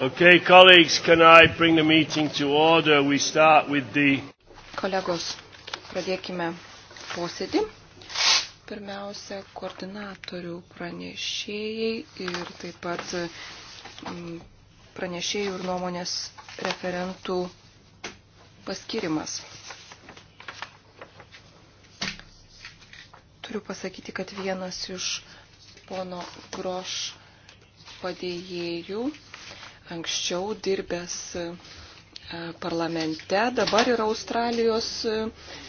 Okay, colleagues, can I bring the meeting to order? We start with the... Kolegos, pradėkime posėdį. Pirmiausia, koordinatorių pranešėjai ir taip pat mm, pranešėjų ir nuomonės referentų paskirimas. Turiu pasakyti, kad vienas iš pono Groš padėjėjų anksčiau dirbęs e, parlamente, dabar yra Australijos e,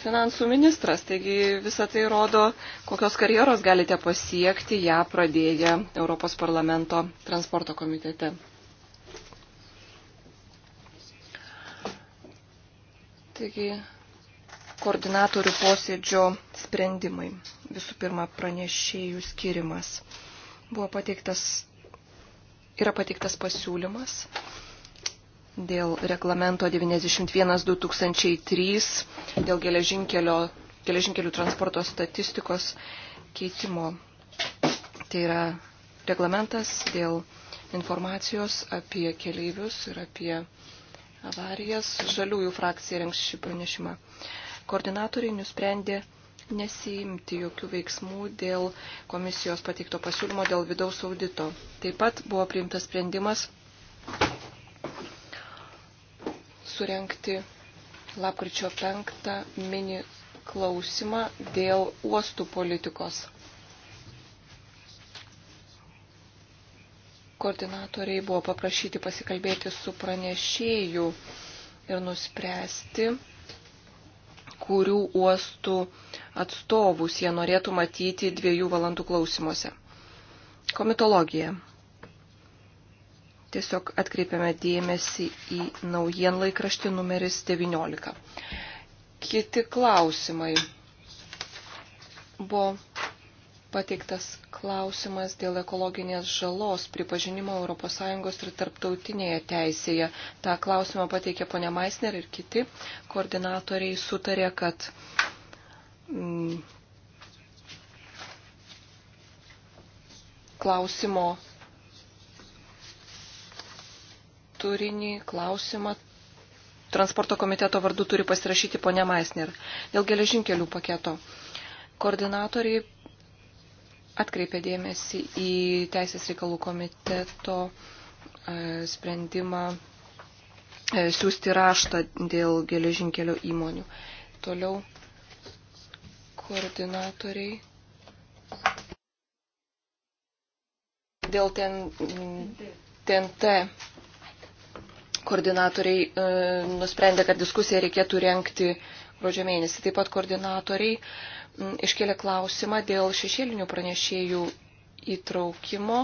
finansų ministras. Taigi visą tai rodo, kokios karjeros galite pasiekti ją pradėję Europos parlamento transporto komitete. Taigi koordinatorių posėdžio sprendimai. Visų pirma, pranešėjų skirimas. Buvo pateiktas yra pateiktas pasiūlymas dėl reglamento 91-2003 dėl geležinkelių transporto statistikos keitimo. Tai yra reglamentas dėl informacijos apie keleivius ir apie avarijas. Žaliųjų frakcija rengs šį pranešimą. Koordinatoriai nusprendė nesiimti jokių veiksmų dėl komisijos pateikto pasiūlymo dėl vidaus audito. Taip pat buvo priimtas sprendimas surenkti lapkričio 5 mini klausimą dėl uostų politikos. Koordinatoriai buvo paprašyti pasikalbėti su pranešėju ir nuspręsti, kurių uostų atstovus jie norėtų matyti dviejų valandų klausimuose. Komitologija. Tiesiog atkreipiame dėmesį į naujienlaikraštį numeris 19. Kiti klausimai buvo pateiktas klausimas dėl ekologinės žalos pripažinimo ES ir tarptautinėje teisėje. Ta klausimą pateikė ponia Maisner ir kiti koordinatoriai sutarė, kad mm, klausimo turinį, klausimą transporto komiteto vardu turi pasirašyti ponia Maisner dėl geležinkelių paketo. Koordinatoriai atkreipė dėmesį į Teisės reikalų komiteto e, sprendimą e, siūsti raštą dėl geležinkelio įmonių. Toliau koordinatoriai. Dėl ten, TNT koordinatoriai e, nusprendė, kad diskusiją reikėtų renkti e, gruodžio mėnesį. Taip pat koordinatoriai mm, iškėlė klausimą dėl šešėlinių pranešėjų įtraukimo.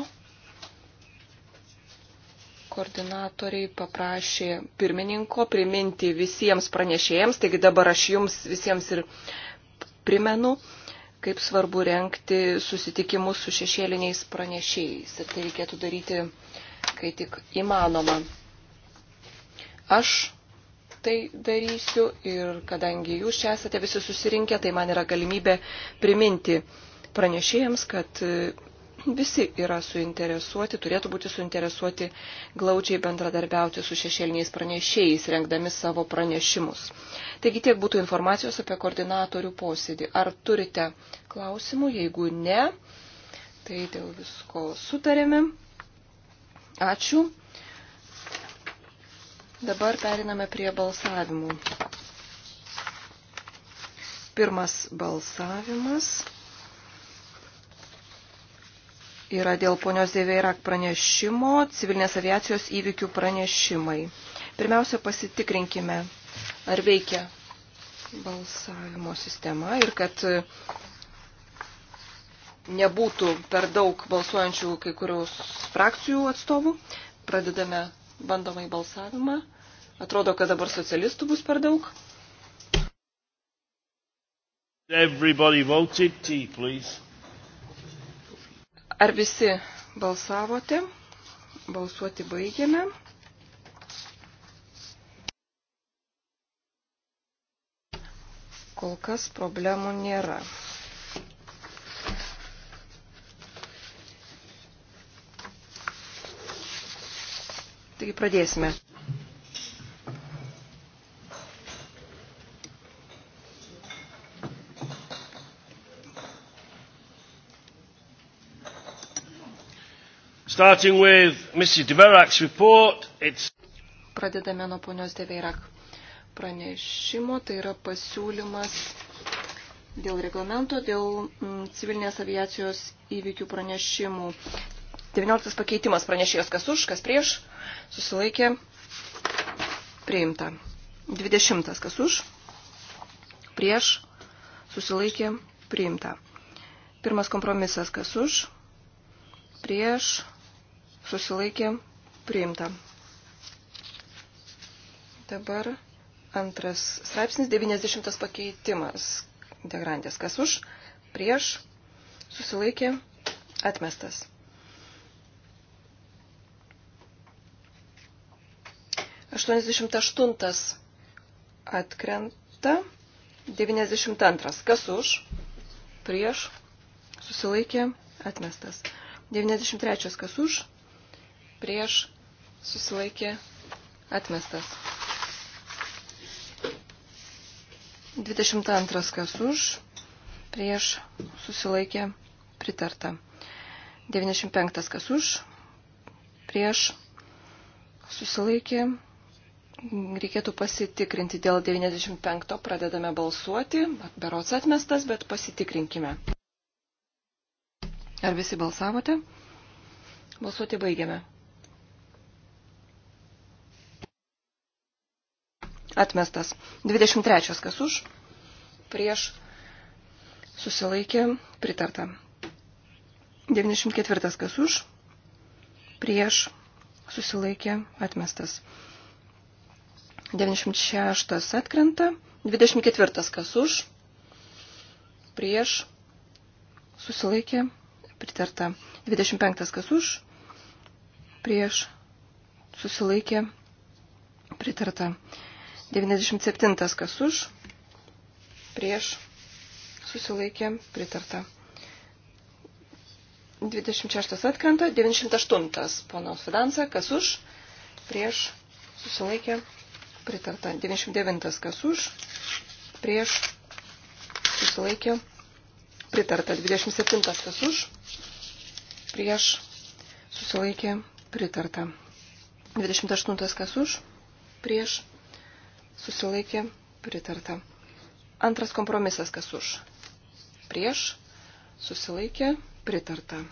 Koordinatoriai paprašė pirmininko priminti visiems pranešėjams, taigi dabar aš jums visiems ir primenu, kaip svarbu renkti susitikimus su šešėliniais pranešėjais. Ir tai reikėtų daryti, kai tik įmanoma. Aš tai darysiu ir kadangi jūs čia esate visi susirinkę, tai man yra galimybė priminti pranešėjams, kad e, visi yra suinteresuoti, turėtų būti suinteresuoti glaučiai bendradarbiauti su šešėliniais pranešėjais, rengdami savo pranešimus. Taigi tiek būtų informacijos apie koordinatorių posėdį. Ar turite klausimų? Jeigu ne, tai dėl visko sutarėme. Ačiū. Dabar periname prie balsavimų. Pirmas balsavimas yra dėl ponios Dėveirak pranešimo, civilinės aviacijos įvykių pranešimai. Pirmiausia, pasitikrinkime, ar veikia balsavimo sistema ir kad nebūtų per daug balsuojančių kai kurios frakcijų atstovų. Pradedame bandomai balsavimą. Atrodo, kad dabar socialistų bus per daug. Everybody voted T, please. Ar visi balsavote? Balsuoti baigėme. Kol kas problemų nėra. Taigi pradėsime. Starting with Mrs. Deverak's report, it's... Pradedame nuo ponios Deverak pranešimo, tai yra pasiūlymas dėl reglamento, dėl mm, civilinės aviacijos įvykių pranešimų. 19 pakeitimas pranešėjos kas už, kas prieš, susilaikė, priimta. 20. Kas už, prieš, susilaikė, priimta. Pirmas kompromisas, kas už, prieš, susilaikė, priimta. Dabar antras straipsnis, 90 pakeitimas. Degrandės, kas už, prieš, susilaikė, atmestas. 88 atkrenta. 92. Kas už? Prieš. Susilaikė. Atmestas. 93. Kas už? Prieš. Susilaikė. Atmestas. 22. Kas už? Prieš. Susilaikė. Pritarta. 95. Kas už? Prieš. Susilaikė reikėtų pasitikrinti dėl 95 pradedame balsuoti, berots atmestas, bet pasitikrinkime. Ar visi balsavote? Balsuoti baigiame. Atmestas. 23. Kas už? Prieš. Susilaikė. Pritarta. 94. Kas už? Prieš. Susilaikė. Atmestas. 96 atkrenta. 24 kas už. Prieš. Susilaikė. Pritarta. 25 kas už. Prieš. Susilaikė. Pritarta. 97 kas už. Prieš. Susilaikė. Pritarta. 26 atkrenta, 98 pono Fidansa, kas už, prieš, susilaikė, pritarta. 99 kas už, prieš, susilaikė, pritarta. 27 kas už, prieš, susilaikė, pritarta. 28 kas už, prieš, susilaikė, pritarta. Antras kompromisas kas už, prieš, susilaikė, pritarta.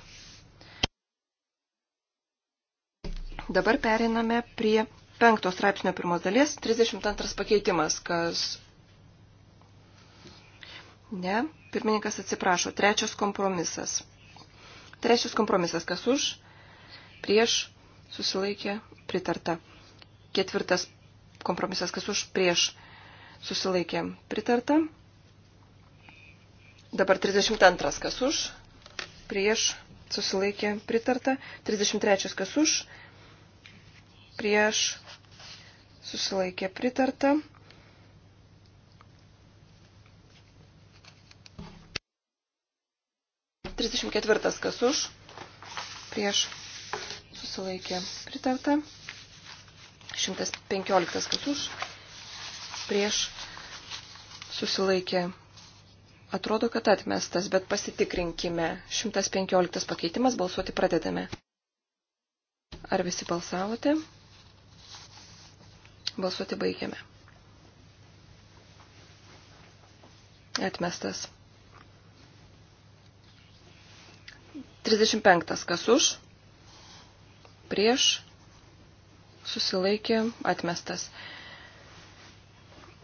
Dabar periname prie penktos straipsnio pirmos dalies, 32 pakeitimas, kas... Ne, pirmininkas atsiprašo, trečias kompromisas. Trečias kompromisas, kas už, prieš, susilaikė, pritarta. Ketvirtas kompromisas, kas už, prieš, susilaikė, pritarta. Dabar 32, kas už, prieš, susilaikė, pritarta. 33, kas už, prieš, susilaikė pritarta. Trisdešimt ketvirtas kas už, prieš susilaikė pritarta. 115 kas už, prieš susilaikė. Atrodo, kad atmestas, bet pasitikrinkime. 115 pakeitimas, balsuoti pradedame. Ar visi balsavote? Balsuoti baigiame. Atmestas. 35. Kas už? Prieš. Susilaikė. Atmestas.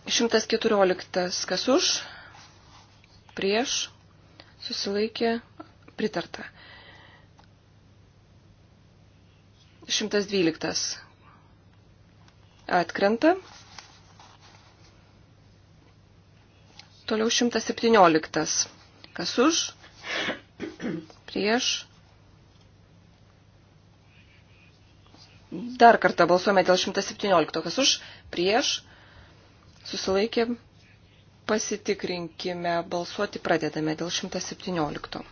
114. Kas už? Prieš. Susilaikė. Pritarta. 112 Atkrenta. Toliau 117. Kas už? Prieš. Dar kartą balsuojame dėl 117. Kas už? Prieš. Susilaikė. Pasitikrinkime. Balsuoti pradedame dėl 117.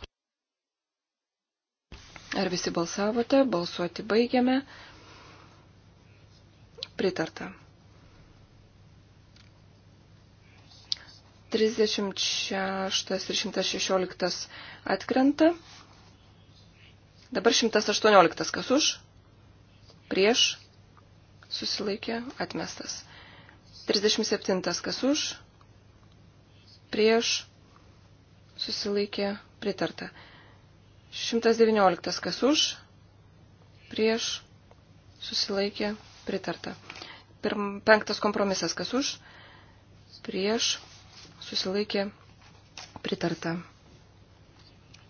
Ar visi balsavote? Balsuoti baigiame. Pritarta. 36 ir 116 atkrenta. Dabar 118 kas už, prieš, susilaikė, atmestas. 37 kas už, prieš, susilaikė, pritarta. 119 kas už, prieš, susilaikė, Pritarta. Pirm, penktas kompromisas. Kas už? Prieš. Susilaikė. Pritarta.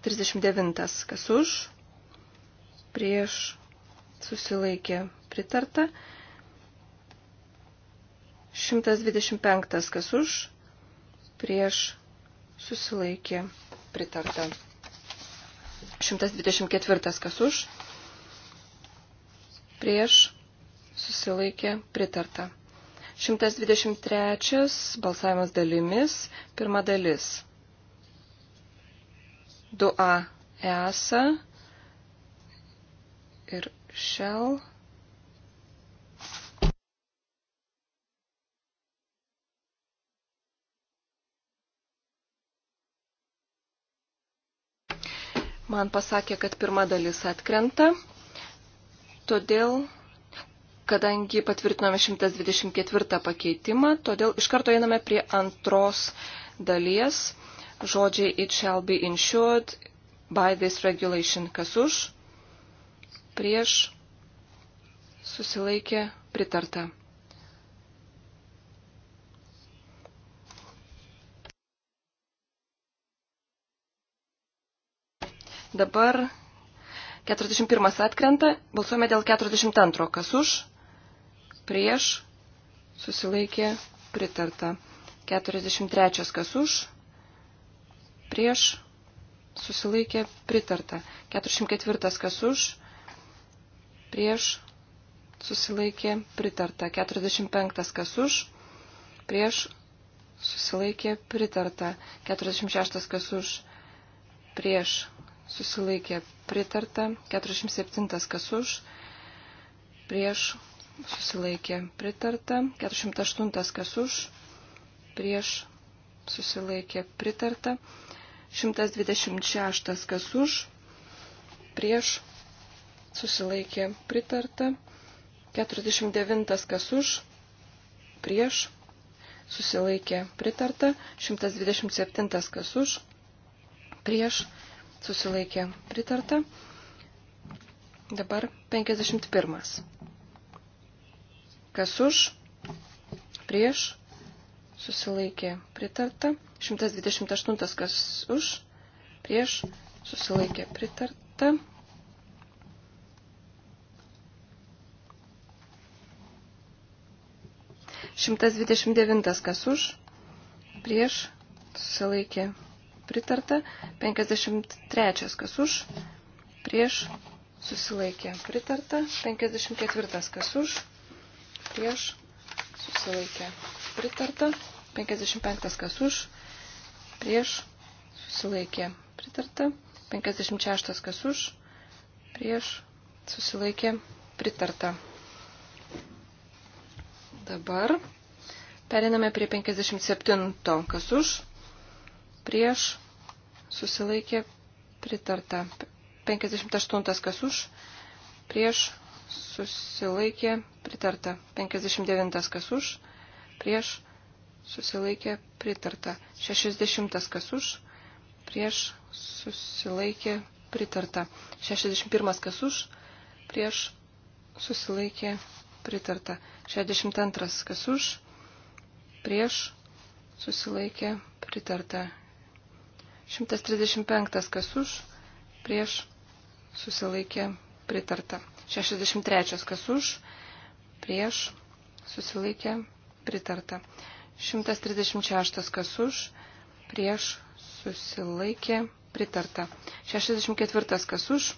39. Kas už? Prieš. Susilaikė. Pritarta. 125. Kas už? Prieš. Susilaikė. Pritarta. 124. Kas už? Prieš susilaikė pritarta. 123 balsavimas dalimis, pirma dalis. 2A ESA ir Shell. Man pasakė, kad pirma dalis atkrenta, todėl kadangi patvirtinome 124 pakeitimą, todėl iš karto einame prie antros dalies. Žodžiai it shall be insured by this regulation. Kas už? Prieš susilaikė pritarta. Dabar 41 atkrenta, balsuojame dėl 42, kas už, prieš, susilaikė, pritarta. 43 kas už, prieš, susilaikė, pritarta. 44 kas už, prieš, susilaikė, pritarta. 45 kas už, prieš, susilaikė, pritarta. 46 kas už, prieš, susilaikė, pritarta. 47 kas už, prieš, susilaikė pritarta, 408 kas už, prieš susilaikė pritarta, 126 kas už, prieš susilaikė pritarta, 49 kas už, prieš susilaikė pritarta, 127 kas už, prieš susilaikė pritarta. Dabar 51. Kas už? Prieš? Susilaikė pritarta. 128. Kas už? Prieš? Susilaikė pritarta. Šimtas dvidešimt devintas kas už, prieš, susilaikė pritarta, 53 kas už, prieš susilaikė pritarta, 54 kas už, prieš, susilaikė pritarta. 55 kas už, prieš, susilaikė pritarta. 56 kas už, prieš, susilaikė pritarta. Dabar periname prie 57 kas už, prieš, susilaikė pritarta. 58 kas už, prieš, susilaikė pritarta. 59 kas už, prieš susilaikė pritarta. 60 kas už, prieš susilaikė pritarta. 61 kas už, prieš susilaikė pritarta. 62 kas už, prieš susilaikė pritarta. 135 kas už, prieš susilaikė pritarta. 63. Kas už? Prieš? Susilaikė? Pritarta. 136. Kas už? Prieš? Susilaikė? Pritarta. 64. Kas už?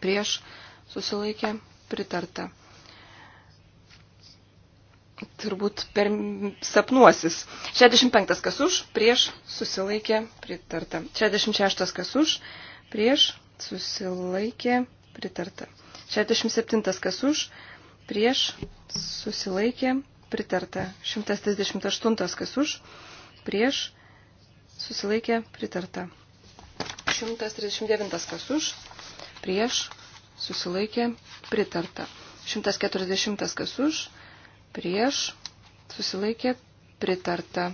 Prieš? Susilaikė? Pritarta turbūt per sapnuosis. 65 kas už, prieš susilaikė pritarta. 66 kas už, prieš susilaikė pritarta. 67 kas už, prieš, susilaikė, pritarta. 138 kas už, prieš, susilaikė, pritarta. 139 kas už, prieš, susilaikė, pritarta. 140 kas už, prieš, susilaikė, pritarta.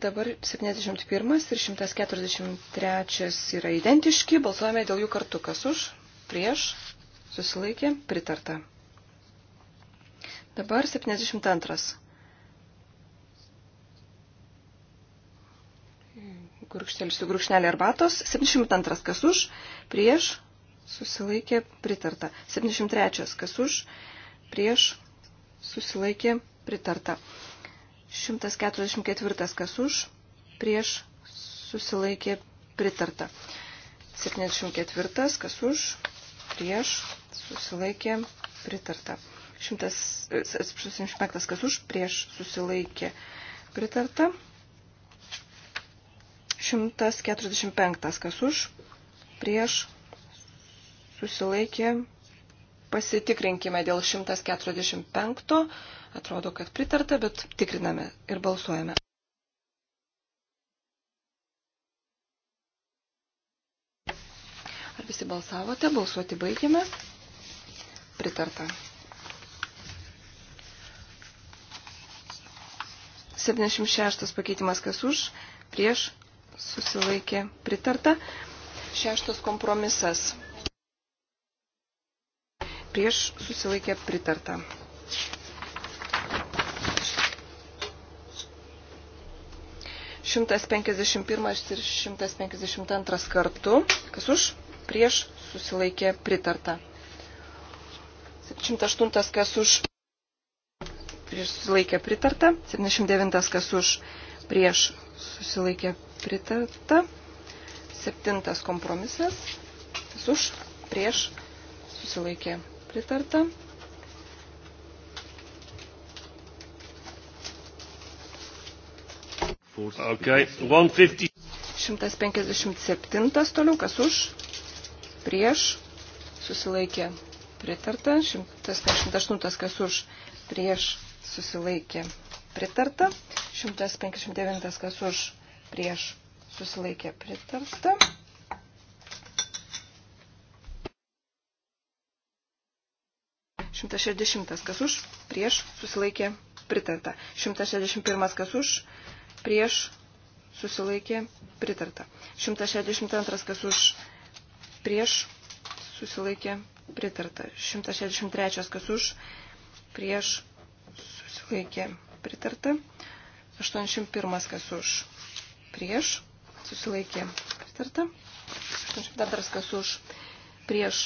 Dabar 71 ir 143 yra identiški, balsuojame dėl jų kartu, kas už, prieš, susilaikė, pritarta. Dabar 72. Gurkštelsiu gurkšnelį arbatos. 72. Kas už, prieš, susilaikė, pritarta. 73. Kas už, prieš, susilaikė, pritarta. 144 kas už, prieš susilaikė pritarta. 74 kas už, prieš susilaikė pritarta. 175 e, kas už, prieš susilaikė pritarta. 145 kas už, prieš susilaikė Pasitikrinkime dėl 145. Atrodo, kad pritarta, bet tikriname ir balsuojame. Ar visi balsavote? Balsuoti baigėme. Pritarta. 76 pakeitimas kas už, prieš, susilaikė, pritarta. Šeštas kompromisas prieš susilaikė pritarta. Šimtas penkiasdešimt pirmas ir šimtas penkiasdešimt antras kartu, kas už, prieš susilaikė pritarta. 708 kas už prieš susilaikė pritarta, 79 kas už prieš susilaikė pritarta, 7 kompromisas, kas už prieš susilaikė pritarta. Okay. 157 toliau, kas už, prieš, susilaikė pritarta, 158 kas už, prieš, susilaikė pritarta, 159 kas už, prieš, susilaikė pritarta. 160 kas už, prieš, susilaikė, pritarta. 161 kas už, prieš, susilaikė, pritarta. 162 kas už, prieš, susilaikė, pritarta. 163 kas už, prieš, susilaikė, pritarta. 81 kas už, prieš, susilaikė, pritarta. 82 kas už, prieš,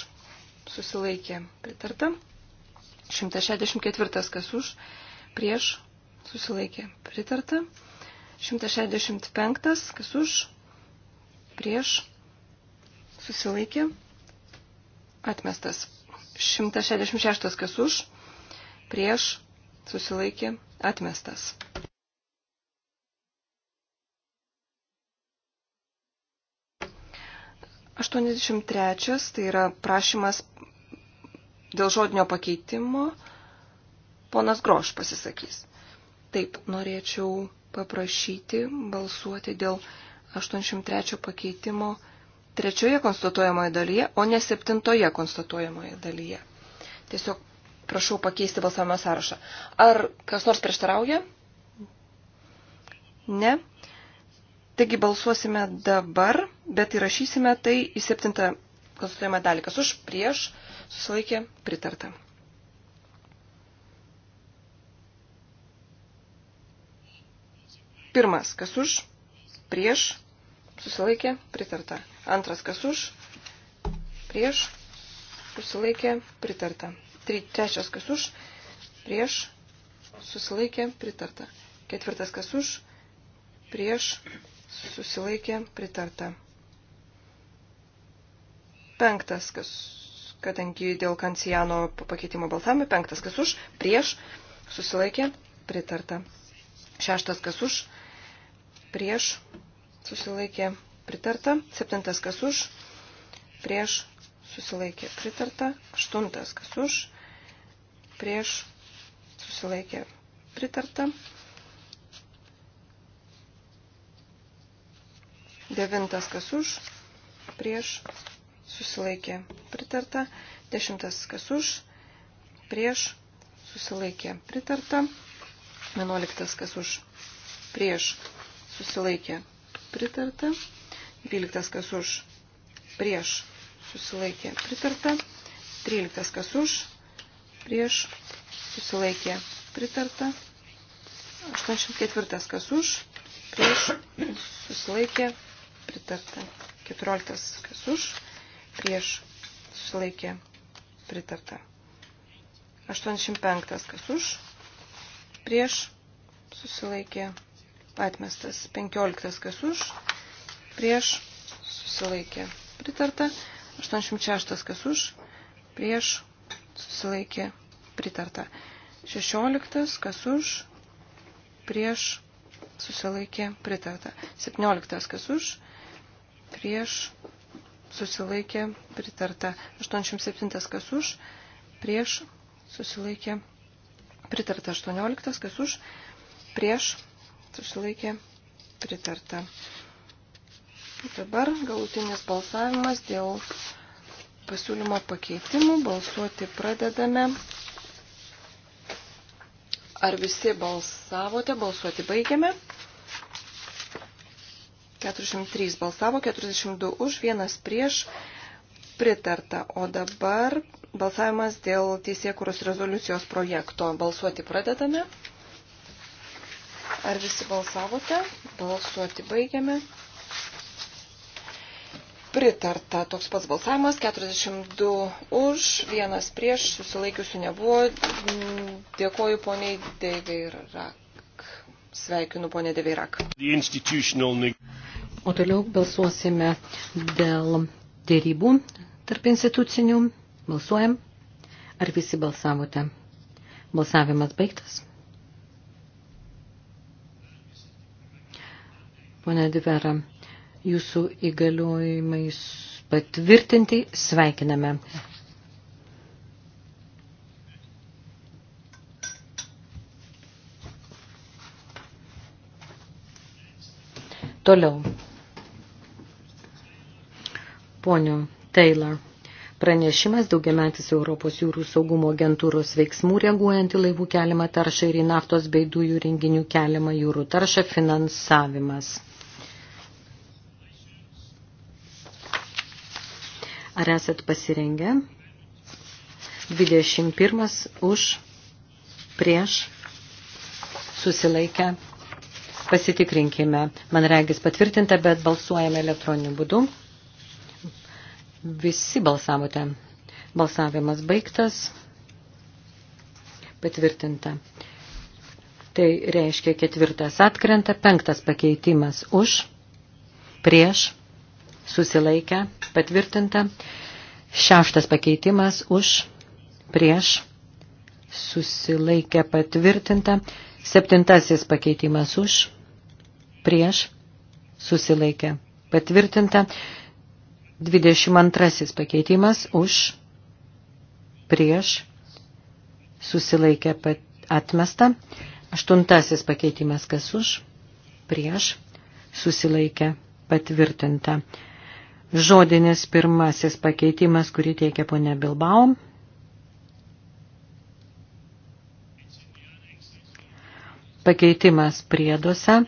susilaikė, pritarta. 164 kas už, prieš, susilaikė, pritarta. 165 kas už, prieš, susilaikė, atmestas. 166 kas už, prieš, susilaikė, atmestas. Aštuoniasdešimt trečias, tai yra prašymas Dėl žodinio pakeitimo ponas Groš pasisakys. Taip, norėčiau paprašyti balsuoti dėl 83 pakeitimo trečioje konstatuojamoje dalyje, o ne septintoje konstatuojamoje dalyje. Tiesiog prašau pakeisti balsavimo sąrašą. Ar kas nors prieštarauja? Ne. Taigi balsuosime dabar, bet įrašysime tai į septintą konstatuojamą dalį. Kas už prieš? susilaikė, pritarta. Pirmas, kas už, prieš, susilaikė, pritarta. Antras, kas už, prieš, susilaikė, pritarta. Tri, trečias, kas už, prieš, susilaikė, pritarta. Ketvirtas, kas už, prieš, susilaikė, pritarta. Penktas, kas kadangi dėl Kancijano pakeitimo balsavimo penktas kas už, prieš, susilaikė, pritarta. Šeštas kas už, prieš, susilaikė, pritarta. Septintas kas už, prieš, susilaikė, pritarta. Aštuntas kas už, prieš, susilaikė, pritarta. Devintas kas už, prieš, susilaikė pritarta. Dešimtas kas už, prieš, susilaikė pritarta. Vienuoliktas kas už, prieš, susilaikė pritarta. Dvyliktas kas už, prieš, susilaikė pritarta. Tryliktas kas už, prieš, susilaikė pritarta. 84 kas už, prieš, susilaikė pritarta. 14 kas už, prieš susilaikė pritarta. 85 kas už, prieš susilaikė atmestas. 15 kas už, prieš susilaikė pritarta. 86 kas už, prieš susilaikė pritarta. 16 kas už, prieš susilaikė pritarta. 17 kas už, prieš susilaikė pritarta. 87 kas už, prieš susilaikė pritarta. 18 kas už, prieš susilaikė pritarta. Dabar galutinis balsavimas dėl pasiūlymo pakeitimų. Balsuoti pradedame. Ar visi balsavote? Balsuoti baigiame. 403 balsavo, 42 už, vienas prieš pritarta. O dabar balsavimas dėl teisėkuros rezoliucijos projekto. Balsuoti pradedame. Ar visi balsavote? Balsuoti baigiame. Pritarta toks pats balsavimas, 42 už, vienas prieš, susilaikiusių nebuvo. Dėkoju poniai Deveirak. Sveikinu ponė Deveirak. O toliau balsuosime dėl dėrybų tarp institucinių. Balsuojam. Ar visi balsavote? Balsavimas baigtas. Pone Divera, jūsų įgaliojimais patvirtinti sveikiname. Toliau ponių Taylor. Pranešimas daugiametis Europos jūrų saugumo agentūros veiksmų reaguojant į laivų keliamą taršą ir į naftos bei dujų renginių keliamą jūrų taršą finansavimas. Ar esat pasirengę? 21 už, prieš, susilaikę. Pasitikrinkime. Man regis patvirtinta, bet balsuojame elektroniniu būdu. Visi balsavote. Balsavimas baigtas. Patvirtinta. Tai reiškia ketvirtas atkrenta, penktas pakeitimas už, prieš, susilaikę, patvirtinta. Šeštas pakeitimas už, prieš, susilaikę, patvirtinta. Septintasis pakeitimas už, prieš, susilaikę, patvirtinta. 22 pakeitimas už, prieš, susilaikė atmesta. Aštuntasis pakeitimas kas už, prieš, susilaikė patvirtinta. Žodinis pirmasis pakeitimas, kurį teikia ponia Bilbao. Pakeitimas prieduose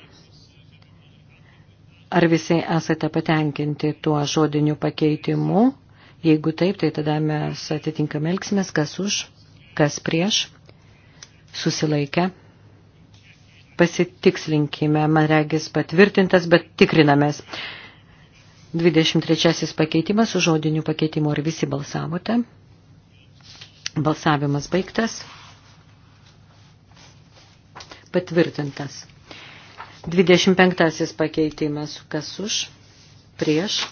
Ar visi esate patenkinti tuo žodiniu pakeitimu? Jeigu taip, tai tada mes atitinkam elgsimės, kas už, kas prieš, susilaikę. Pasitikslinkime, man regis patvirtintas, bet tikrinamės. 23 pakeitimas su žodiniu pakeitimu. Ar visi balsavote? Balsavimas baigtas. Patvirtintas. 25 pakeitimas, kas už, prieš,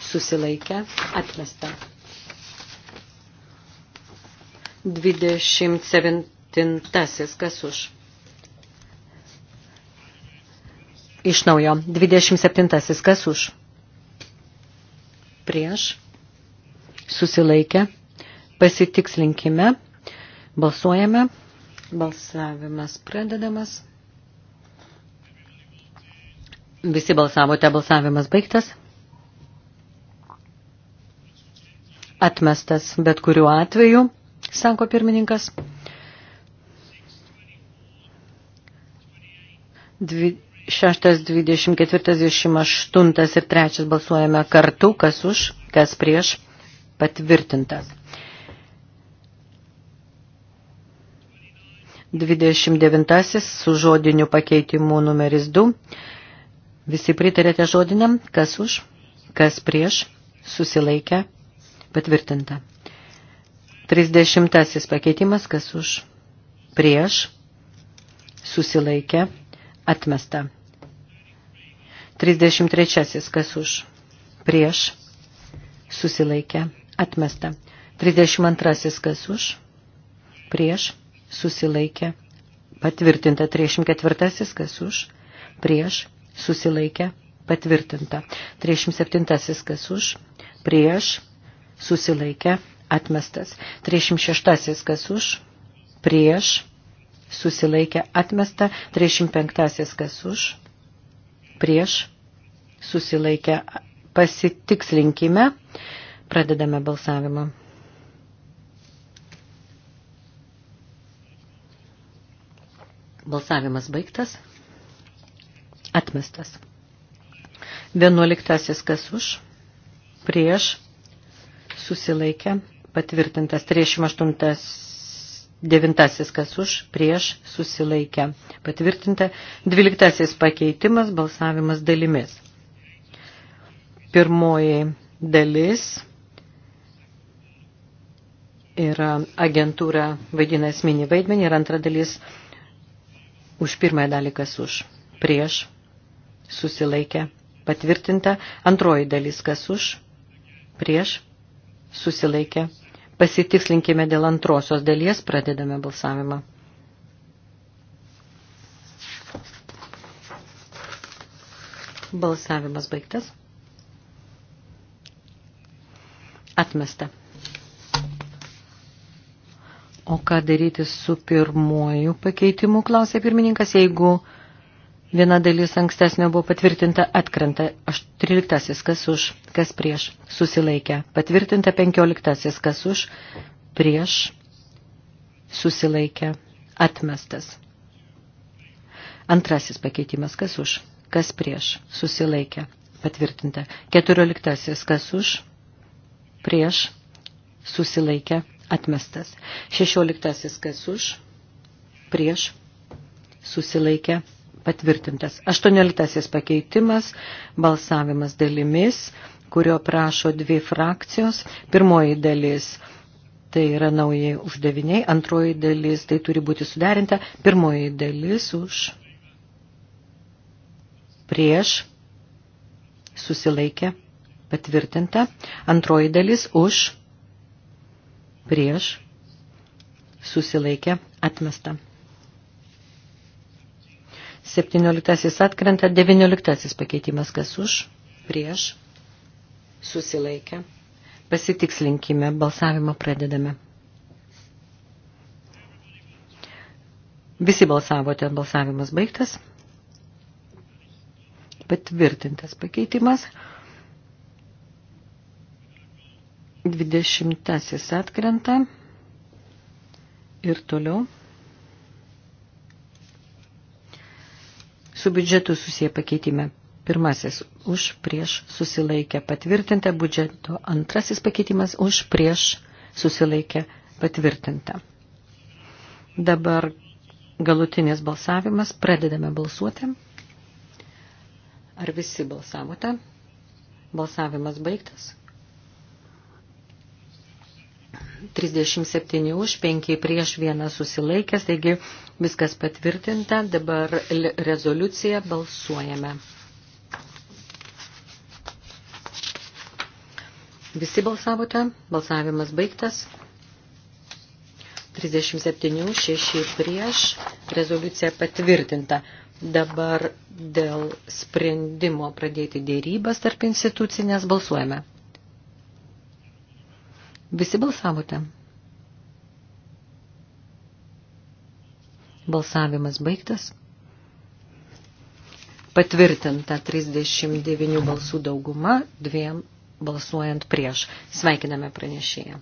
susilaikę, atmesta. 27 kas už. Iš naujo, 27 kas už. Prieš, susilaikę, pasitikslinkime, balsuojame, balsavimas pradedamas. Visi balsavote, balsavimas baigtas. Atmestas bet kuriuo atveju, sako pirmininkas. Dvi, 6, 24, 28 ir 3 balsuojame kartu, kas už, kas prieš patvirtintas. 29 su žodiniu pakeitimu numeris 2, Visi pritarėte žodiniam, kas už, kas prieš, susilaikę, patvirtinta. 30 pakeitimas, kas už, prieš, susilaikę, atmesta. 33 kas už, prieš, susilaikę, atmesta. 32 kas už, prieš, susilaikę, patvirtinta. 34 kas už, prieš, susilaikė, patvirtinta. 37 kas už, prieš, susilaikė, atmestas. 36 kas už, prieš, susilaikė, atmesta. 35 kas už, prieš, susilaikė, pasitikslinkime, pradedame balsavimą. Balsavimas baigtas. Atmestas. Vienuoliktasis kas už, prieš, susilaikė, patvirtintas. 38 Devintasis kas už, prieš, susilaikę. Patvirtinta. Dvyliktasis pakeitimas, balsavimas dalimis. Pirmoji dalis yra agentūra vaidina esminį vaidmenį ir antra dalis už pirmąją dalį kas už, prieš, susilaikė, patvirtinta. Antroji dalis, kas už, prieš, susilaikė. Pasitikslinkime dėl antrosios dalies, pradedame balsavimą. Balsavimas baigtas. Atmesta. O ką daryti su pirmuoju pakeitimu, klausė pirmininkas, jeigu Viena dalis ankstesnio buvo patvirtinta atkrenta 13, kas už, kas prieš, susilaikę. Patvirtinta 15, kas už, prieš, susilaikę, atmestas. Antrasis pakeitimas, kas už, kas prieš, susilaikę, patvirtinta. 14, kas už, prieš, susilaikę, atmestas. 16, kas už, prieš, susilaikę, atmestas patvirtintas. 18 pakeitimas, balsavimas dalimis, kurio prašo dvi frakcijos. Pirmoji dalis tai yra naujai uždaviniai, antroji dalis tai turi būti suderinta, pirmoji dalis už prieš susilaikė patvirtinta, antroji dalis už prieš susilaikė atmesta. 17 atkrenta, 19 pakeitimas kas už, prieš, susilaikę. Pasitikslinkime, balsavimą pradedame. Visi balsavote, balsavimas baigtas. Patvirtintas pakeitimas. 20 atkrenta. Ir toliau. su biudžetu susiję pakeitime. Pirmasis už prieš susilaikę patvirtinta, biudžeto antrasis pakeitimas už prieš susilaikę patvirtinta. Dabar galutinės balsavimas, pradedame balsuoti. Ar visi balsavote? Balsavimas baigtas. 37 už, 5 prieš, 1 susilaikęs, taigi viskas patvirtinta. Dabar rezoliuciją balsuojame. Visi balsavote, balsavimas baigtas. 37 už, 6 prieš, rezoliucija patvirtinta. Dabar dėl sprendimo pradėti dėrybas tarp institucinės balsuojame. Visi balsavote. Balsavimas baigtas. Patvirtinta 39 balsų dauguma, dviem balsuojant prieš. Sveikiname pranešėją.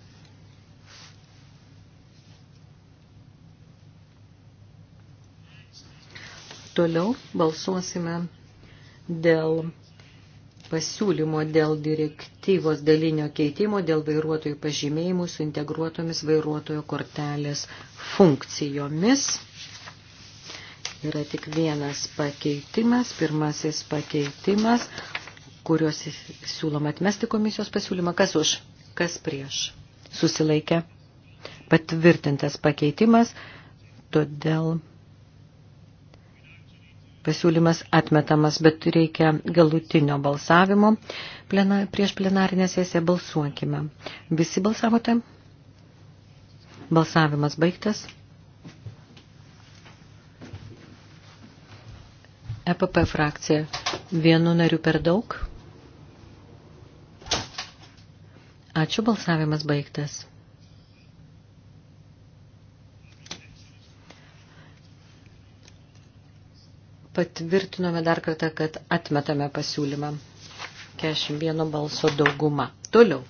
Toliau balsuosime dėl pasiūlymo dėl direktyvos dalinio keitimo dėl vairuotojų pažymėjimų su integruotomis vairuotojo kortelės funkcijomis. Yra tik vienas pakeitimas, pirmasis pakeitimas, kuriuos siūloma atmesti komisijos pasiūlymą. Kas už? Kas prieš? Susilaikė. Patvirtintas pakeitimas, todėl pasiūlymas atmetamas, bet reikia galutinio balsavimo. Plena, prieš plenarinę sesiją balsuokime. Visi balsavote? Balsavimas baigtas. EPP frakcija vienu nariu per daug. Ačiū, balsavimas baigtas. patvirtinome dar kartą, kad atmetame pasiūlymą. 41 balso dauguma. Toliau.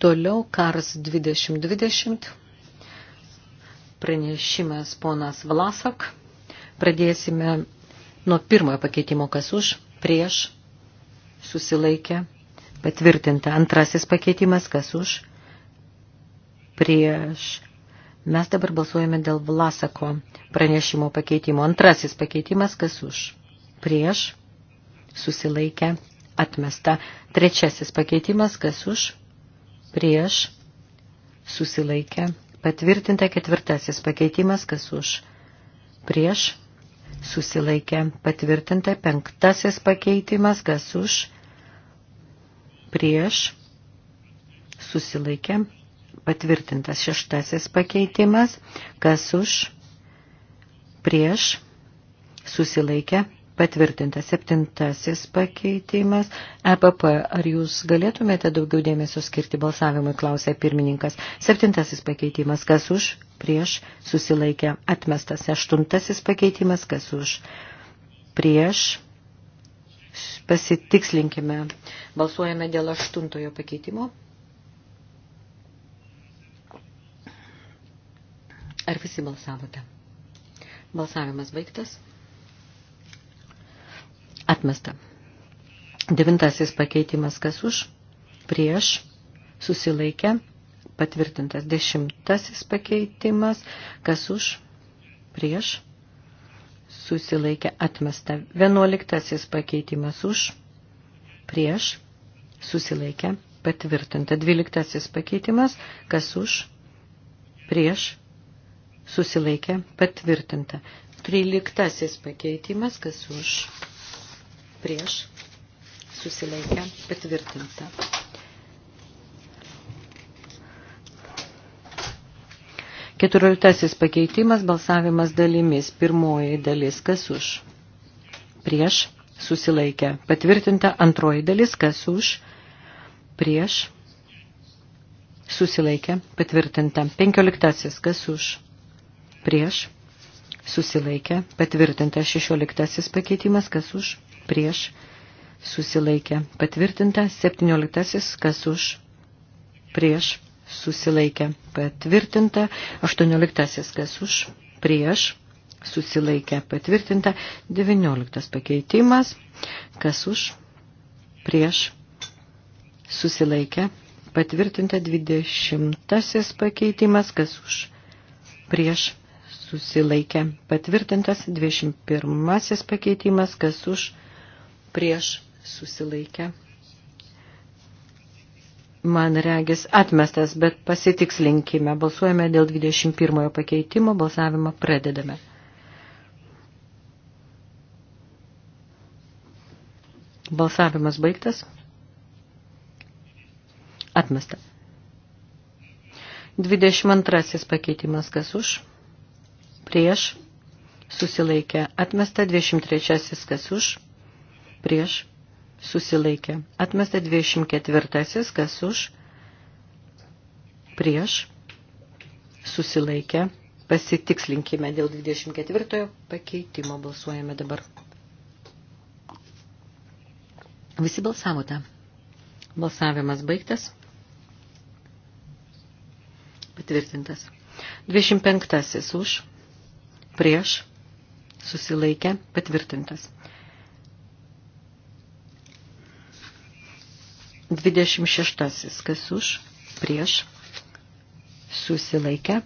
Toliau Kars 2020. Pranešimas ponas Vlasak. Pradėsime nuo pirmojo pakeitimo, kas už, prieš, susilaikę, Patvirtinta antrasis pakeitimas, kas už, prieš. Mes dabar balsuojame dėl Vlasako pranešimo pakeitimo. Antrasis pakeitimas, kas už, prieš, susilaikę, atmesta. Trečiasis pakeitimas, kas už, prieš, susilaikę, patvirtinta. Ketvirtasis pakeitimas, kas už, prieš, susilaikę, patvirtinta. Penktasis pakeitimas, kas už, prieš prieš susilaikė patvirtintas šeštasis pakeitimas, kas už prieš susilaikė patvirtintas septintasis pakeitimas. EPP, ar jūs galėtumėte daugiau dėmesio skirti balsavimui, klausė pirmininkas. Septintasis pakeitimas, kas už prieš susilaikė atmestas. Aštuntasis pakeitimas, kas už prieš pasitikslinkime. Balsuojame dėl aštuntojo pakeitimo. Ar visi balsavote? Balsavimas baigtas. Atmesta. Devintasis pakeitimas kas už, prieš, susilaikę, patvirtintas. Dešimtasis pakeitimas kas už, prieš, susilaikė atmesta. Vienuoliktasis pakeitimas už, prieš, susilaikė patvirtinta. Dvyliktasis pakeitimas, kas už, prieš, susilaikė patvirtinta. Tryliktasis pakeitimas, kas už, prieš, susilaikė patvirtinta. Keturioliktasis pakeitimas balsavimas dalimis. Pirmoji dalis kas už? Prieš susilaikę. Patvirtinta antroji dalis kas už? Prieš susilaikę. Patvirtinta. Penkioliktasis kas už? Prieš susilaikę. Patvirtinta. Šešioliktasis pakeitimas kas už? Prieš susilaikę. Patvirtinta. Septynioliktasis kas už? Prieš susilaikė patvirtinta, 18 kas už, prieš, susilaikė patvirtinta, 19 pakeitimas, kas už, prieš, susilaikė patvirtinta, 20 pakeitimas, kas už, prieš, susilaikė patvirtintas, 21 pakeitimas, kas už, prieš, susilaikė man regis atmestas, bet pasitikslinkime. Balsuojame dėl 21 pakeitimo, balsavimą pradedame. Balsavimas baigtas. Atmesta. 22 pakeitimas kas už, prieš, susilaikė atmesta, 23 kas už, prieš, susilaikė. Atmesta 24, kas už, prieš, susilaikė. Pasitikslinkime dėl 24 pakeitimo, balsuojame dabar. Visi balsavote. Balsavimas baigtas. Patvirtintas. 25 už, prieš, susilaikė, patvirtintas. 26. Kas už, prieš, susilaikę.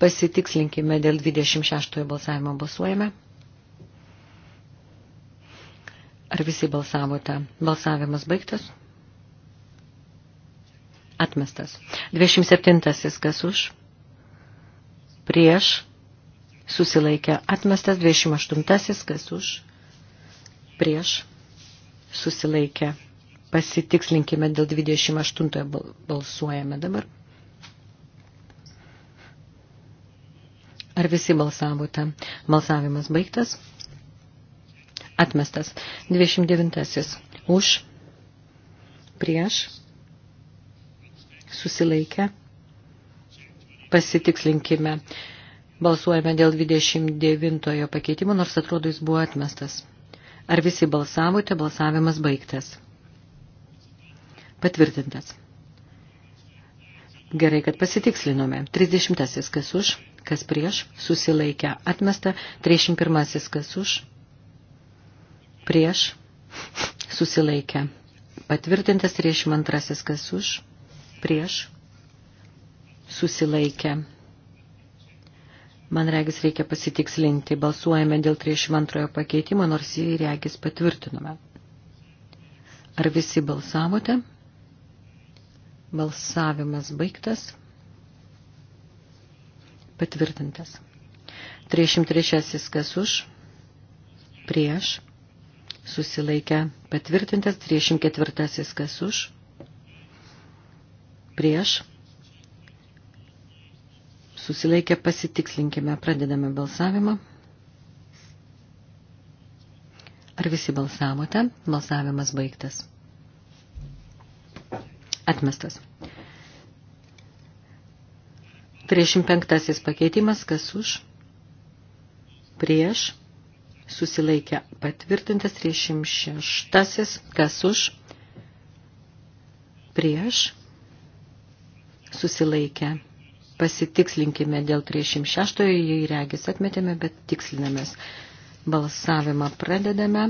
Pasitikslinkime dėl 26 balsavimo balsuojame. Ar visi balsavote? Balsavimas baigtas? Atmestas. 27. Kas už? Prieš. Susilaikė. Atmestas. 28. Kas už? Prieš. Susilaikė pasitikslinkime dėl 28 balsuojame dabar. Ar visi balsavote? Balsavimas baigtas. Atmestas. 29. Už. Prieš. Susilaikę. Pasitikslinkime. Balsuojame dėl 29 pakeitimo, nors atrodo jis buvo atmestas. Ar visi balsavote? Balsavimas baigtas. Patvirtintas. Gerai, kad pasitikslinome. 30. kas už, kas prieš, susilaikę, atmesta. 31. kas už, prieš, susilaikę. Patvirtintas 32. kas už, prieš, susilaikę. Man regis reikia pasitikslinti. Balsuojame dėl 32 pakeitimo, nors jį regis patvirtinome. Ar visi balsavote? Balsavimas baigtas. Patvirtintas. 303 kas už, prieš, susilaikę, patvirtintas. 304 kas už, prieš, susilaikę, pasitikslinkime, pradedame balsavimą. Ar visi balsavote? Balsavimas baigtas. Atmestas. 35 pakeitimas, kas už, prieš, susilaikė patvirtintas, 36, kas už, prieš, susilaikė. Pasitikslinkime dėl 36, jį regis atmetėme, bet tikslinamės. Balsavimą pradedame.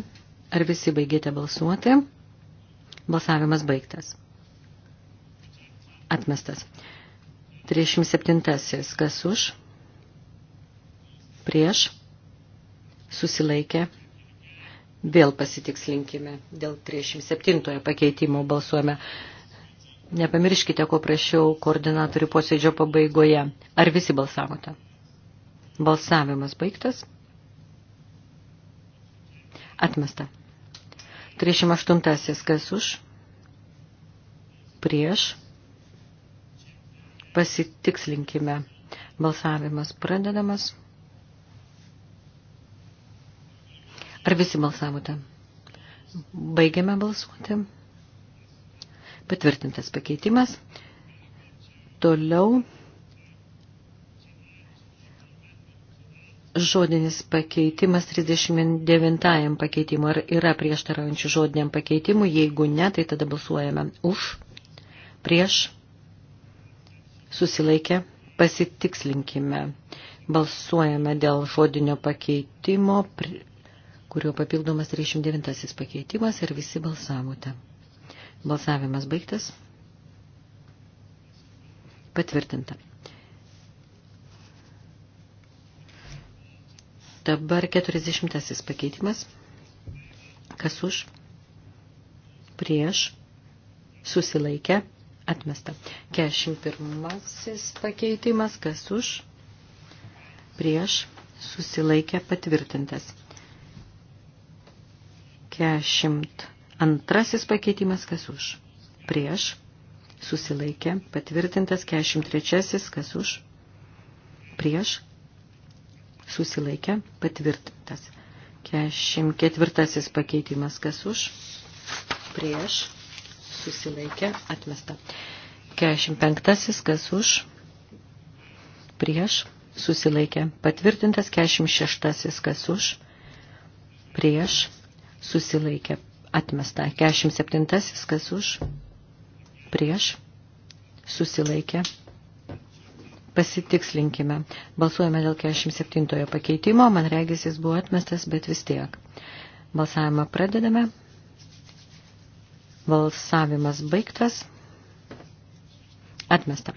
Ar visi baigėte balsuoti? Balsavimas baigtas. Atmestas. 37. Kas už? Prieš? Susilaikė. Vėl pasitikslinkime. Dėl 37 pakeitimo balsuojame. Nepamirškite, ko prašiau koordinatorių posėdžio pabaigoje. Ar visi balsavote? Balsavimas baigtas. Atmesta. 38. Kas už? Prieš pasitikslinkime. Balsavimas pradedamas. Ar visi balsavote? Baigiame balsuoti. Patvirtintas pakeitimas. Toliau žodinis pakeitimas 39 pakeitimu. Ar yra prieštaraujančių žodiniam pakeitimu? Jeigu ne, tai tada balsuojame už, prieš, susilaikė, pasitikslinkime. Balsuojame dėl žodinio pakeitimo, kurio papildomas 39 pakeitimas ir visi balsavote. Balsavimas baigtas. Patvirtinta. Dabar 40 pakeitimas. Kas už? Prieš. Susilaikę. Atmesta. 41 pakeitimas, kas už, prieš, susilaikė patvirtintas. 42 pakeitimas, kas už, prieš, susilaikė patvirtintas. 43 kas už, prieš, susilaikė patvirtintas. 44 pakeitimas, kas už, prieš, susilaikė, atmesta. 45. Kas už, prieš, susilaikė, patvirtintas. 46. Kas už, prieš, susilaikė, atmesta. 47. Kas už, prieš, susilaikė, pasitikslinkime. Balsuojame dėl 47 pakeitimo, man regis jis buvo atmestas, bet vis tiek. Balsavimą pradedame. Balsavimas baigtas. Atmesta.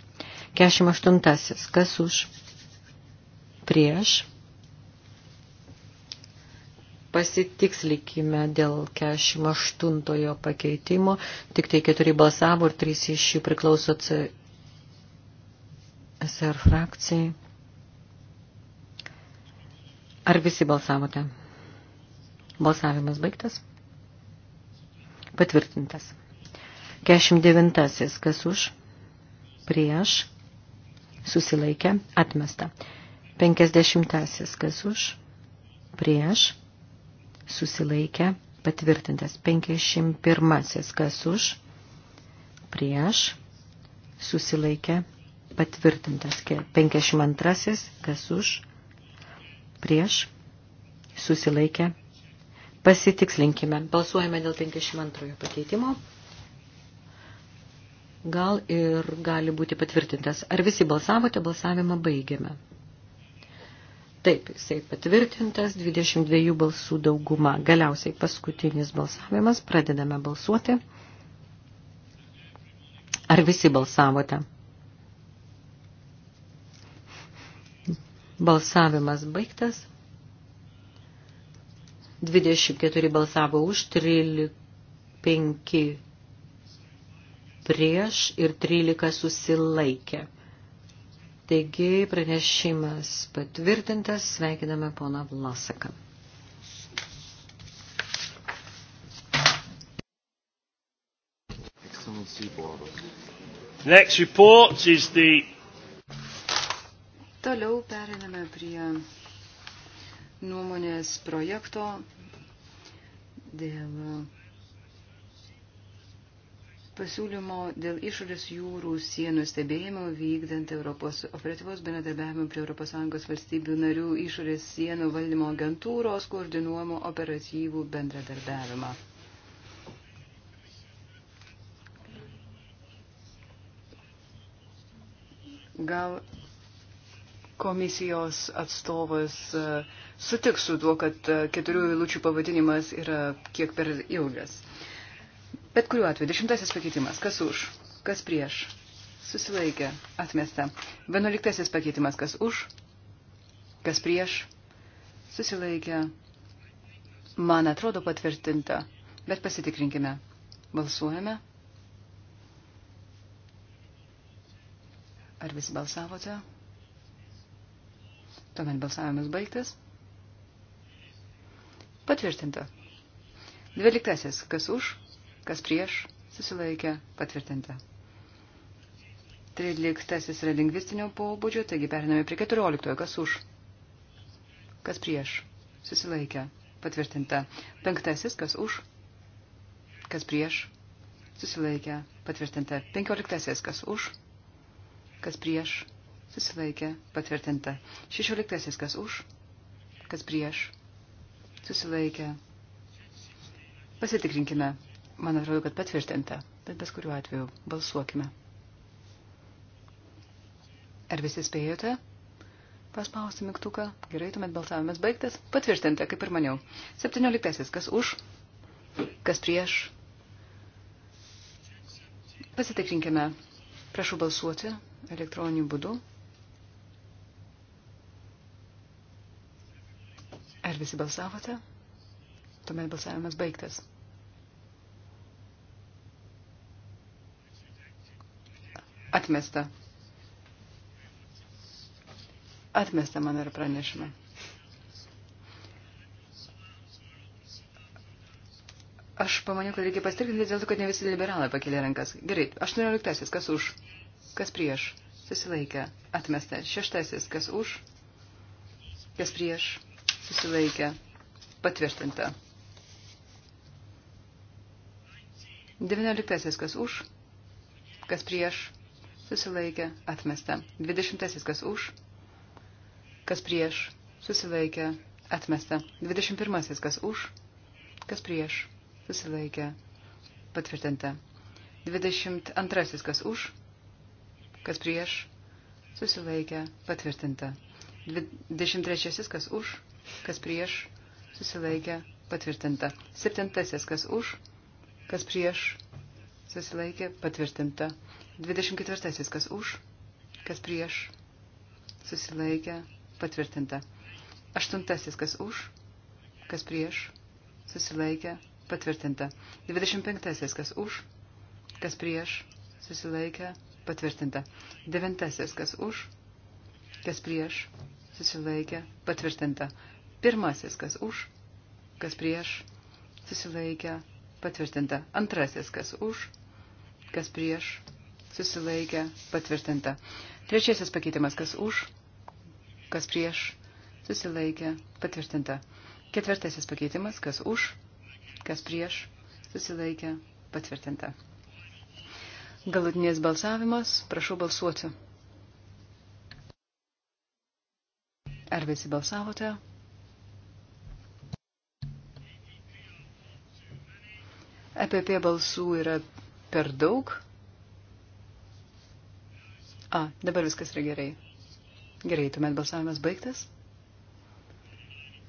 48. Kas už? Prieš. Pasitikslikime dėl 48 pakeitimo. Tik tai keturi balsavo ir trys iš jų priklauso CSR frakcijai. Ar visi balsavote? Balsavimas baigtas. Patvirtintas. 49. Kas už? Prieš. Susilaikė. Atmesta. 50. Kas už? Prieš. Susilaikė. Patvirtintas. 51. Kas už? Prieš. Susilaikė. Patvirtintas. 52. Kas už? Prieš. Susilaikė. Pasitikslinkime. Balsuojame dėl 52 pakeitimo. Gal ir gali būti patvirtintas. Ar visi balsavote, balsavimą baigėme. Taip, jisai patvirtintas 22 balsų dauguma. Galiausiai paskutinis balsavimas. Pradedame balsuoti. Ar visi balsavote? Balsavimas baigtas. 24 balsavo už, 13, 5 prieš ir 13 susilaikė. Taigi pranešimas patvirtintas, sveikiname poną Vlasaką. Next report is the... Toliau periname prie nuomonės projekto dėl pasiūlymo dėl išorės jūrų sienų stebėjimo vykdant Europos operatyvos bendradarbiavimo prie ES valstybių narių išorės sienų valdymo agentūros koordinuojamo operatyvų bendradarbiavimą. Gal komisijos atstovas e, sutiks su tuo, kad e, keturių eilučių pavadinimas yra kiek per ilgas. Bet kuriuo atveju, dešimtasis pakeitimas. Kas už? Kas prieš? Susilaikė. Atmesta. Vienuoliktasis pakeitimas. Kas už? Kas prieš? Susilaikė. Man atrodo patvirtinta. Bet pasitikrinkime. Balsuojame. Ar visi balsavote? Tuomet balsavimas baigtas. Patvirtinta. Dvyliktasis. Kas už, kas prieš, susilaikė, patvirtinta. Tryliktasis yra lingvistinio pobūdžio, taigi periname prie keturioliktojo. Kas už, kas prieš, susilaikė, patvirtinta. Penktasis. Kas už, kas prieš, susilaikė, patvirtinta. Penkioliktasis. Kas už, kas prieš, susilaikė patvirtinta. Šešioliktasis kas už, kas prieš, susilaikė. Pasitikrinkime. Man atrodo, kad patvirtinta, bet bet kuriuo atveju balsuokime. Ar visi spėjote? Paspausti mygtuką. Gerai, tuomet balsavimas baigtas. Patvirtinta, kaip ir maniau. Septynioliktasis kas už, kas prieš. Pasitikrinkime. Prašau balsuoti elektroniniu būdu. Ar visi balsavote? Tuomet balsavimas baigtas. Atmesta. Atmesta man ir pranešimą. Aš pamaniau, kad reikia pastirkinti dėl to, kad ne visi liberalai pakėlė rankas. Gerai, 18. Kas už? Kas prieš? Susilaikė. Atmesta. Šeštasis. Kas už? Kas prieš? susilaikė, patvirtinta. 19. kas už, kas prieš, susilaikė, atmesta. 20. kas už, kas prieš, susilaikė, atmesta. 21. kas už, kas prieš, susilaikė, patvirtinta. 22. kas už, kas prieš, susilaikė, patvirtinta. 23. kas už, kas prieš, susilaikė, patvirtinta. Septintasis, kas už, kas prieš, susilaikė, patvirtinta. Dvidešimt ketvirtasis, kas už, kas prieš, susilaikė, patvirtinta. Aštuntasis, kas už, kas prieš, susilaikė, patvirtinta. Dvidešimt penktasis, kas už, kas prieš, susilaikė, patvirtinta. Devintasis, kas už, kas prieš, susilaikė, patvirtinta. Pirmasis, kas už, kas prieš, susilaikė, patvirtinta. Antrasis, kas už, kas prieš, susilaikė, patvirtinta. Trečiasis pakeitimas, kas už, kas prieš, susilaikė, patvirtinta. Ketvirtasis pakeitimas, kas už, kas prieš, susilaikė, patvirtinta. Galutinės balsavimas, prašau balsuoti. Ar visi balsavote? EPP balsų yra per daug. A, dabar viskas yra gerai. Gerai, tuomet balsavimas baigtas.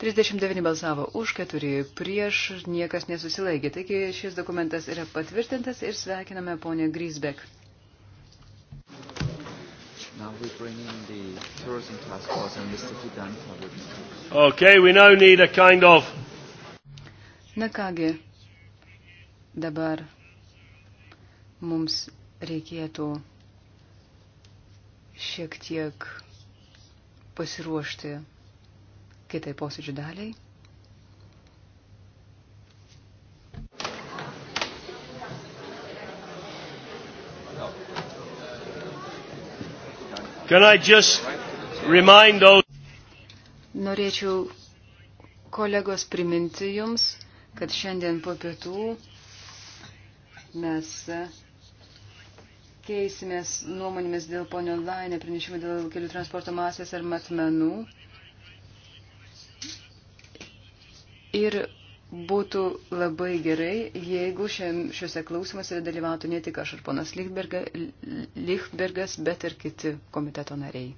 39 balsavo už, 4 prieš, niekas nesusilaikė. Taigi šis dokumentas yra patvirtintas ir sveikiname ponę Grisbek. Okay, kind of... Na kągi, Dabar mums reikėtų šiek tiek pasiruošti kitai posėdžių daliai. Norėčiau kolegos priminti jums, kad šiandien po pietų Mes keisimės nuomonėmis dėl ponio Lainė pranešimo dėl kelių transporto masės ar matmenų. Ir būtų labai gerai, jeigu šiuose klausimuose dalyvautų ne tik aš ir ponas Lichberga, Lichbergas, bet ir kiti komiteto nariai.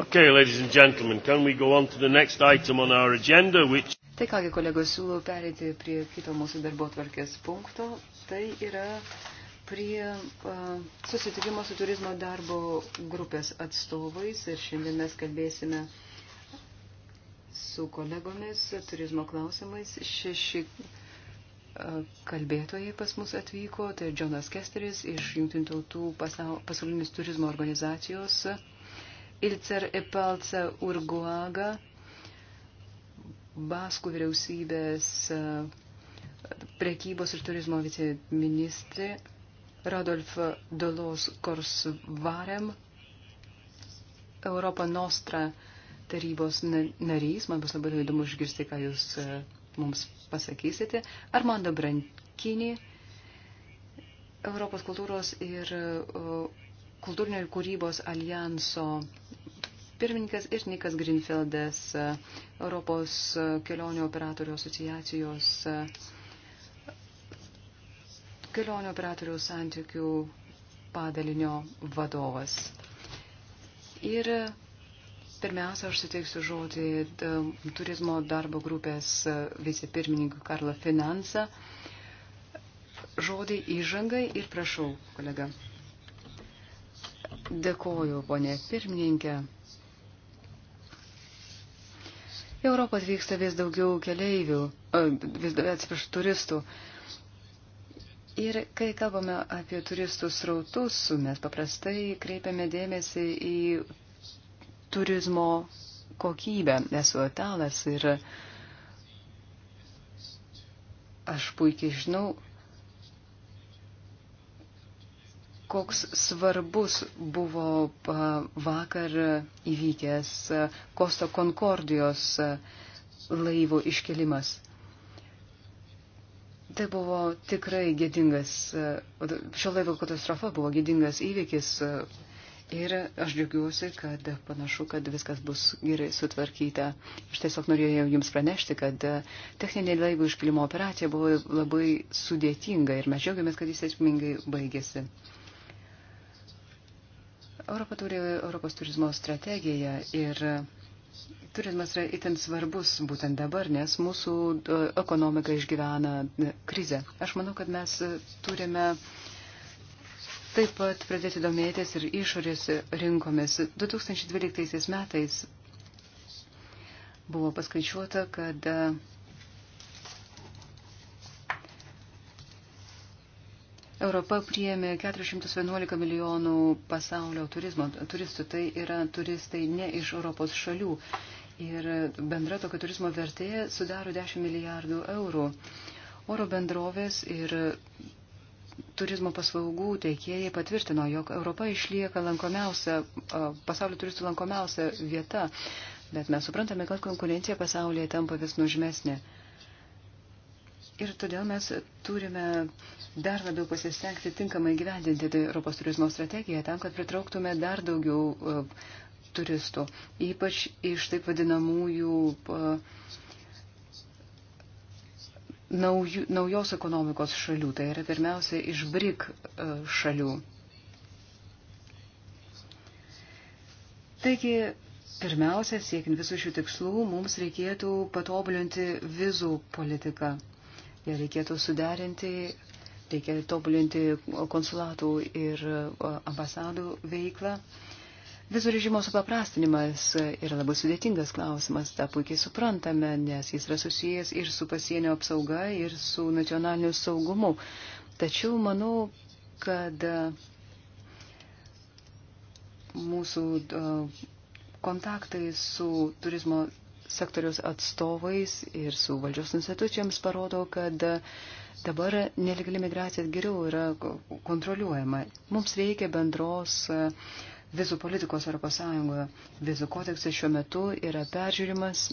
Okay, ladies and gentlemen, can we go on to the next item on our agenda, which... Tai kągi, kolegos, siūlau perėti prie kito mūsų darbo tvarkės punkto. Tai yra prie uh, susitikimo su turizmo darbo grupės atstovais ir šiandien mes kalbėsime su kolegomis turizmo klausimais. Šeši uh, kalbėtojai pas mus atvyko, tai Jonas Kesteris iš Junktinių tautų pasaulinis turizmo organizacijos. Uh, Ilcer Epalca Urguaga, Baskų vyriausybės e, prekybos ir turizmo viceministrė, Radolf Dolos Korsvarem, Europą Nostra tarybos narys. Man bus labai įdomu išgirsti, ką jūs e, mums pasakysite. Armando Brankini, Europos kultūros ir e, kultūrinio ir kūrybos alijanso pirmininkas ir Nikas Greenfieldas, Europos kelionių operatorių asociacijos kelionių operatorių santykių padalinio vadovas. Ir Pirmiausia, aš suteiksiu žodį turizmo darbo grupės vicepirmininkui Karla Finansą. Žodį įžangai ir prašau, kolega. Dėkoju, ponė pirmininkė. Į Europą atvyksta vis daugiau keleivių, e, vis daugiau, atsiprašau, turistų. Ir kai kalbame apie turistų srautus, mes paprastai kreipiame dėmesį į turizmo kokybę. Esu italas ir aš puikiai žinau, koks svarbus buvo vakar įvykęs Kosto Konkordijos laivų iškelimas. Tai buvo tikrai gėdingas, šio laivo katastrofa buvo gėdingas įvykis ir aš džiaugiuosi, kad panašu, kad viskas bus gerai sutvarkyta. Aš tiesiog norėjau Jums pranešti, kad techninė laivo iškelimo operacija buvo labai sudėtinga ir mes džiaugiamės, kad jis esmingai baigėsi. Europa turi Europos turizmo strategiją ir turizmas yra itin svarbus būtent dabar, nes mūsų e, ekonomika išgyvena e, krizę. Aš manau, kad mes turime taip pat pradėti domėtis ir išorės rinkomis. 2012 metais buvo paskaičiuota, kad e, Europa priėmė 411 milijonų pasaulio turizmo, turistų, tai yra turistai ne iš Europos šalių. Ir bendra tokio turizmo vertė sudaro 10 milijardų eurų. Oro bendrovės ir turizmo paslaugų teikėjai patvirtino, jog Europa išlieka lankomiausia, pasaulio turistų lankomiausia vieta, bet mes suprantame, kad konkurencija pasaulyje tampa vis nužmesnė. Ir todėl mes turime dar labiau pasistengti tinkamai gyvendinti tai Europos turizmo strategiją tam, kad pritrauktume dar daugiau e, turistų, ypač iš taip vadinamųjų e, naujų, naujos ekonomikos šalių, tai yra pirmiausia iš BRIC e, šalių. Taigi, pirmiausia, siekiant visų šių tikslų, mums reikėtų patobulinti vizų politiką ją reikėtų suderinti, reikia tobulinti konsulatų ir ambasadų veiklą. Vizų režimo supaprastinimas yra labai sudėtingas klausimas, tą puikiai suprantame, nes jis yra susijęs ir su pasienio apsauga, ir su nacionaliniu saugumu. Tačiau manau, kad mūsų kontaktai su turizmo sektoriaus atstovais ir su valdžios institucijoms parodo, kad dabar nelegali migracija geriau yra kontroliuojama. Mums reikia bendros e, vizų politikos Europos Sąjungoje. Vizų kodeksas šiuo metu yra peržiūrimas.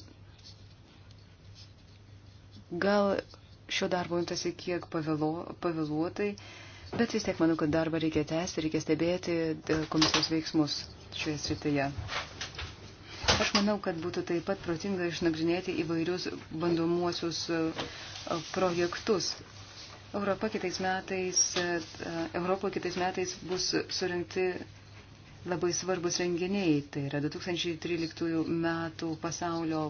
Gal šio darbo imtasi kiek pavėlo, pavėluotai, bet vis tiek manau, kad darbą reikia tęsti, reikia stebėti e, komisijos veiksmus šioje srityje. Aš manau, kad būtų taip pat protinga išnagrinėti įvairius bandomuosius e, e, projektus. Europa kitais metais, e, Europoje kitais metais bus surinkti labai svarbus renginiai. Tai yra 2013 metų pasaulio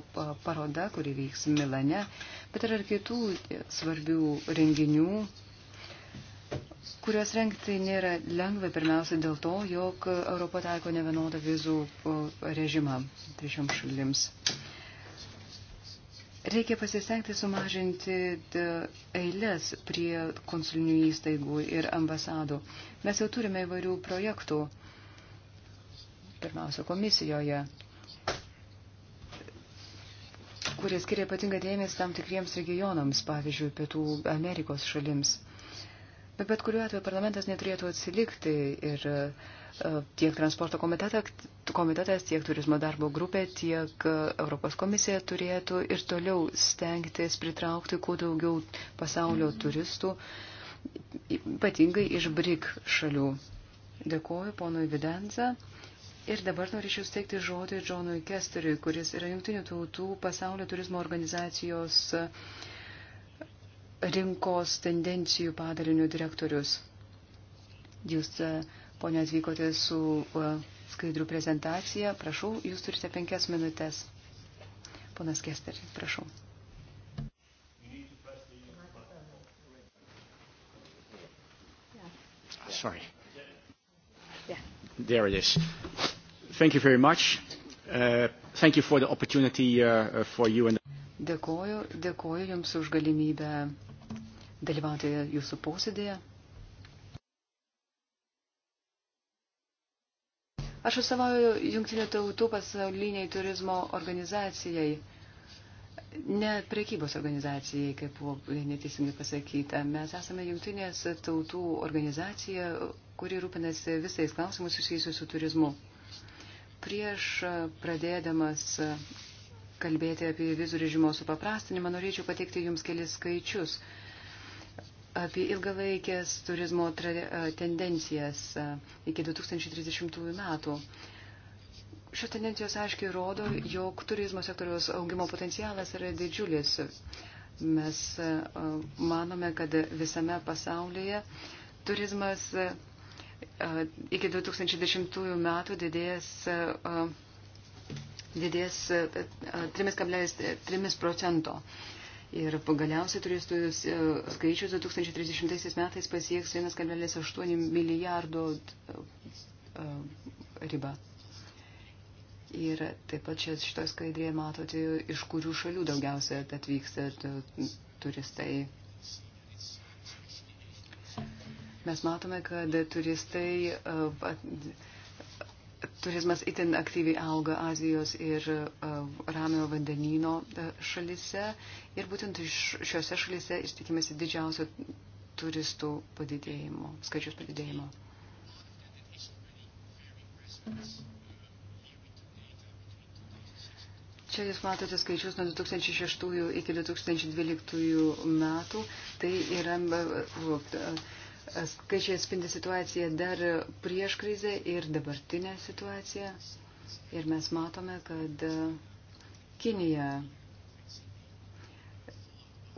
paroda, kuri vyks Milane, bet yra ir kitų svarbių renginių kuriuos rengti nėra lengva, pirmiausia dėl to, jog Europa taiko ne vienodą vizų režimą trečioms šalims. Reikia pasistengti sumažinti eilės prie konsulinių įstaigų ir ambasadų. Mes jau turime įvairių projektų, pirmiausia, komisijoje, kurie skiria ypatingą dėmesį tam tikriems regionams, pavyzdžiui, Pietų Amerikos šalims. Bet bet kuriuo atveju parlamentas neturėtų atsilikti ir e, tiek transporto komitetas, tiek turizmo darbo grupė, tiek e, Europos komisija turėtų ir toliau stengtis pritraukti kuo daugiau pasaulio turistų, ypatingai iš BRIK šalių. Dėkuoju ponui Vidanza. Ir dabar norėčiau steigti žodį Džonui Kesteriui, kuris yra Junktinių tautų pasaulio turizmo organizacijos uh, rinkos tendencijų padarinių direktorius. Jūs, e, ponė, atvykote su e, skaidrių prezentacija. Prašau, jūs turite penkias minutės. Ponas Kesteri, prašau. Sorry. Yeah. There it is. Thank you very much. Uh, thank you for the opportunity uh, uh for you and Dėkoju, dėkoju Jums už galimybę dalyvauti jūsų posėdėje. Aš atstovauju Junktinių tautų pasauliniai turizmo organizacijai, ne prekybos organizacijai, kaip buvo neteisingai pasakyta. Mes esame Junktinės tautų organizacija, kuri rūpinasi visais klausimus susijusius su turizmu. Prieš pradėdamas kalbėti apie vizų režimo supaprastinimą, norėčiau pateikti Jums kelis skaičius apie ilgalaikės turizmo tendencijas iki 2030 metų. Šios tendencijos aiškiai rodo, jog turizmo sektoriaus augimo potencialas yra didžiulis. Mes manome, kad visame pasaulyje turizmas iki 2010 metų didės didės 3,3 procento. Ir galiausiai turistų e, skaičius 2030 metais pasieks 1,8 milijardo e, e, ribą. Ir taip pat čia šitoje skaidrėje matote, iš kurių šalių daugiausia atvyksta turistai. Mes matome, kad turistai turizmas itin aktyviai auga Azijos ir e, Ramiojo vandenyno e, šalise ir būtent šiuose šalise tikimasi didžiausio turistų padidėjimo, skaičius padidėjimo. Čia jūs matote skaičius nuo 2006 iki 2012 metų. Tai yra e, skaičiai atspindi situaciją dar prieš krizę ir dabartinę situaciją. Ir mes matome, kad Kinija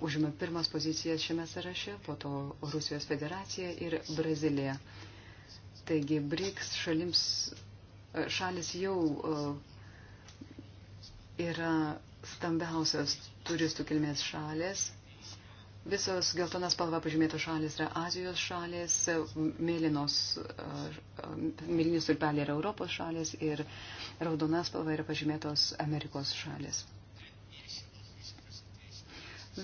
užima pirmas pozicijas šiame sąraše, po to Rusijos federacija ir Brazilija. Taigi BRICS šalims, šalis jau e, yra stambiausios turistų kilmės šalės Visos geltonas spalva pažymėtos šalis yra Azijos šalis, mėlynos, mėlynis stulpelė yra Europos šalis ir raudona spalva yra pažymėtos Amerikos šalis.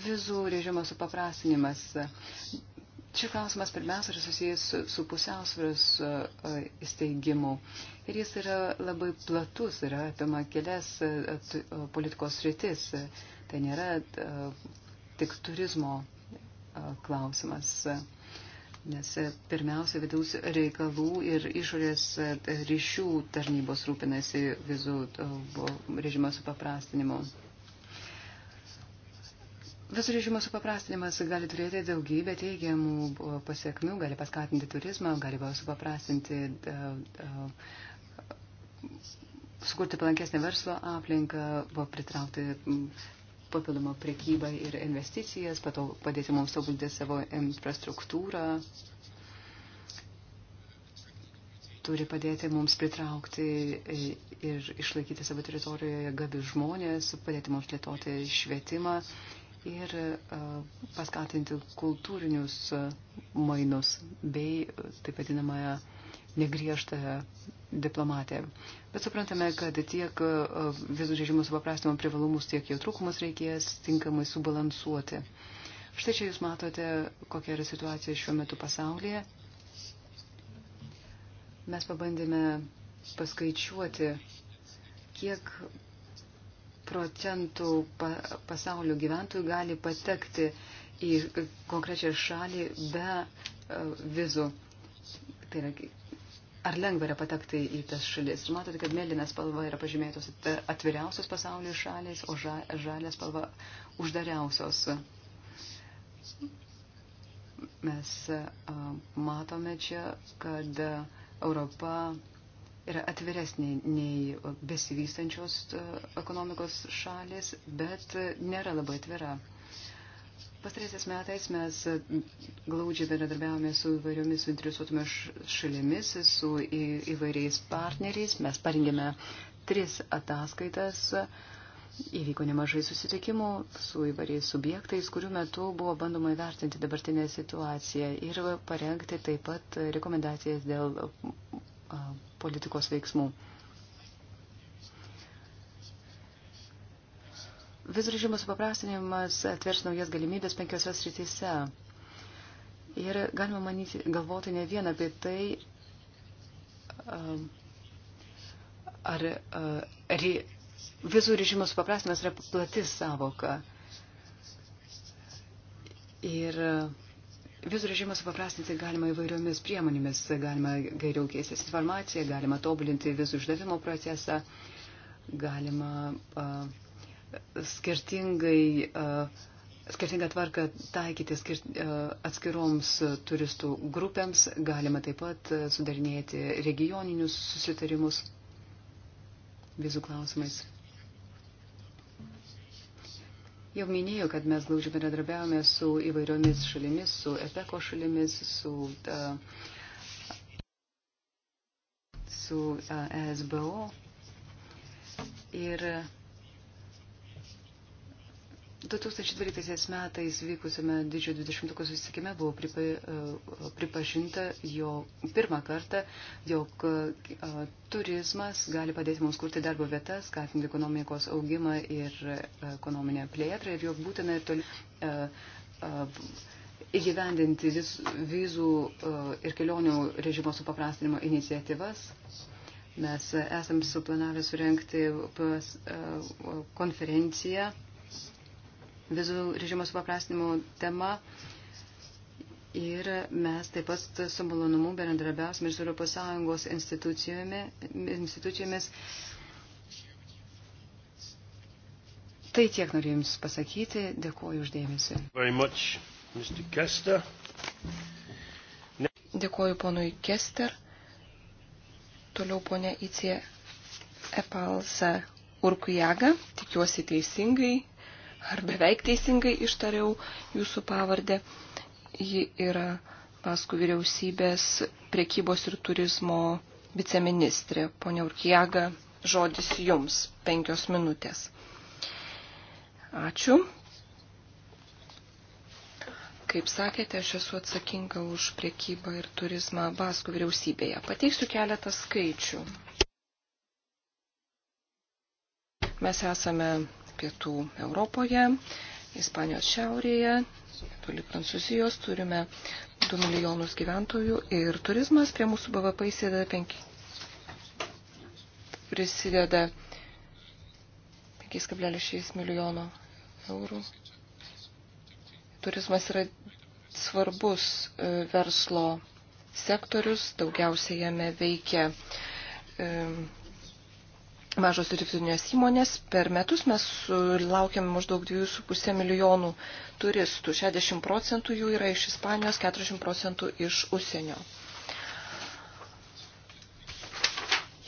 Vizų režimo supaprastinimas. Šis klausimas pirmiausia yra susijęs su, su pusiausvėros įsteigimu. Ir jis yra labai platus, yra apima kelias politikos rytis. Tai nėra tik turizmo klausimas, nes pirmiausia vidaus reikalų ir išorės ryšių tarnybos rūpinasi vizų režimo supaprastinimu. Visų režimo supaprastinimas gali turėti daugybę teigiamų pasiekmių, gali paskatinti turizmą, gali supaprastinti, sukurti palankesnę verslo aplinką, pritraukti papildomą prekybą ir investicijas, patau, padėti mums tobulinti savo infrastruktūrą, turi padėti mums pritraukti ir išlaikyti savo teritorijoje gabius žmonės, padėti mums plėtoti švietimą ir paskatinti kultūrinius mainus bei taip vadinamąją negriežtą diplomatė. Bet suprantame, kad tiek e, vizų režimo supaprastimo privalumus, tiek jų trūkumus reikės tinkamai subalansuoti. Štai čia jūs matote, kokia yra situacija šiuo metu pasaulyje. Mes pabandėme paskaičiuoti, kiek procentų pa, pasaulio gyventojų gali patekti į konkrečią šalį be uh, vizų. Tai yra ar lengva yra patekti į tas šalis. Matote, kad mėlyna spalva yra pažymėtos atviriausios pasaulio šalis, o ža, žalia spalva uždariausios. Mes matome čia, kad Europa yra atviresnė nei besivystančios ekonomikos šalis, bet nėra labai atvira Pastraisiais metais mes e, glaudžiai bendradarbiavome su įvairiomis suinteresuotomis šalimis, su įvairiais partneriais. Mes parengėme tris ataskaitas. Įvyko nemažai susitikimų su įvairiais subjektais, kurių metu buvo bandoma įvertinti dabartinę situaciją ir parengti taip pat rekomendacijas dėl politikos veiksmų. Vis režimo supaprastinimas atvers naujas galimybės penkiose srityse. Ir galima manyti, galvoti ne vien apie tai, ar, ar vizų režimo supaprastinimas yra plati savoka. Ir vizų režimą supaprastinti galima įvairiomis priemonėmis, galima geriau keistis informaciją, galima tobulinti vizų išdavimo procesą, galima. Uh, skirtingai, e, skirtingą tvarką taikyti skir, e, atskiroms turistų grupėms, galima taip pat e, sudarinėti regioninius susitarimus vizų klausimais. Jau minėjau, kad mes glaudžiai bendradarbiavome su įvairiomis šalimis, su EPECO šalimis, su, uh, su uh, ESBO. Ir uh, 2012 metais vykusiame didžiojo 20-ko susitikime buvo pripa, e, pripažinta jo pirmą kartą, jog e, turizmas gali padėti mums kurti darbo vietas, skatinti ekonomikos augimą ir e, ekonominę plėtrą ir jog būtina ir toliau įgyvendinti vis, vizų ir kelionių režimo supaprastinimo iniciatyvas. Mes esam suplanavę surenkti konferenciją vizų režimo supaprastinimo tema. Ir mes taip pat su malonumu bendradarbiausime ir su ES institucijomis. Tai tiek noriu Jums pasakyti. Dėkuoju uždėmesi. Dėkuoju ponui Kester. Toliau ponė Icija Epalsa Urkujaga. Tikiuosi teisingai ar beveik teisingai ištariau jūsų pavardę. Ji yra Baskų vyriausybės priekybos ir turizmo viceministrė. Pone Urkijaga, žodis jums penkios minutės. Ačiū. Kaip sakėte, aš esu atsakinga už priekybą ir turizmą Baskų vyriausybėje. Pateiksiu keletą skaičių. Mes esame pietų Europoje, Ispanijos šiaurėje, toli Prancūzijos, turime 2 milijonus gyventojų ir turizmas prie mūsų BVP įsideda 5, prisideda 5,6 milijono eurų. Turizmas yra svarbus e, verslo sektorius, daugiausiai jame veikia e, mažos ir vidutinės įmonės. Per metus mes laukiam maždaug 2,5 milijonų turistų. 60 procentų jų yra iš Ispanijos, 40 procentų iš užsienio.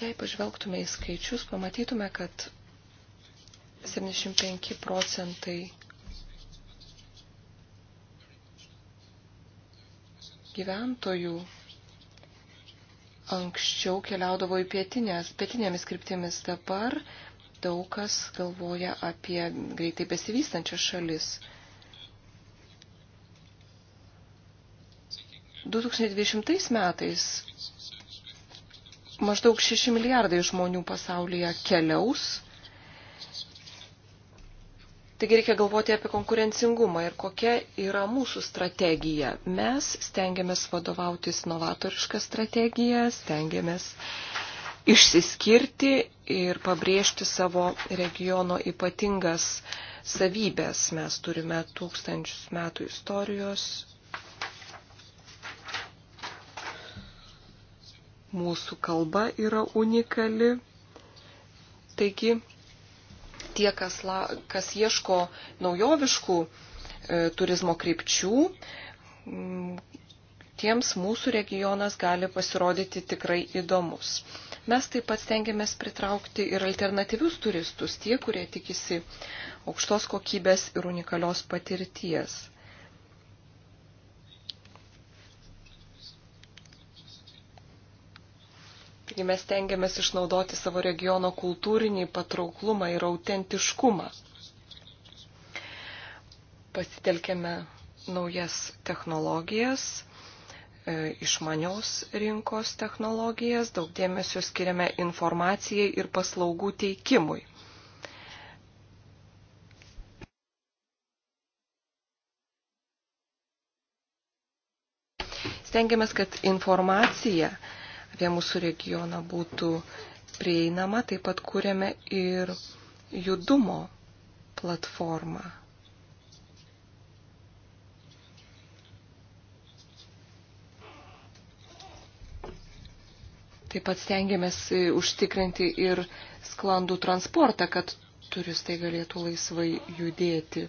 Jei pažvelgtume į skaičius, pamatytume, kad 75 procentai gyventojų anksčiau keliaudavo į pietinės, pietinėmis kryptimis, dabar daug kas galvoja apie greitai besivystančias šalis. 2020 metais maždaug 6 milijardai žmonių pasaulyje keliaus Taigi reikia galvoti apie konkurencingumą ir kokia yra mūsų strategija. Mes stengiamės vadovautis novatorišką strategiją, stengiamės išsiskirti ir pabrėžti savo regiono ypatingas savybės. Mes turime tūkstančius metų istorijos. Mūsų kalba yra unikali. Taigi tie, kas, la, kas ieško naujoviškų e, turizmo krypčių, m, tiems mūsų regionas gali pasirodyti tikrai įdomus. Mes taip pat stengiamės pritraukti ir alternatyvius turistus, tie, kurie tikisi aukštos kokybės ir unikalios patirties. Taigi mes tengiamės išnaudoti savo regiono kultūrinį patrauklumą ir autentiškumą. Pasitelkėme naujas technologijas, e, išmanios rinkos technologijas, daug dėmesio skiriame informacijai ir paslaugų teikimui. Stengiamės, kad informacija apie mūsų regioną būtų prieinama, taip pat kūrėme ir judumo platformą. Taip pat stengiamės e, užtikrinti ir sklandų transportą, kad turistai galėtų laisvai judėti.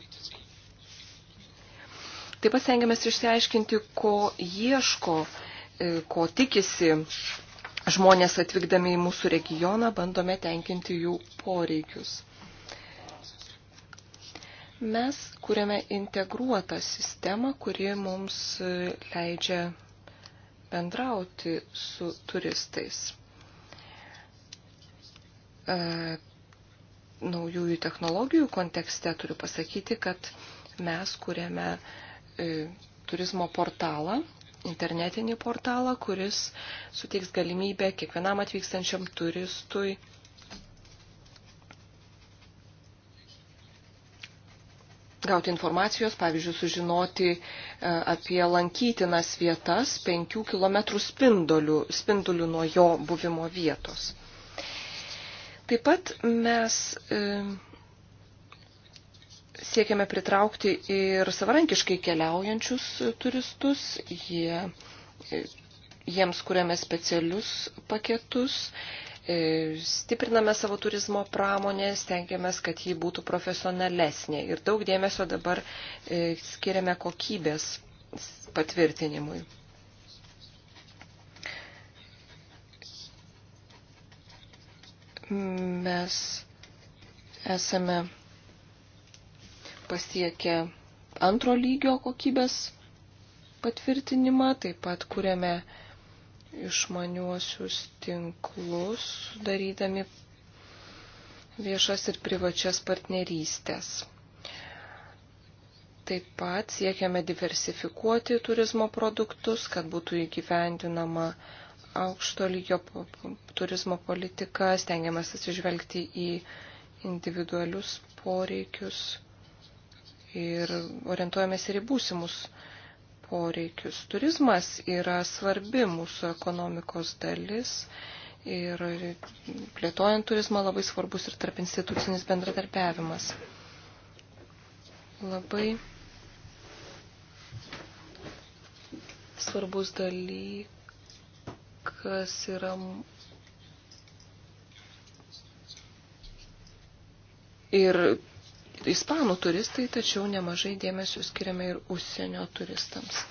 Taip pat stengiamės išsiaiškinti, ko ieško E, ko tikisi žmonės atvykdami į mūsų regioną, bandome tenkinti jų poreikius. Mes kūrėme integruotą sistemą, kuri mums leidžia bendrauti su turistais. E, naujųjų technologijų kontekste turiu pasakyti, kad mes kūrėme e, turizmo portalą, internetinį portalą, kuris suteiks galimybę kiekvienam atvykstančiam turistui gauti informacijos, pavyzdžiui, sužinoti e, apie lankytinas vietas 5 km spindulių, spindulių nuo jo buvimo vietos. Taip pat mes e, siekiame pritraukti ir savarankiškai keliaujančius turistus. Jie, jiems kuriame specialius paketus, e, stipriname savo turizmo pramonę, stengiamės, kad ji būtų profesionalesnė ir daug dėmesio dabar e, skiriame kokybės patvirtinimui. Mes esame pasiekę antro lygio kokybės patvirtinimą, taip pat kuriame išmaniuosius tinklus, darydami viešas ir privačias partnerystės. Taip pat siekiame diversifikuoti turizmo produktus, kad būtų įgyvendinama aukšto lygio turizmo politika, stengiamas atsižvelgti į individualius poreikius ir orientuojamės ir į būsimus poreikius. Turizmas yra svarbi mūsų ekonomikos dalis ir plėtojant turizmą labai svarbus ir tarp institucinis bendradarbiavimas. Labai svarbus dalykas yra ir ispanų turistai, tačiau nemažai dėmesio skiriame ir užsienio turistams.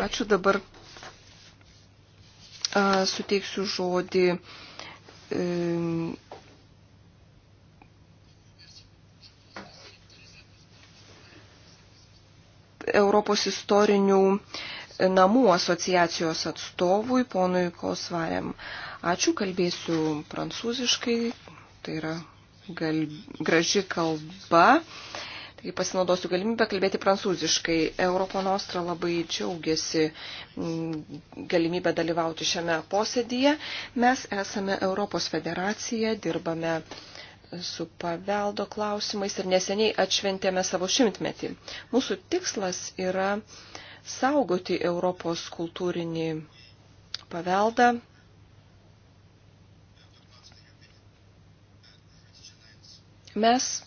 Ačiū dabar a, suteiksiu žodį e, Europos istorinių namų asociacijos atstovui, ponui Kosvarem. Ačiū, kalbėsiu prancūziškai, tai yra gal, graži kalba. Taigi pasinaudosiu galimybę kalbėti prancūziškai. Europo Nostra labai džiaugiasi mm, galimybę dalyvauti šiame posėdyje. Mes esame Europos federacija, dirbame su paveldo klausimais ir neseniai atšventėme savo šimtmetį. Mūsų tikslas yra saugoti Europos kultūrinį paveldą, Mes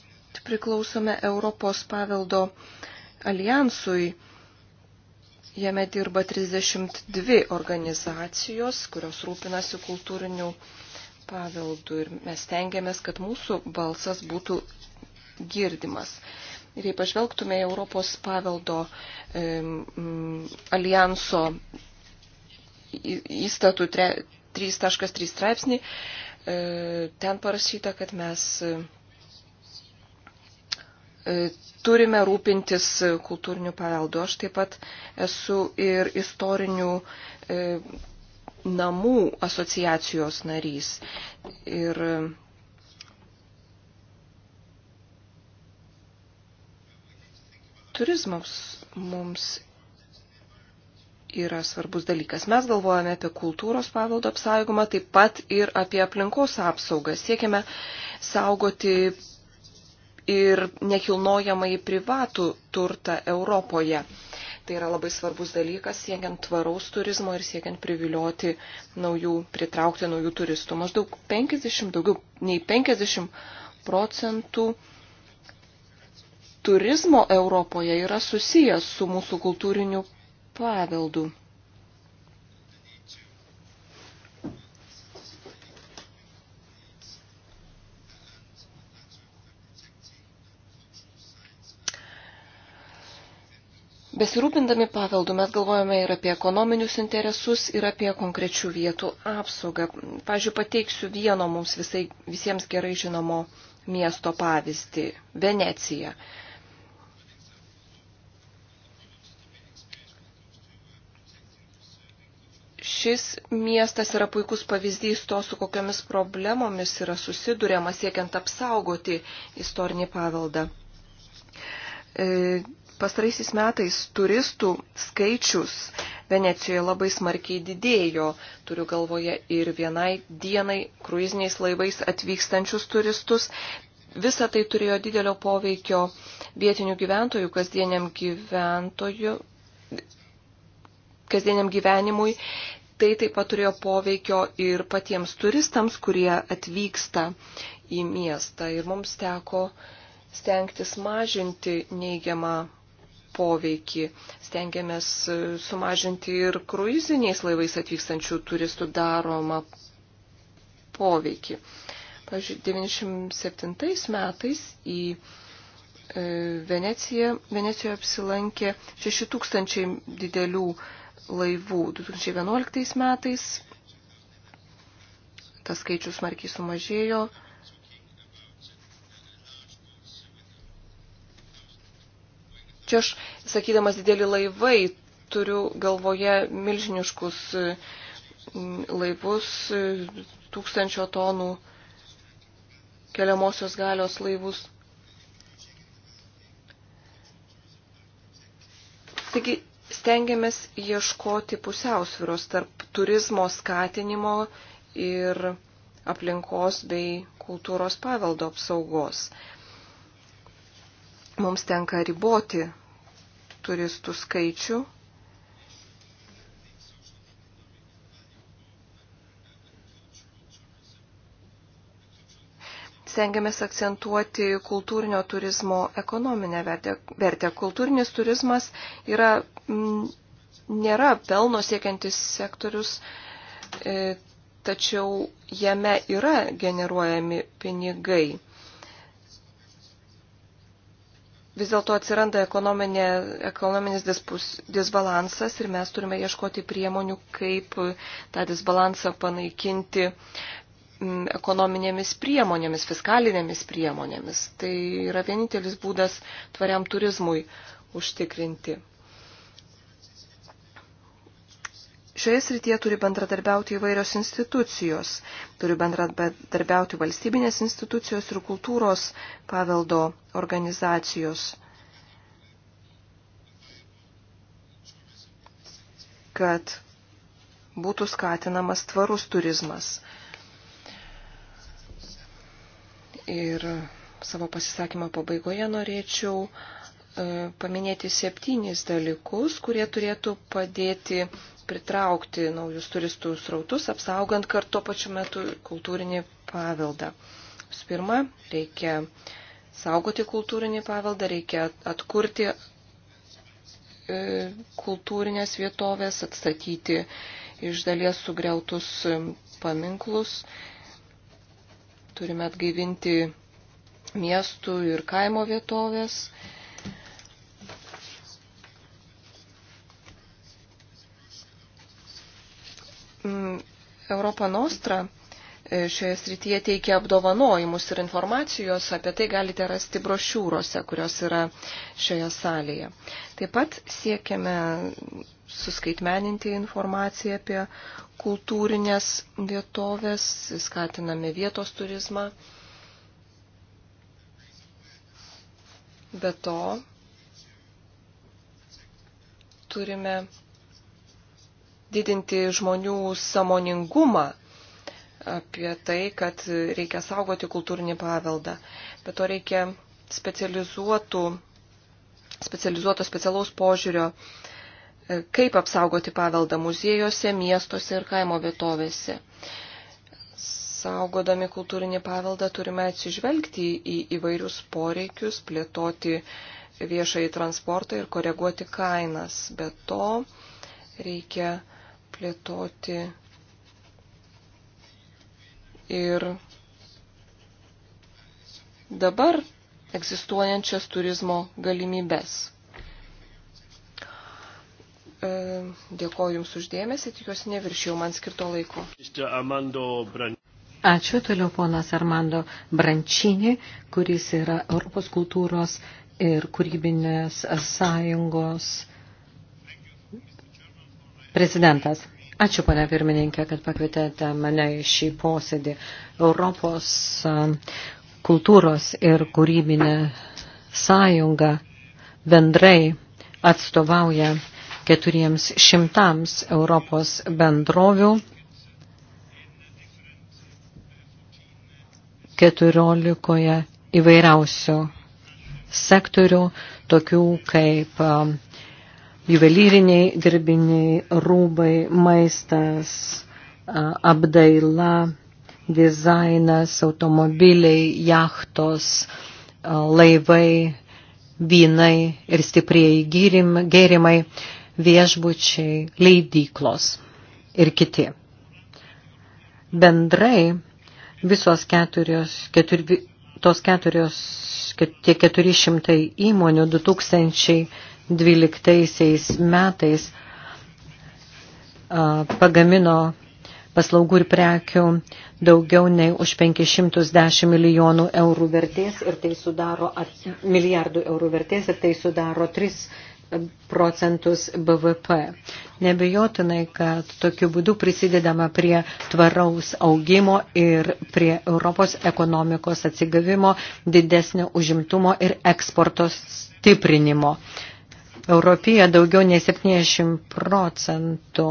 priklausome Europos paveldo alijansui. Jame dirba 32 organizacijos, kurios rūpinasi kultūriniu paveldu ir mes tengiamės, kad mūsų balsas būtų girdimas. Ir jei pažvelgtume į Europos paveldo e, m, mm, alijanso įstatų 3.3 straipsnį, e, ten parašyta, kad mes. E, E, turime rūpintis kultūriniu paveldu. Aš taip pat esu ir istorinių e, namų asociacijos narys. Ir turizmas mums yra svarbus dalykas. Mes galvojame apie kultūros paveldo apsaugomą, taip pat ir apie aplinkos apsaugą. Siekime saugoti ir nekilnojamai privatų turtą Europoje. Tai yra labai svarbus dalykas siekiant tvaraus turizmo ir siekiant privilioti naujų, pritraukti naujų turistų. Maždaug 50, daugiau nei 50 procentų turizmo Europoje yra susijęs su mūsų kultūriniu paveldu. Besirūpindami paveldų mes galvojame ir apie ekonominius interesus, ir apie konkrečių vietų apsaugą. Pavyzdžiui, pateiksiu vieno mums visai, visiems gerai žinomo miesto pavyzdį - Veneciją. Šis miestas yra puikus pavyzdys to, su kokiamis problemomis yra susidurėma siekiant apsaugoti istorinį paveldą. E, Pastaraisiais metais turistų skaičius Venecijoje labai smarkiai didėjo, turiu galvoje ir vienai dienai kruiziniais laivais atvykstančius turistus. Visa tai turėjo didelio poveikio vietinių gyventojų kasdieniam, gyventojų, kasdieniam gyvenimui. Tai taip pat turėjo poveikio ir patiems turistams, kurie atvyksta į miestą. Ir mums teko stengtis mažinti neigiamą poveikį. Stengiamės sumažinti ir kruiziniais laivais atvykstančių turistų daromą poveikį. Pavyzdžiui, 97 metais į e, Veneciją, Venecijoje apsilankė 6000 didelių laivų. 2011 metais tas skaičius markiai sumažėjo Čia aš, sakydamas didelį laivai, turiu galvoje milžiniškus laivus, tūkstančio tonų keliamosios galios laivus. Taigi stengiamės ieškoti pusiausviros tarp turizmo skatinimo ir aplinkos bei kultūros paveldo apsaugos mums tenka riboti turistų skaičių. Sengiamės akcentuoti kultūrinio turizmo ekonominę vertę. Kultūrinis turizmas yra, m, mm, nėra pelno siekiantis sektorius, e, tačiau jame yra generuojami pinigai vis dėlto atsiranda ekonominis dispus, disbalansas ir mes turime ieškoti priemonių, kaip tą disbalansą panaikinti mm, ekonominėmis priemonėmis, fiskalinėmis priemonėmis. Tai yra vienintelis būdas tvariam turizmui užtikrinti. Šioje srityje turi bendradarbiauti įvairios institucijos, turi bendradarbiauti valstybinės institucijos ir kultūros paveldo organizacijos, kad būtų skatinamas tvarus turizmas. Ir savo pasisakymą pabaigoje norėčiau e, paminėti septynis dalykus, kurie turėtų padėti pritraukti naujus turistų srautus, apsaugant kartu pačiu metu kultūrinį paveldą. Visų pirma, reikia saugoti kultūrinį paveldą, reikia atkurti e, kultūrinės vietovės, atstatyti iš dalies sugriautus e, paminklus. Turime atgaivinti miestų ir kaimo vietovės. Mm, Europą Nostrą e, šioje srityje teikia apdovanojimus ir informacijos apie tai galite rasti brošiūrose, kurios yra šioje salėje. Taip pat siekiame suskaitmeninti informaciją apie kultūrinės vietovės, skatiname vietos turizmą. Be to turime didinti žmonių samoningumą apie tai, kad reikia saugoti kultūrinį paveldą. Bet to reikia specializuotų, specializuoto specialaus požiūrio, e, kaip apsaugoti paveldą muziejuose, miestuose ir kaimo vietovėse. Saugodami kultūrinį paveldą turime atsižvelgti į įvairius poreikius, plėtoti viešai transportą ir koreguoti kainas. Be to reikia plėtoti ir dabar egzistuojančias turizmo galimybes. E, dėkoju Jums uždėmesi, tikiuosi neviršiau man skirto laiko. Ačiū toliau ponas Armando Brančinį, kuris yra Europos kultūros ir kūrybinės sąjungos Prezidentas. Ačiū, ponia pirmininkė, kad pakvietėte mane į šį posėdį. Europos kultūros ir kūrybinė sąjunga bendrai atstovauja keturiems šimtams Europos bendrovių, keturiolikoje įvairiausių sektorių, tokių kaip juvelyriniai dirbiniai, rūbai, maistas, apdaila, dizainas, automobiliai, jachtos, laivai, vynai ir stiprieji gėrimai, viešbučiai, leidyklos ir kiti. Bendrai visos keturios, keturi, tos keturios, tie keturi šimtai įmonių 2000 2012 metais pagamino paslaugų ir prekių daugiau nei už 510 milijonų eurų vertės ir tai sudaro milijardų eurų vertės ir tai sudaro 3 procentus BVP. Nebejotinai, kad tokiu būdu prisidedama prie tvaraus augimo ir prie Europos ekonomikos atsigavimo, didesnio užimtumo ir eksporto stiprinimo. Europijoje daugiau nei 70 procentų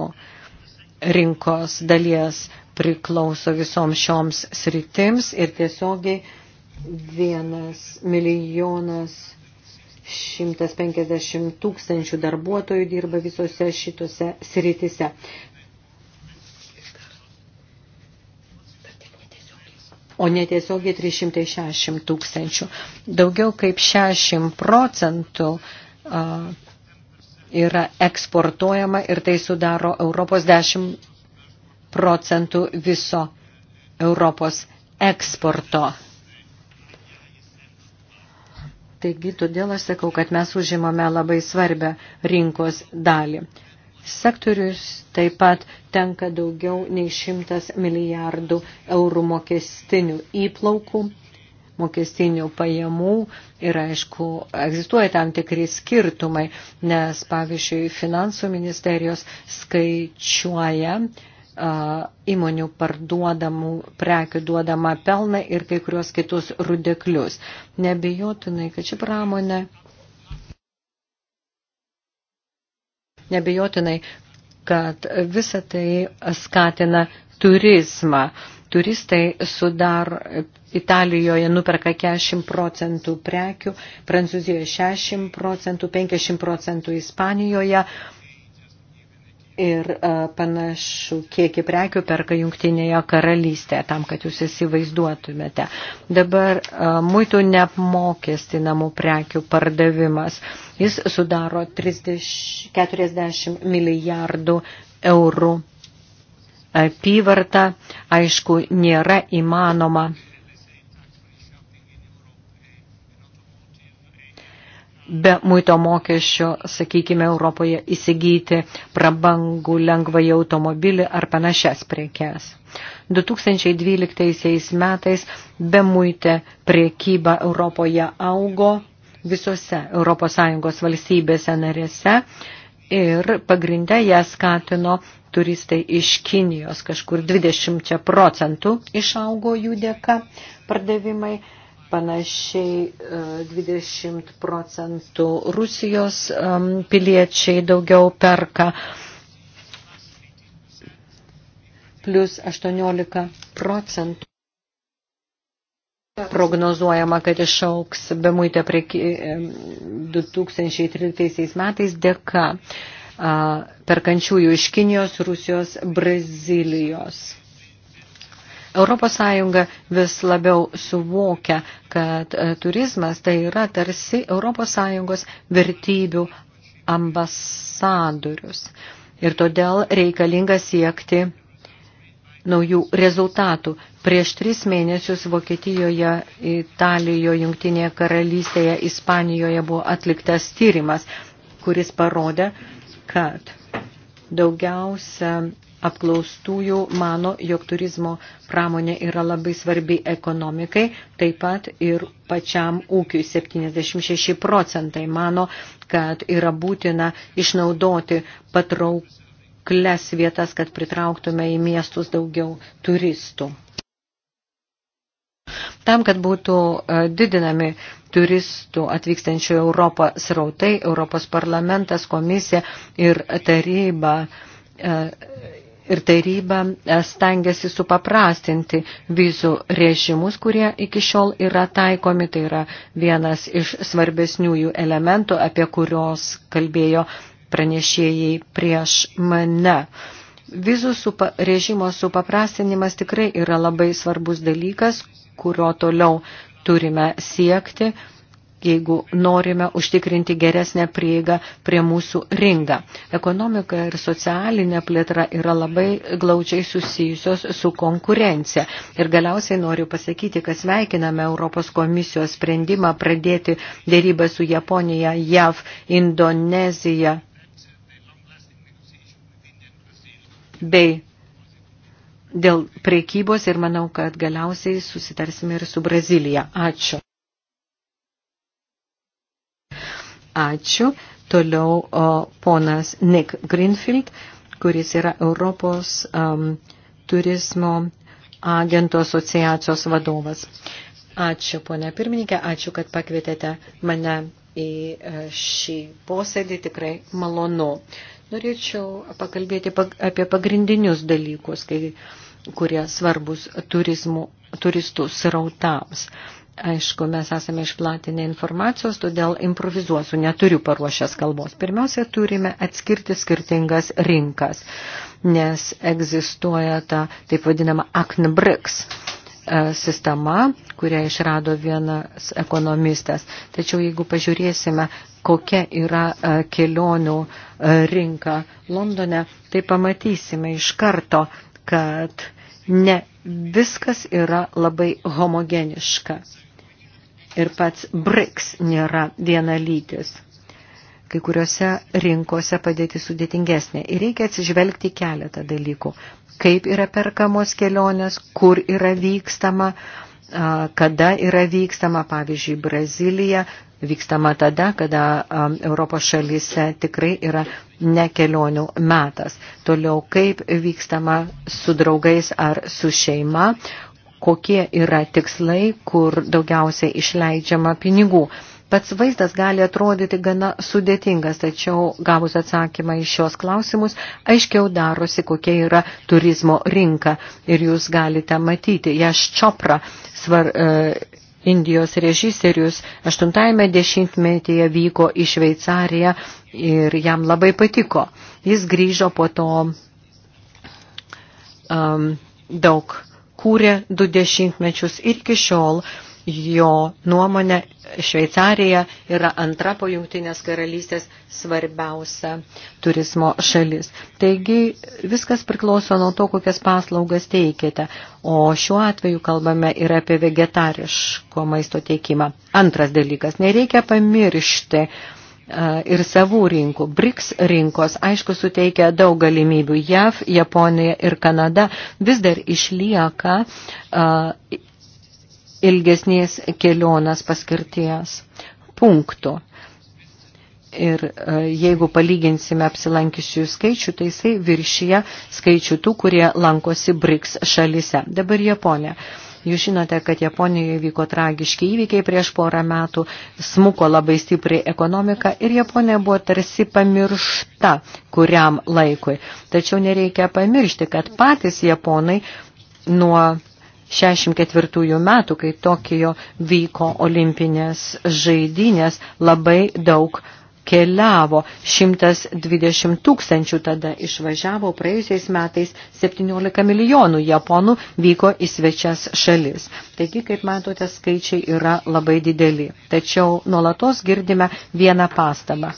rinkos dalies priklauso visoms šioms sritims ir tiesiogiai vienas milijonas 150 tūkstančių darbuotojų dirba visose šitose sritise. o netiesiogiai 360 tūkstančių. Daugiau kaip 60 procentų uh, yra eksportuojama ir tai sudaro Europos 10 procentų viso Europos eksporto. Taigi, todėl aš sakau, kad mes užimame labai svarbę rinkos dalį. Sektorius taip pat tenka daugiau nei 100 milijardų eurų mokestinių įplaukų mokestinių pajamų ir aišku, egzistuoja tam tikri skirtumai, nes pavyzdžiui, finansų ministerijos skaičiuoja įmonių parduodamų prekių duodamą pelną ir kai kurios kitus rudeklius. Nebijotinai, kad ši pramonė. Nebijotinai, kad visa tai skatina turizmą turistai sudar, Italijoje nuperka 40 procentų prekių, Prancūzijoje 60 procentų, 50 procentų Ispanijoje ir e, panašų kiekį prekių perka jungtinėje karalystėje, tam, kad jūs įsivaizduotumėte. Dabar e, muitų neapmokestinamų prekių pardavimas. Jis sudaro 30, 40 milijardų eurų apyvartą, aišku, nėra įmanoma be muito mokesčio, sakykime, Europoje įsigyti prabangų lengvąjį automobilį ar panašias prekes. 2012 metais be muitė priekyba Europoje augo visose ES valstybėse narėse ir pagrindę ją skatino turistai iš Kinijos kažkur 20 procentų išaugo jų dėka pardavimai, panašiai 20 e, procentų Rusijos piliečiai daugiau perka, plus 18 procentų. Prognozuojama, kad išauks be muitę prie 2013 metais dėka perkančiųjų iš Kinijos, Rusijos, Brazilijos. Europos Sąjunga vis labiau suvokia, kad e, turizmas tai yra tarsi Europos Sąjungos vertybių ambasadorius. Ir todėl reikalinga siekti naujų rezultatų. Prieš tris mėnesius Vokietijoje, Italijoje, Jungtinėje karalystėje, Ispanijoje buvo atliktas tyrimas, kuris parodė, kad daugiausia apklaustųjų mano, jog turizmo pramonė yra labai svarbi ekonomikai, taip pat ir pačiam ūkiui 76 procentai mano, kad yra būtina išnaudoti patraukles vietas, kad pritrauktume į miestus daugiau turistų. Tam, kad būtų e, didinami turistų atvykstančių Europą srautai, Europos parlamentas, komisija ir taryba e, ir taryba e, stengiasi supaprastinti vizų režimus, kurie iki šiol yra taikomi. Tai yra vienas iš svarbesnių jų elementų, apie kurios kalbėjo pranešėjai prieš mane. Vizų supa, režimo supaprastinimas tikrai yra labai svarbus dalykas, kurio toliau turime siekti, jeigu norime užtikrinti geresnę prieigą prie mūsų rinką. Ekonomika ir socialinė plėtra yra labai glaučiai susijusios su konkurencija. Ir galiausiai noriu pasakyti, kad sveikiname Europos komisijos sprendimą pradėti dėrybą su Japonija, JAV, Indonezija bei dėl priekybos ir manau, kad galiausiai susitarsime ir su Brazilija. Ačiū. Ačiū. Toliau o, ponas Nick Greenfield, kuris yra Europos um, turizmo agentų asociacijos vadovas. Ačiū, ponė pirmininkė, ačiū, kad pakvietėte mane į e, šį posėdį, tikrai malonu. Norėčiau pakalbėti apie pagrindinius dalykus, kai kurie svarbus turizmų, turistų srautams. Aišku, mes esame išplatinę informacijos, todėl improvizuosiu, neturiu paruošęs kalbos. Pirmiausia, turime atskirti skirtingas rinkas, nes egzistuoja ta taip vadinama ACNBRICS e, sistema, kurią išrado vienas ekonomistas. Tačiau jeigu pažiūrėsime, kokia yra e, kelionių e, rinka Londone, tai pamatysime iš karto, kad Ne, viskas yra labai homogeniška. Ir pats BRICS nėra vienalytis. Kai kuriuose rinkose padėti sudėtingesnė. Ir reikia atsižvelgti keletą dalykų. Kaip yra perkamos kelionės, kur yra vykstama, uh, kada yra vykstama, pavyzdžiui, Brazilija, vykstama tada, kada Europos šalyse tikrai yra ne kelionių metas. Toliau, kaip vykstama su draugais ar su šeima, kokie yra tikslai, kur daugiausiai išleidžiama pinigų. Pats vaizdas gali atrodyti gana sudėtingas, tačiau gavus atsakymą į šios klausimus, aiškiau darosi, kokia yra turizmo rinka. Ir jūs galite matyti, Jaš Čopra svar, e, Indijos režisierius 80-ame dešimtmetyje vyko į Šveicariją ir jam labai patiko. Jis grįžo po to um, daug kūrė du dešimtmečius ir iki šiol uh, Jo nuomonė Šveicarija yra antra po jungtinės karalystės svarbiausia turizmo šalis. Taigi viskas priklauso nuo to, kokias paslaugas teikite. O šiuo atveju kalbame ir apie vegetariško maisto teikimą. Antras dalykas, nereikia pamiršti ir savų rinkų. BRICS rinkos, aišku, suteikia daug galimybių. JAV, Japonija ir Kanada vis dar išlieka uh, ilgesnės kelionės paskirties punktų. Ir e, jeigu palyginsime apsilankiusių skaičių, tai jisai viršyje skaičių tų, kurie lankosi BRICS šalise. Dabar Japonija. Jūs žinote, kad Japonijoje vyko tragiški įvykiai prieš porą metų, smuko labai stipriai ekonomika ir Japonija buvo tarsi pamiršta kuriam laikui. Tačiau nereikia pamiršti, kad patys Japonai nuo 64 metų, kai Tokijo vyko olimpinės žaidynės, labai daug keliavo. 120 tūkstančių tada išvažiavo, praėjusiais metais 17 milijonų japonų vyko į svečias šalis. Taigi, kaip matote, skaičiai yra labai dideli. Tačiau nuolatos girdime vieną pastabą.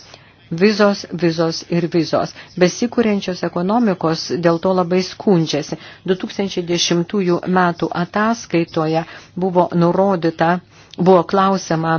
Vizos, vizos ir vizos. Besikūrenčios ekonomikos dėl to labai skundžiasi. 2010 metų ataskaitoje buvo nurodyta, buvo klausima,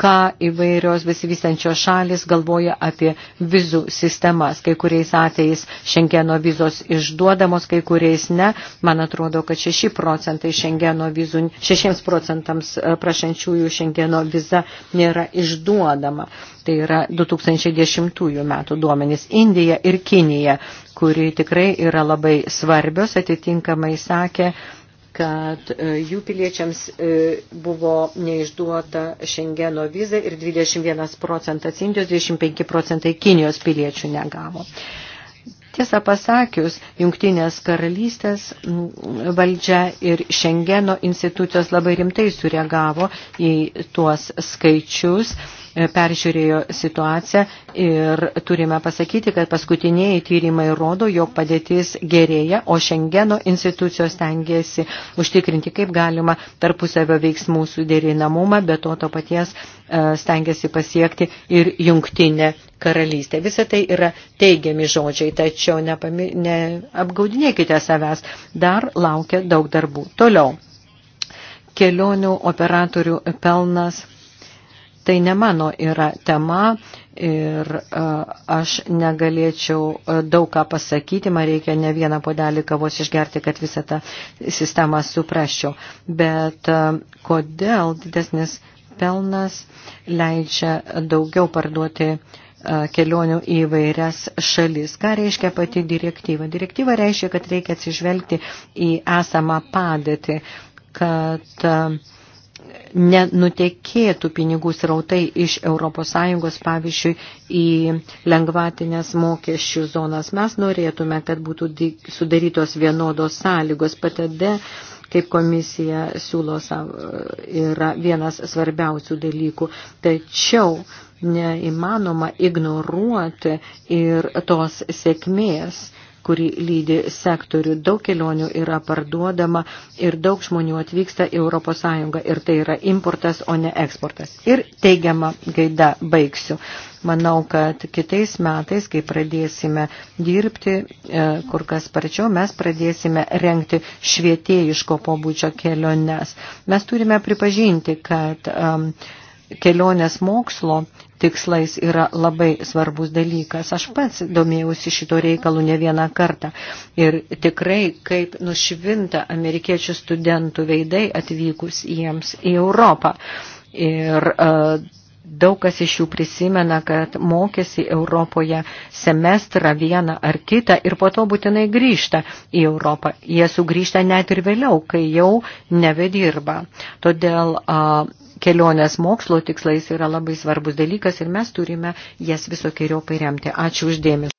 ką įvairios besivystančios šalis galvoja apie vizų sistemas. Kai kuriais atvejais šengeno vizos išduodamos, kai kuriais ne. Man atrodo, kad 6 procentai šengeno vizų, 6 procentams e, prašančiųjų šengeno viza nėra išduodama. Tai yra 2010 metų duomenys. Indija ir Kinija, kuri tikrai yra labai svarbios, atitinkamai sakė, kad e, jų piliečiams e, buvo neišduota Šengeno viza ir 21 procentas Indijos, 25 procentai Kinijos piliečių negavo. Tiesą pasakius, jungtinės karalystės valdžia ir Šengeno institucijos labai rimtai sureagavo į tuos skaičius E, peržiūrėjo situaciją ir turime pasakyti, kad paskutiniai tyrimai rodo, jog padėtis gerėja, o Šengeno institucijos tengiasi užtikrinti kaip galima tarpusavio veiksmų suderinamumą, bet to to paties e, stengiasi pasiekti ir jungtinė karalystė. Visa tai yra teigiami žodžiai, tačiau nepami, neapgaudinėkite savęs, dar laukia daug darbų. Toliau. Kelionių operatorių pelnas Tai ne mano yra tema ir e, aš negalėčiau e, daug ką pasakyti, man reikia ne vieną podelį kavos išgerti, kad visą tą sistemą suprasčiau. Bet e, kodėl didesnis pelnas leidžia daugiau parduoti kelionių į vairias šalis. Ką reiškia pati direktyva? Direktyva reiškia, kad reikia atsižvelgti į esamą padėtį, kad uh, nenutekėtų pinigų srautai iš ES, pavyzdžiui, į lengvatinės mokesčių zonas. Mes norėtume, kad būtų sudarytos vienodos sąlygos, patade, kaip komisija siūlo, yra vienas svarbiausių dalykų. Tačiau neįmanoma ignoruoti ir tos sėkmės kuri lydi sektorių. Daug kelionių yra parduodama ir daug žmonių atvyksta į ES ir tai yra importas, o ne eksportas. Ir teigiama gaida baigsiu. Manau, kad kitais metais, kai pradėsime dirbti e, kur kas sparčiau, mes pradėsime renkti švietėjiško pobūdžio keliones. Mes turime pripažinti, kad um, kelionės mokslo tikslais yra labai svarbus dalykas. Aš pats domėjausi šito reikalu ne vieną kartą ir tikrai kaip nušvinta amerikiečių studentų veidai atvykus jiems į Europą. Ir uh, daug kas iš jų prisimena, kad mokėsi Europoje semestrą vieną ar kitą ir po to būtinai grįžta į Europą. Jie sugrįžta net ir vėliau, kai jau nebedirba. Todėl uh, kelionės mokslo tikslais yra labai svarbus dalykas ir mes turime jas visokiojopai remti. Ačiū uždėmesi.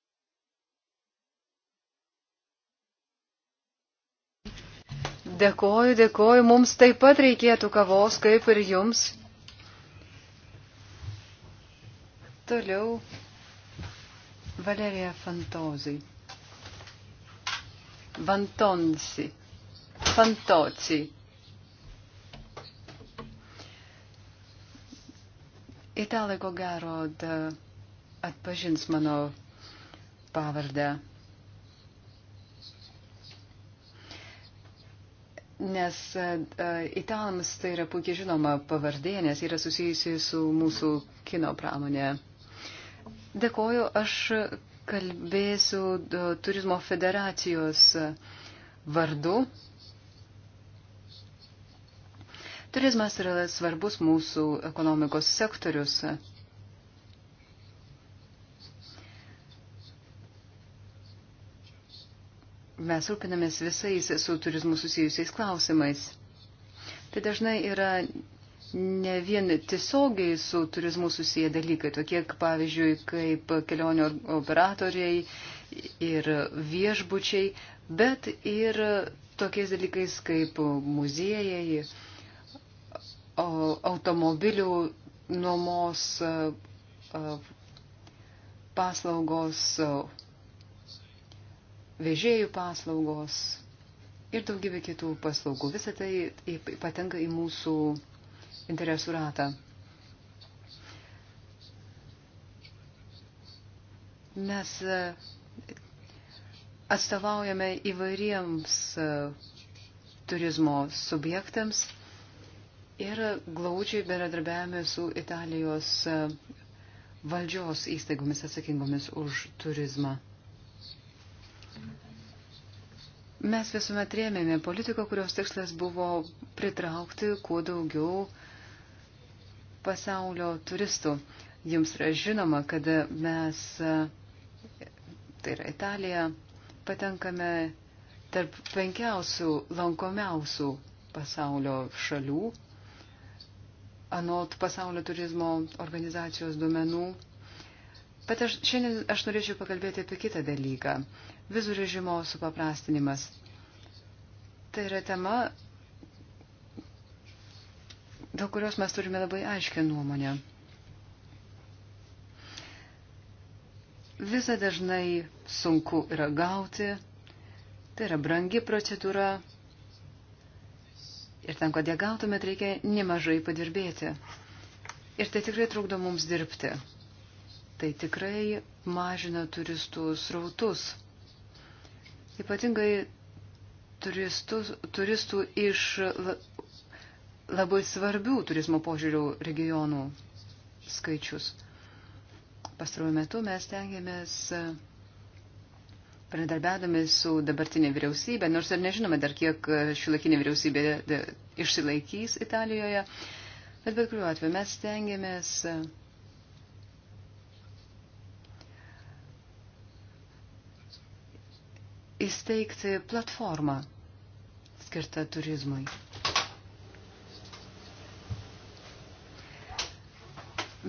Dėkoju, dėkoju. Mums taip pat reikėtų kavos, kaip ir jums. Toliau Valerija Fantozai. Vantonsi. Fantoci. Italai ko gero da, atpažins mano pavardę. Nes uh, italams tai yra puikiai žinoma pavardė, nes yra susijusi su mūsų kino pramonė. Dėkoju, aš kalbėsiu uh, Turizmo federacijos vardu. Uh, Turizmas yra svarbus mūsų ekonomikos sektorius. Mes rūpinamės visais su turizmu susijusiais klausimais. Tai dažnai yra ne vien tiesiogiai su turizmu susiję dalykai, tokie pavyzdžiui kaip kelionio operatoriai ir viešbučiai, bet ir tokiais dalykais kaip muziejai automobilių nuomos paslaugos, vežėjų paslaugos ir daugybė kitų paslaugų. Visą tai patenka į mūsų interesų ratą. Mes atstovaujame įvairiems turizmo subjektams ir glaučiai bendradarbiavame su Italijos e, valdžios įstaigomis atsakingomis už turizmą. Mes visuomet rėmėme politiką, kurios tikslas buvo pritraukti kuo daugiau pasaulio turistų. Jums yra žinoma, kad mes, e, tai yra Italija, patenkame tarp penkiausių lankomiausių pasaulio šalių anot pasaulio turizmo organizacijos duomenų. Bet aš, šiandien aš norėčiau pakalbėti apie kitą dalyką - vizų režimo supaprastinimas. Tai yra tema, dėl kurios mes turime labai aiškę nuomonę. Visa dažnai sunku yra gauti, tai yra brangi procedūra, Ir tam, kad ją gautumėt, reikia nemažai padirbėti. Ir tai tikrai trukdo mums dirbti. Tai tikrai mažina turistų srautus. Ypatingai turistų, turistų iš labai svarbių turizmo požiūrių regionų skaičius. Pastaruoju metu mes tengiamės uh, Pradarbiavome su dabartinė vyriausybė, nors ir nežinome dar, kiek šiuolaikinė vyriausybė e, išsilaikys Italijoje, bet bet kuriuo atveju mes stengiamės e, įsteigti platformą skirtą turizmui.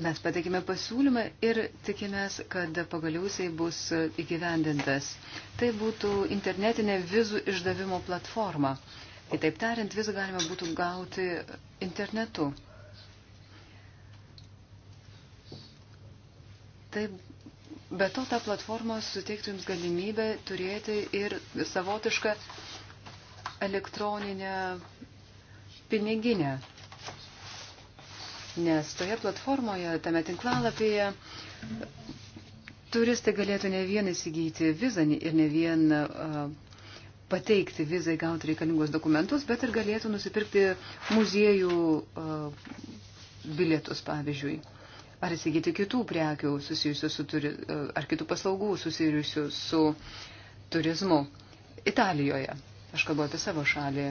Mes pateikime pasiūlymą ir tikimės, kad pagaliau jisai bus įgyvendintas. Tai būtų internetinė vizų išdavimo platforma. Kitaip tariant, vizą galima būtų gauti internetu. Taip, be to ta platforma suteiktų jums galimybę turėti ir savotišką elektroninę piniginę nes toje platformoje, tame tinklalapyje turistai galėtų ne vien įsigyti vizą ir ne vien uh, pateikti vizai gauti reikalingos dokumentus, bet ir galėtų nusipirkti muziejų uh, bilietus, pavyzdžiui, ar įsigyti kitų prekių susijusių su turi, uh, ar kitų paslaugų susijusių su turizmu Italijoje. Aš kalbu apie savo šalį.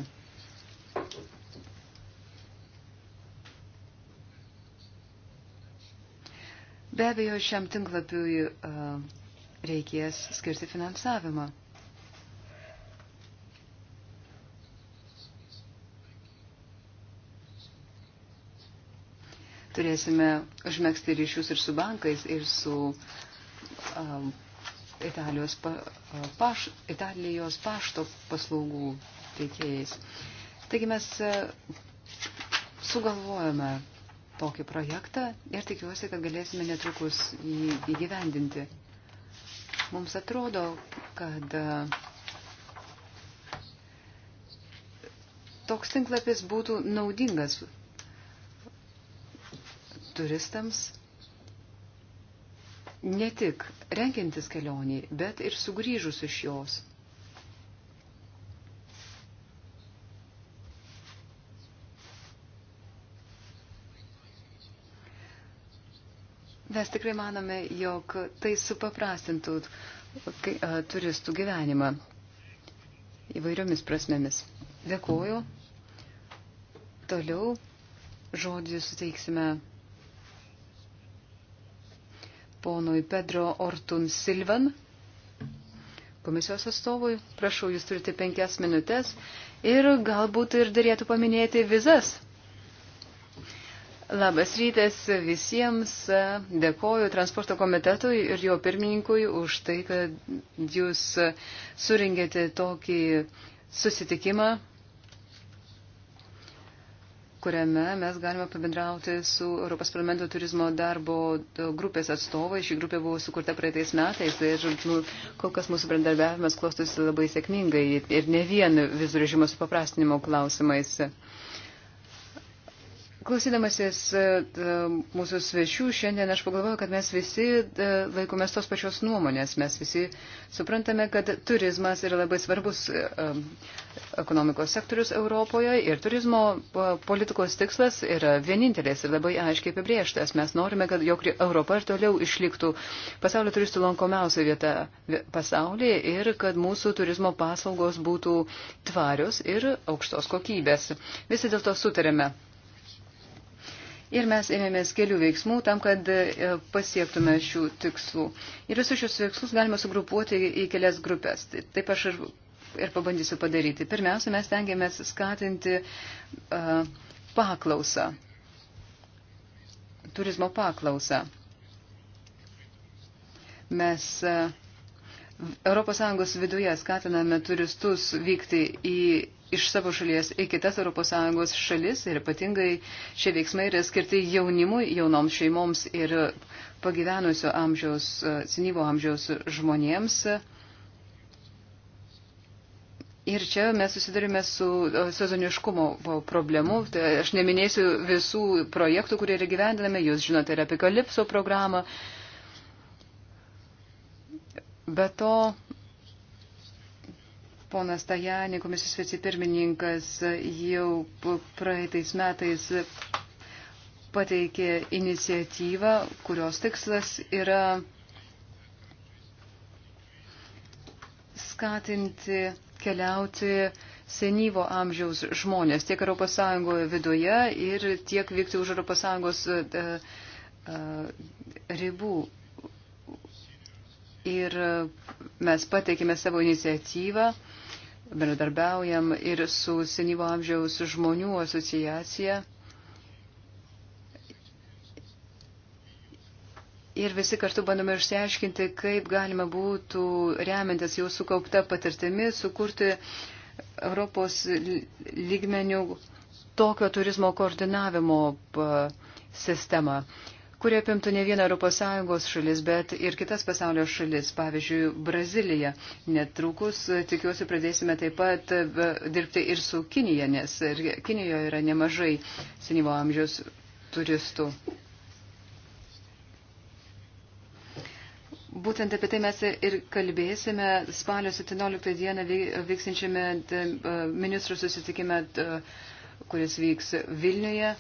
Be abejo, šiam tinklapiui e, reikės skirti finansavimą. Turėsime užmėgsti ryšius ir su bankais, ir su um, Italijos, pa, e, paš, Italijos pašto paslaugų teikėjais. Taigi mes sugalvojame tokį projektą ir tikiuosi, kad galėsime netrukus jį įgyvendinti. Mums atrodo, kad e, toks tinklapis būtų naudingas turistams ne tik renkintis kelionį, bet ir sugrįžus iš jos. Mes tikrai manome, jog tai supaprastintų turistų gyvenimą įvairiomis prasmėmis. Dėkuoju. Toliau žodį suteiksime ponui Pedro Ortun Silvan, komisijos atstovui. Prašau, jūs turite penkias minutės ir galbūt ir dėlėtų paminėti vizas. Labas rytas visiems. Dėkoju transporto komitetui ir jo pirmininkui už tai, kad jūs suringėte tokį susitikimą, kuriame mes galime pabendrauti su Europos parlamento turizmo darbo grupės atstovai. Ši grupė buvo sukurta praeitais metais ir nu, kol kas mūsų bendarbiavimas klostosi labai sėkmingai ir ne vien vizų režimo supaprastinimo klausimais. Klausydamasis e, mūsų svečių šiandien, aš pagalvoju, kad mes visi e, laikomės tos pačios nuomonės, mes visi suprantame, kad turizmas yra labai svarbus e, ekonomikos sektorius Europoje ir turizmo politikos tikslas yra vienintelis ir labai aiškiai apibrieštas. Mes norime, kad jog Europa ir toliau išliktų pasaulio turistų lankomiausia vieta pasaulyje ir kad mūsų turizmo paslaugos būtų tvarios ir aukštos kokybės. Visi dėl to sutarėme ir mes ėmėmės kelių veiksmų tam, kad e, pasiektume šių tikslų. Ir visus šios tikslus galima sugrupuoti į kelias grupės. Taip aš ir, ir pabandysiu padaryti. Pirmiausia, mes tengiamės skatinti uh, paklausą, turizmo paklausą. Mes uh, e, ES viduje skatiname turistus vykti į iš savo šalies į kitas ES šalis ir ypatingai šie veiksmai yra skirti jaunimui, jaunoms šeimoms ir pagyvenusio amžiaus, senyvo amžiaus žmonėms. Ir čia mes susidurime su e, sezoniškumo problemu. Tai aš neminėsiu visų projektų, kurie yra gyvendinami. Jūs žinote ir apie Kalipso programą. Be to, Ponas Tajani, komisijos vicepirmininkas, jau praeitais metais pateikė iniciatyvą, kurios tikslas yra skatinti keliauti senyvo amžiaus žmonės tiek ES viduje ir tiek vykti už ES e, e, ribų. Ir mes pateikėme savo iniciatyvą bendradarbiaujam ir su senyvo amžiaus žmonių asociacija. Ir visi kartu bandome išsiaiškinti, kaip galima būtų, remiantis jau sukaupta patirtimi, sukurti Europos lygmenių tokio turizmo koordinavimo sistemą kurie apimtų ne vieną ES šalis, bet ir kitas pasaulio šalis, pavyzdžiui, Brazilija. Netrukus, e, tikiuosi, pradėsime taip pat e, dirbti ir su Kinija, nes ir Kinijoje yra nemažai senyvo amžiaus turistų. Būtent apie tai mes ir kalbėsime spalio 17 dieną vyksinčiame e, ministrų susitikime, kuris vyks Vilniuje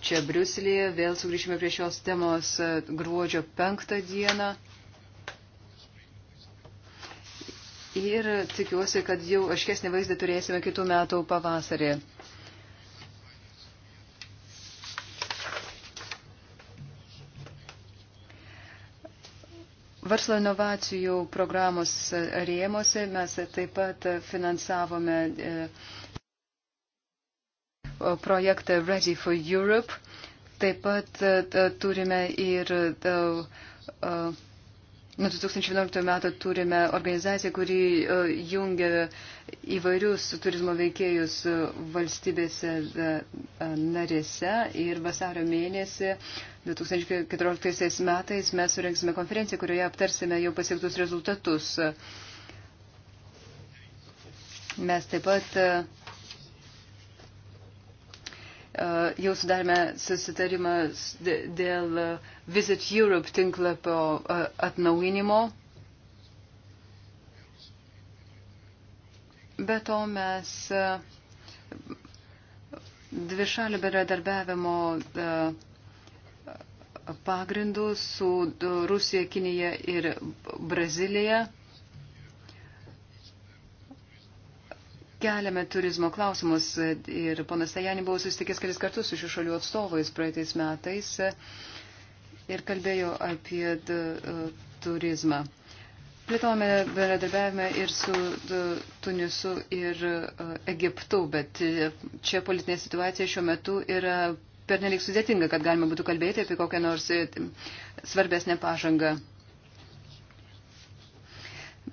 čia Briuselėje. Vėl sugrįšime prie šios temos e, gruodžio penktą dieną. Ir tikiuosi, kad jau aškesnį vaizdą turėsime kitų metų pavasarį. Verslo inovacijų programos rėmose mes taip pat finansavome e, projektą Ready for Europe. Taip pat e, turime ir e, e, nuo 2011 metų turime organizaciją, kuri jungia įvairius turizmo veikėjus valstybėse narėse ir vasario mėnesį 2014 metais mes surinksime konferenciją, kurioje aptarsime jau pasiektus rezultatus. Mes taip pat jau sudarėme susitarimą dėl Visit Europe tinklapio atnauinimo. Be to mes dvišalio bendradarbiavimo pagrindų su Rusija, Kinija ir Brazilija keliame turizmo klausimus ir ponas Tajani buvo susitikęs kelis kartus su šių šalių atstovais praeitais metais ir kalbėjo apie e, turizmą. Plėtojame bendradarbiavimą ir su Tunisu ir e, Egiptu, bet e, čia politinė situacija šiuo metu yra pernelik sudėtinga, kad galima būtų kalbėti apie kokią nors svarbesnę pažangą.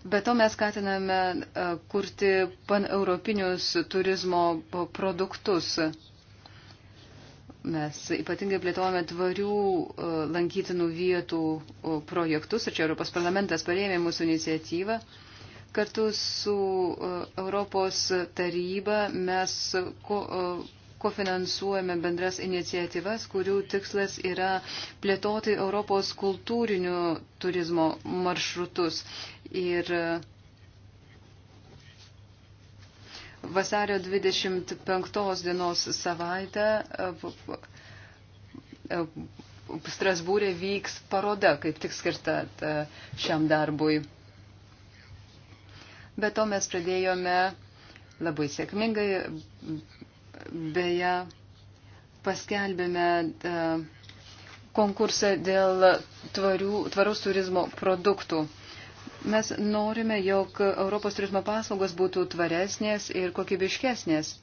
Be to mes skatiname e, kurti paneuropinius turizmo produktus. Mes ypatingai plėtojame tvarių e, lankytinų vietų projektus ir čia Europos parlamentas parėmė mūsų iniciatyvą. Kartu su e, Europos taryba mes kofinansuojame bendras iniciatyvas, kurių tikslas yra plėtoti Europos kultūrinių turizmo maršrutus. Ir vasario 25 dienos savaitę e, e, Strasbūrė vyks paroda, kaip tik skirta e, šiam darbui. Be to mes pradėjome labai sėkmingai beje paskelbėme e, konkursą dėl tvarių, tvaraus turizmo produktų. Mes norime, jog Europos turizmo paslaugos būtų tvaresnės ir kokybiškesnės.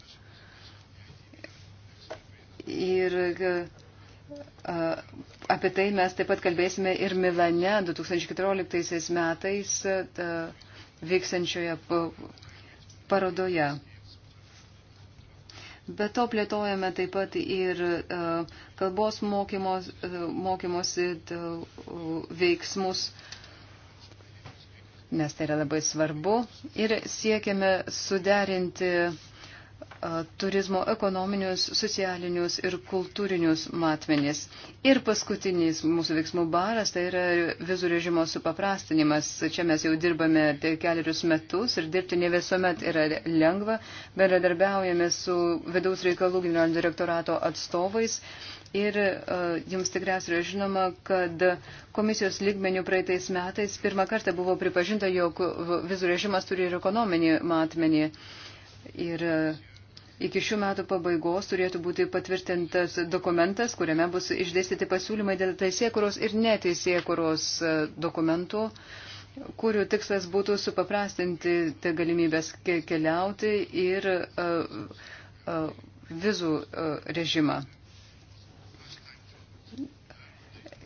Ir e, apie tai mes taip pat kalbėsime ir Milane 2014 metais e, vyksančioje parodoje. Be to plėtojame taip pat ir e, kalbos mokymos, e, mokymosi e, veiksmus, nes tai yra labai svarbu ir siekiame suderinti turizmo ekonominius, socialinius ir kultūrinius matmenis. Ir paskutinis mūsų veiksmų baras tai yra vizų režimo supaprastinimas. Čia mes jau dirbame keliarius metus ir dirbti ne visuomet yra lengva. Bendradarbiaujame su vidaus reikalų generalinio direktorato atstovais. Ir uh, jums tikriausiai yra žinoma, kad komisijos lygmenių praeitais metais pirmą kartą buvo pripažinta, jog vizų režimas turi ir ekonominį matmenį. Ir uh, Iki šių metų pabaigos turėtų būti patvirtintas dokumentas, kuriame bus išdėstyti pasiūlymai dėl teisėkuros ir neteisėkuros e, dokumentų, kurių tikslas būtų supaprastinti galimybės keliauti ir uh, uh, vizų uh, režimą.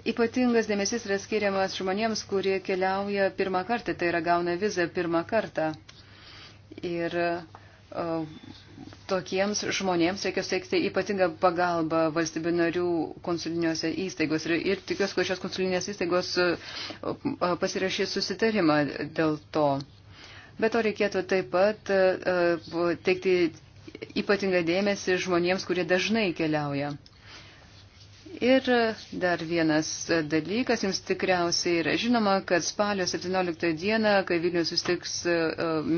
Ypatingas dėmesys yra skiriamas žmonėms, kurie keliauja pirmą kartą, tai yra gauna vizą pirmą kartą. Ir uh, tokiems žmonėms reikia steigti ypatingą pagalbą valstybių narių konsuliniuose įstaigos. Ir, ir tikiuosi, kad šios konsulinės įstaigos e, e, pasirašys susitarimą dėl to. Bet to reikėtų taip pat e, teikti ypatingą dėmesį žmonėms, kurie dažnai keliauja. Ir dar vienas dalykas, jums tikriausiai yra žinoma, kad spalio 17 dieną, kai Vilnius sustiks e,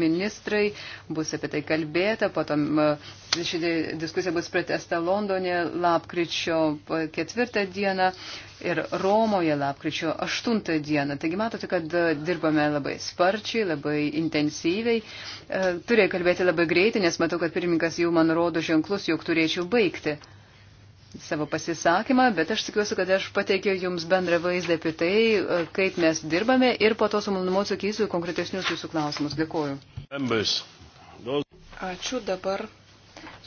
ministrai, bus apie tai kalbėta, potom ši diskusija bus pratesta Londone lapkričio 4 dieną ir Romoje lapkričio 8 dieną. Taigi matote, kad dirbame labai sparčiai, labai intensyviai. E, turėjau kalbėti labai greitai, nes matau, kad pirmininkas jau man rodo ženklus, jog turėčiau baigti savo pasisakymą, bet aš tikiuosi, kad aš pateikiau Jums bendrą vaizdą apie tai, e, kaip mes dirbame ir po to su malonumu atsakysiu į konkretesnius Jūsų klausimus. Dėkuoju. Ačiū dabar.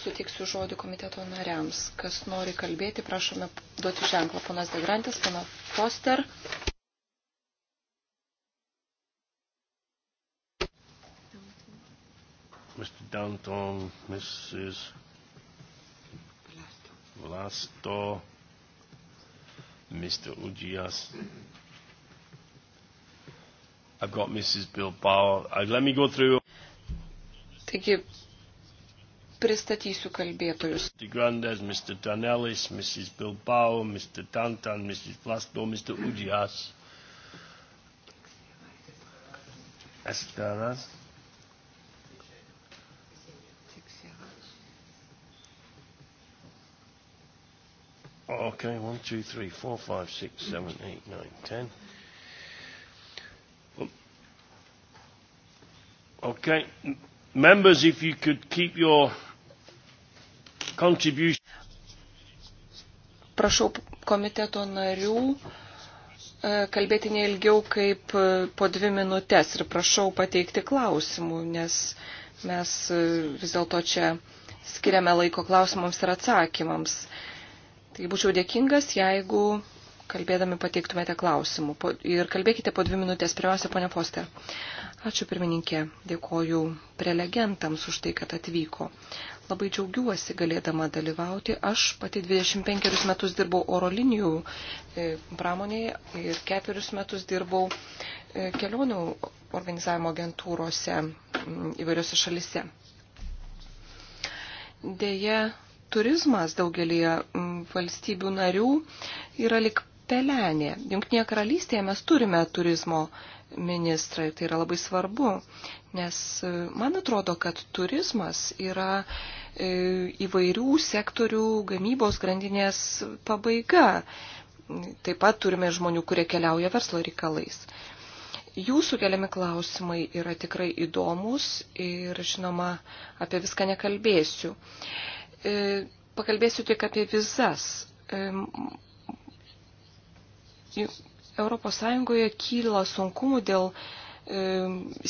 Sutiksiu žodį komiteto nariams. Kas nori kalbėti, prašome duoti ženklą. Ponas Degrantis, pana Foster. Mr. Downton, Mrs. Vlasto, Mr. Ugias. I've got Mrs. Bilbao. Uh, let me go through. Taigi, pristatysiu kalbėtojus. De Grandes, Mr. Danelis, Mrs. Bilbao, Mr. Dantan, Mrs. Vlasto, Mr. Ugias. Estaras. Okay, one, two, three, four, five, six, seven, eight, nine, ten. Okay, members, if you could keep your contribution. Prašau komiteto narių e, kalbėti neilgiau kaip e, po dvi minutės ir prašau pateikti klausimų, nes mes e, vis dėlto čia skiriame laiko klausimams ir atsakymams. Uh, Tai būčiau dėkingas, jeigu kalbėdami pateiktumėte klausimų. Ir kalbėkite po dvi minutės. Pirmiausia, ponia Foster. Ačiū pirmininkė. Dėkoju prelegentams už tai, kad atvyko. Labai džiaugiuosi galėdama dalyvauti. Aš pati 25 metus dirbau oro linijų e, pramonėje ir 4 metus dirbau e, kelionių organizavimo agentūrose įvairiose šalise. Deja, turizmas daugelį valstybių narių yra lik pelenė. Junktinėje karalystėje mes turime turizmo ministrą ir tai yra labai svarbu, nes e, man atrodo, kad turizmas yra e, įvairių sektorių gamybos grandinės pabaiga. Taip pat turime žmonių, kurie keliauja verslo reikalais. Jūsų keliami klausimai yra tikrai įdomus ir, žinoma, apie viską nekalbėsiu. E, pakalbėsiu tik apie vizas. E, Europos Sąjungoje kyla sunkumų dėl e,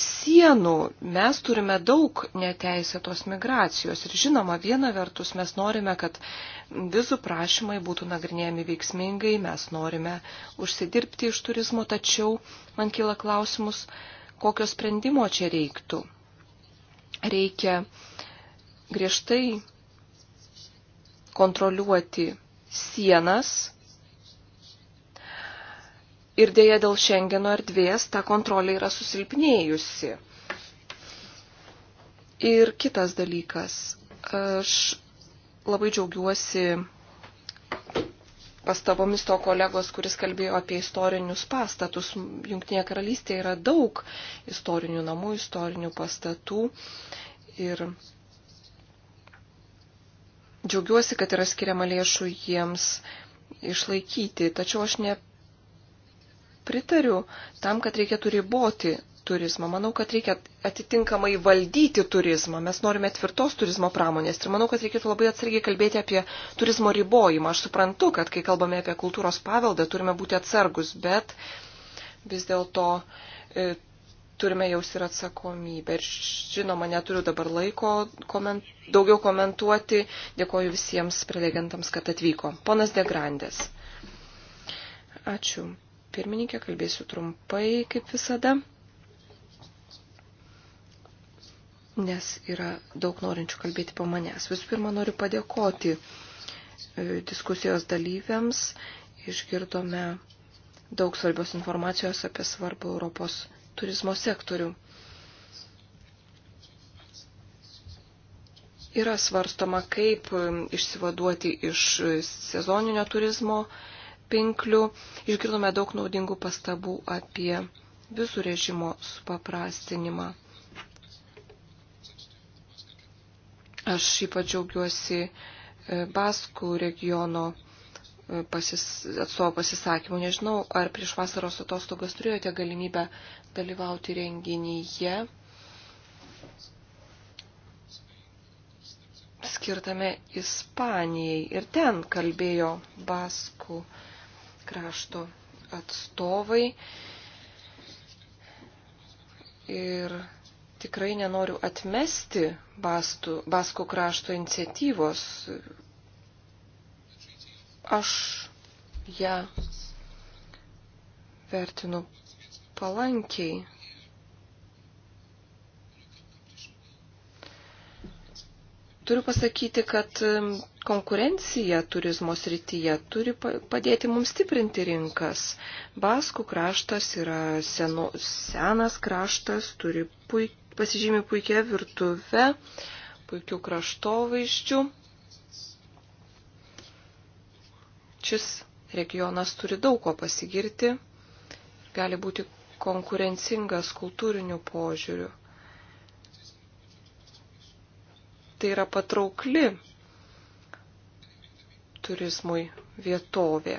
sienų mes turime daug neteisėtos migracijos. Ir žinoma, viena vertus mes norime, kad vizų prašymai būtų nagrinėjami veiksmingai, mes norime užsidirbti iš turizmo, tačiau man kyla klausimus, kokio sprendimo čia reiktų. Reikia griežtai kontroliuoti sienas. Ir dėja dėl Šengeno erdvės ta kontrolė yra susilpnėjusi. Ir kitas dalykas. Aš labai džiaugiuosi pastabomis to kolegos, kuris kalbėjo apie istorinius pastatus. Junktinėje karalystėje yra daug istorinių namų, istorinių pastatų. Ir Džiaugiuosi, kad yra skiriama lėšų jiems išlaikyti, tačiau aš nepritariu tam, kad reikėtų riboti turizmą. Manau, kad reikia atitinkamai valdyti turizmą. Mes norime tvirtos turizmo pramonės ir manau, kad reikėtų labai atsargiai kalbėti apie turizmo ribojimą. Aš suprantu, kad kai kalbame apie kultūros paveldą, turime būti atsargus, bet vis dėlto e, turime jaus ir atsakomybę. Ir žinoma, neturiu dabar laiko koment, daugiau komentuoti. Dėkoju visiems prelegentams, kad atvyko. Ponas Degrandės. Ačiū. Pirmininkė, kalbėsiu trumpai, kaip visada. Nes yra daug norinčių kalbėti po manęs. Visų pirma, noriu padėkoti e, diskusijos dalyviams. Išgirdome daug svarbios informacijos apie svarbą Europos turizmo sektorių. Yra svarstoma, kaip um, išsivaduoti iš uh, sezoninio turizmo pinklių. Išgirdome daug naudingų pastabų apie visų režimo supaprastinimą. Aš ypač džiaugiuosi uh, Baskų regiono pasis, atstovo pasisakymų. Nežinau, ar prieš vasaros atostogas turėjote galimybę dalyvauti renginyje skirtame Ispanijai. Ir ten kalbėjo baskų krašto atstovai. Ir tikrai nenoriu atmesti bastų, baskų krašto iniciatyvos Aš ją vertinu palankiai. Turiu pasakyti, kad um, konkurencija turizmo srityje turi padėti mums stiprinti rinkas. Baskų kraštas yra seno, senas kraštas, turi puik, pasižymi puikia virtuve, puikių kraštovaiščių. Šis regionas turi daug ko pasigirti ir gali būti konkurencingas kultūriniu požiūriu. Tai yra patraukli turizmui vietovė.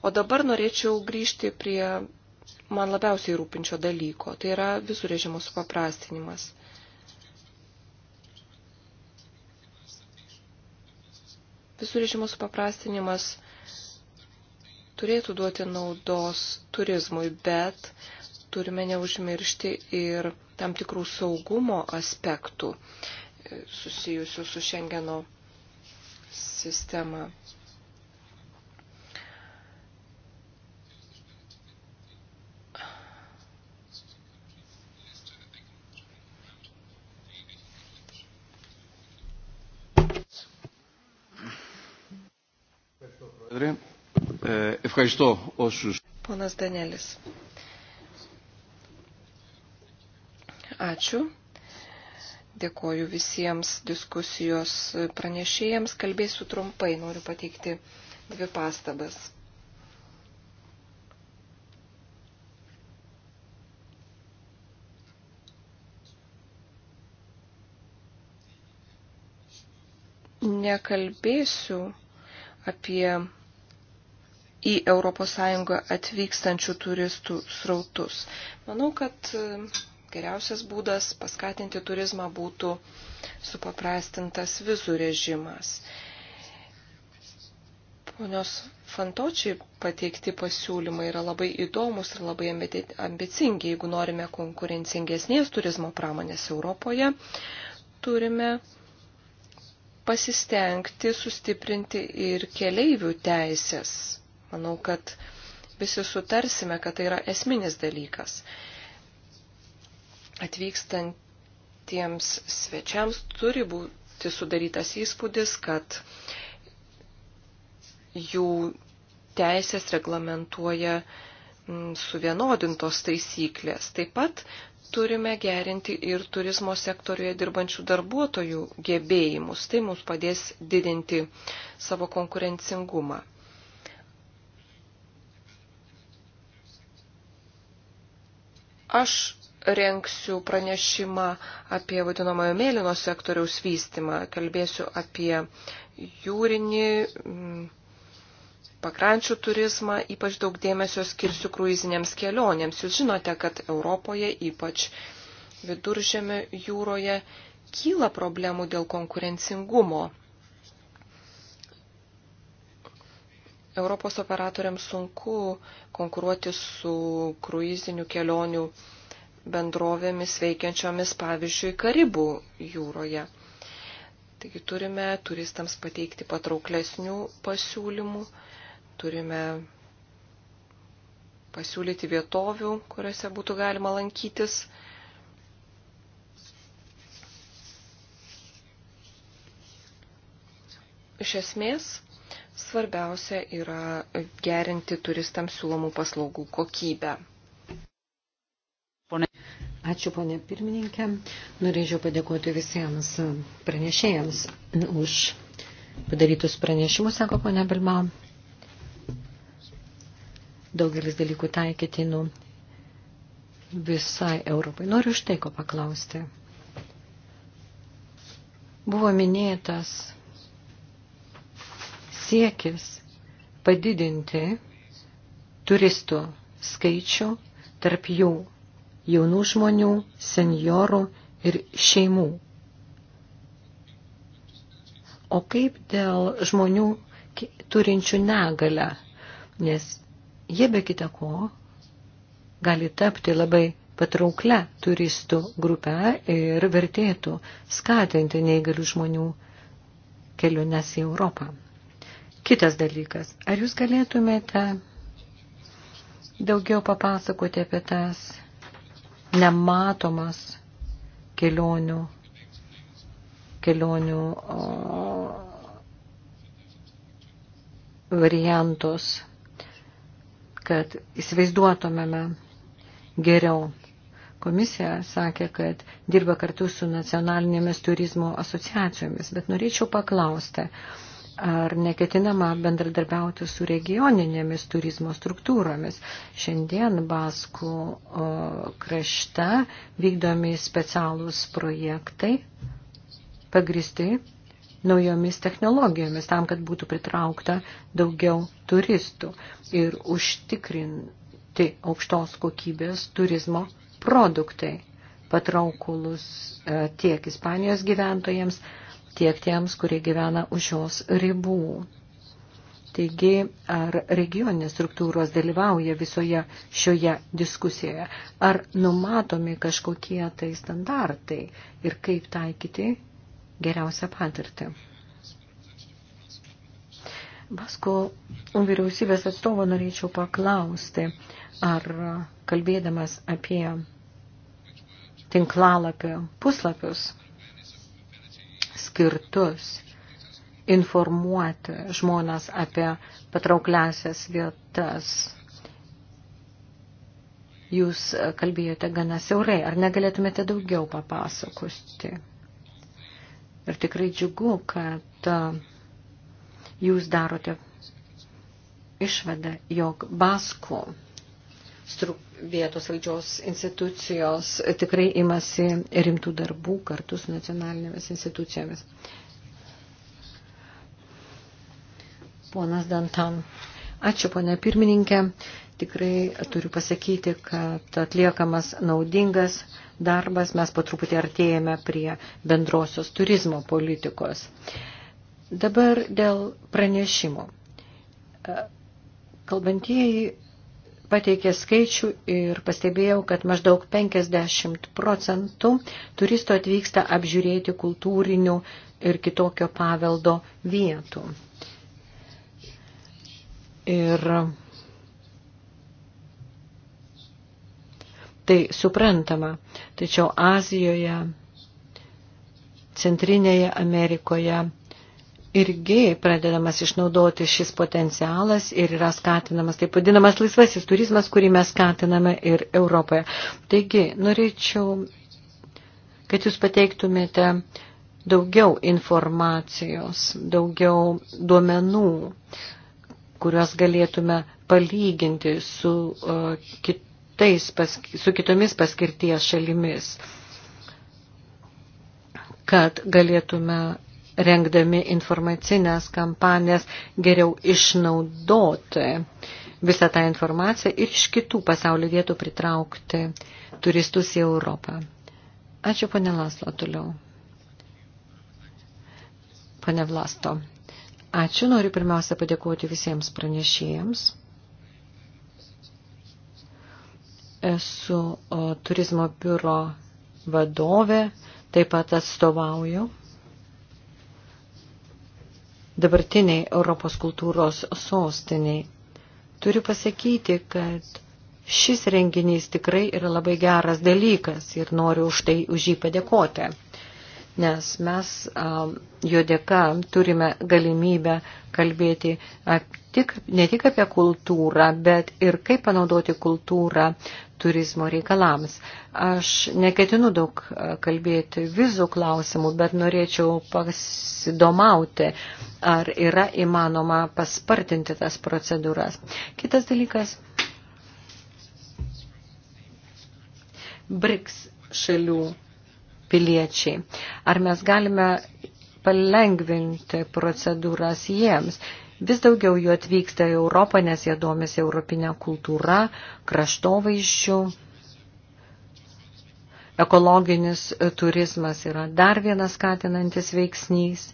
O dabar norėčiau grįžti prie man labiausiai rūpinčio dalyko. Tai yra visų režimų supaprastinimas. Visų režimų supaprastinimas turėtų duoti naudos turizmui, bet turime neužmiršti ir tam tikrų saugumo aspektų susijusių su Šengeno sistema. Ευχαριστώ όσους. Ponas Danielis. Ačiū. Dėkoju visiems diskusijos pranešėjams. Kalbėsiu trumpai, noriu pateikti dvi pastabas. Nekalbėsiu apie į ES atvykstančių turistų srautus. Manau, kad e, geriausias būdas paskatinti turizmą būtų supaprastintas vizų režimas. Ponios Fantočiai pateikti pasiūlymai yra labai įdomus ir labai ambicingi. Jeigu norime konkurencingesnės turizmo pramonės Europoje, turime pasistengti sustiprinti ir keleivių teisės Manau, kad visi sutarsime, kad tai yra esminis dalykas. Atvykstantiems svečiams turi būti sudarytas įspūdis, kad jų teisės reglamentuoja mm, suvienodintos taisyklės. Taip pat turime gerinti ir turizmo sektoriuje dirbančių darbuotojų gebėjimus. Tai mums padės didinti savo konkurencingumą. Aš renksiu pranešimą apie vadinamojo mėlyno sektoriaus vystimą. Kalbėsiu apie jūrinį, mm, pakrančių turizmą, ypač daug dėmesio skirsiu kruizinėms kelionėms. Jūs žinote, kad Europoje, ypač viduržėme jūroje, kyla problemų dėl konkurencingumo. Europos operatoriams sunku konkuruoti su kruizinių kelionių bendrovėmis veikiančiomis, pavyzdžiui, Karibų jūroje. Taigi turime turistams pateikti patrauklesnių pasiūlymų, turime pasiūlyti vietovių, kuriuose būtų galima lankytis. Iš esmės, Svarbiausia yra gerinti turistams siūlomų paslaugų kokybę. Pone. Ačiū, ponė pirmininkė. Norėčiau padėkoti visiems pranešėjams už padarytus pranešimus, sako ponė Bilma. Daugelis dalykų taikytinų visai Europai. Noriu štai ko paklausti. Buvo minėtas siekis padidinti turistų skaičių tarp jų jaunų žmonių, senjorų ir šeimų. O kaip dėl žmonių turinčių negalę, nes jie be kita ko gali tapti labai patrauklę turistų grupę ir vertėtų skatinti neįgalių žmonių keliones į Europą. Kitas dalykas, ar jūs galėtumėte daugiau papasakoti apie tas nematomas kelionių, kelionių o, variantus, kad įsivaizduotumėme geriau. Komisija sakė, kad dirba kartu su nacionalinėmis turizmo asociacijomis, bet norėčiau paklausti, Ar neketinama bendradarbiauti su regioninėmis turizmo struktūromis? Šiandien Baskų o, krašte vykdomi specialūs projektai pagristi naujomis technologijomis, tam, kad būtų pritraukta daugiau turistų ir užtikrinti aukštos kokybės turizmo produktai patraukulus e, tiek Ispanijos gyventojams, tiek tiems, kurie gyvena už jos ribų. Taigi, ar regioninės struktūros dalyvauja visoje šioje diskusijoje, ar numatomi kažkokie tai standartai ir kaip taikyti geriausią patirtį. Basko vyriausybės atstovo norėčiau paklausti, ar kalbėdamas apie tinklalapio puslapius, skirtus informuoti žmonės apie patraukliasias vietas. Jūs kalbėjote gana siaurai, ar negalėtumėte daugiau papasakoti? Ir tikrai džiugu, kad uh, jūs darote išvadą, jog Baskų vietos valdžios institucijos tikrai imasi rimtų darbų kartu su nacionalinėmis institucijomis. Ponas Dantan. Ačiū, ponė pirmininkė. Tikrai turiu pasakyti, kad atliekamas naudingas darbas. Mes po truputį artėjame prie bendrosios turizmo politikos. Dabar dėl pranešimų. Kalbantieji pateikė skaičių ir pastebėjau, kad maždaug 50 procentų turistų atvyksta apžiūrėti kultūrinių ir kitokio paveldo vietų. Ir tai suprantama, tačiau Azijoje, Centrinėje Amerikoje irgi pradedamas išnaudoti šis potencialas ir yra skatinamas taip vadinamas laisvasis turizmas, kurį mes skatiname ir Europoje. Taigi, norėčiau, kad jūs pateiktumėte daugiau informacijos, daugiau duomenų, kuriuos galėtume palyginti su, uh, kitais, pas, su kitomis paskirties šalimis, kad galėtume rengdami informacinės kampanijas, geriau išnaudoti visą tą informaciją ir iš kitų pasaulio vietų pritraukti turistus į Europą. Ačiū, ponė Laslo, toliau. Pane Vlasto, ačiū, noriu pirmiausia padėkoti visiems pranešėjams. Esu o, turizmo biuro vadovė, taip pat atstovauju dabartiniai Europos kultūros sostiniai. Turiu pasakyti, kad šis renginys tikrai yra labai geras dalykas ir noriu už tai už jį padėkoti nes mes jo dėka turime galimybę kalbėti tik, ne tik apie kultūrą, bet ir kaip panaudoti kultūrą turizmo reikalams. Aš neketinu daug kalbėti vizų klausimų, bet norėčiau pasidomauti, ar yra įmanoma paspartinti tas procedūras. Kitas dalykas. BRICS šalių piliečiai. Ar mes galime palengvinti procedūras jiems? Vis daugiau jų atvyksta į Europą, nes jie domisi europinę kultūrą, kraštovaizdžių. Ekologinis turizmas yra dar vienas skatinantis veiksnys.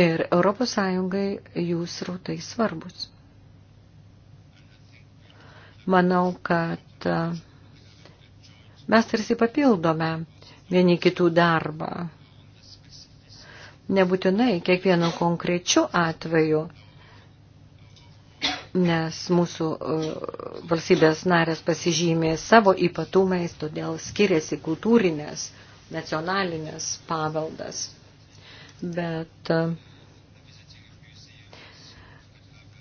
Ir Europos Sąjungai jų srautai svarbus. Manau, kad Mes tarsi papildome vieni kitų darbą. Nebūtinai kiekvienu konkrečiu atveju, nes mūsų e, valstybės narės pasižymė savo ypatumais, todėl skiriasi kultūrinės, nacionalinės paveldas. Bet uh,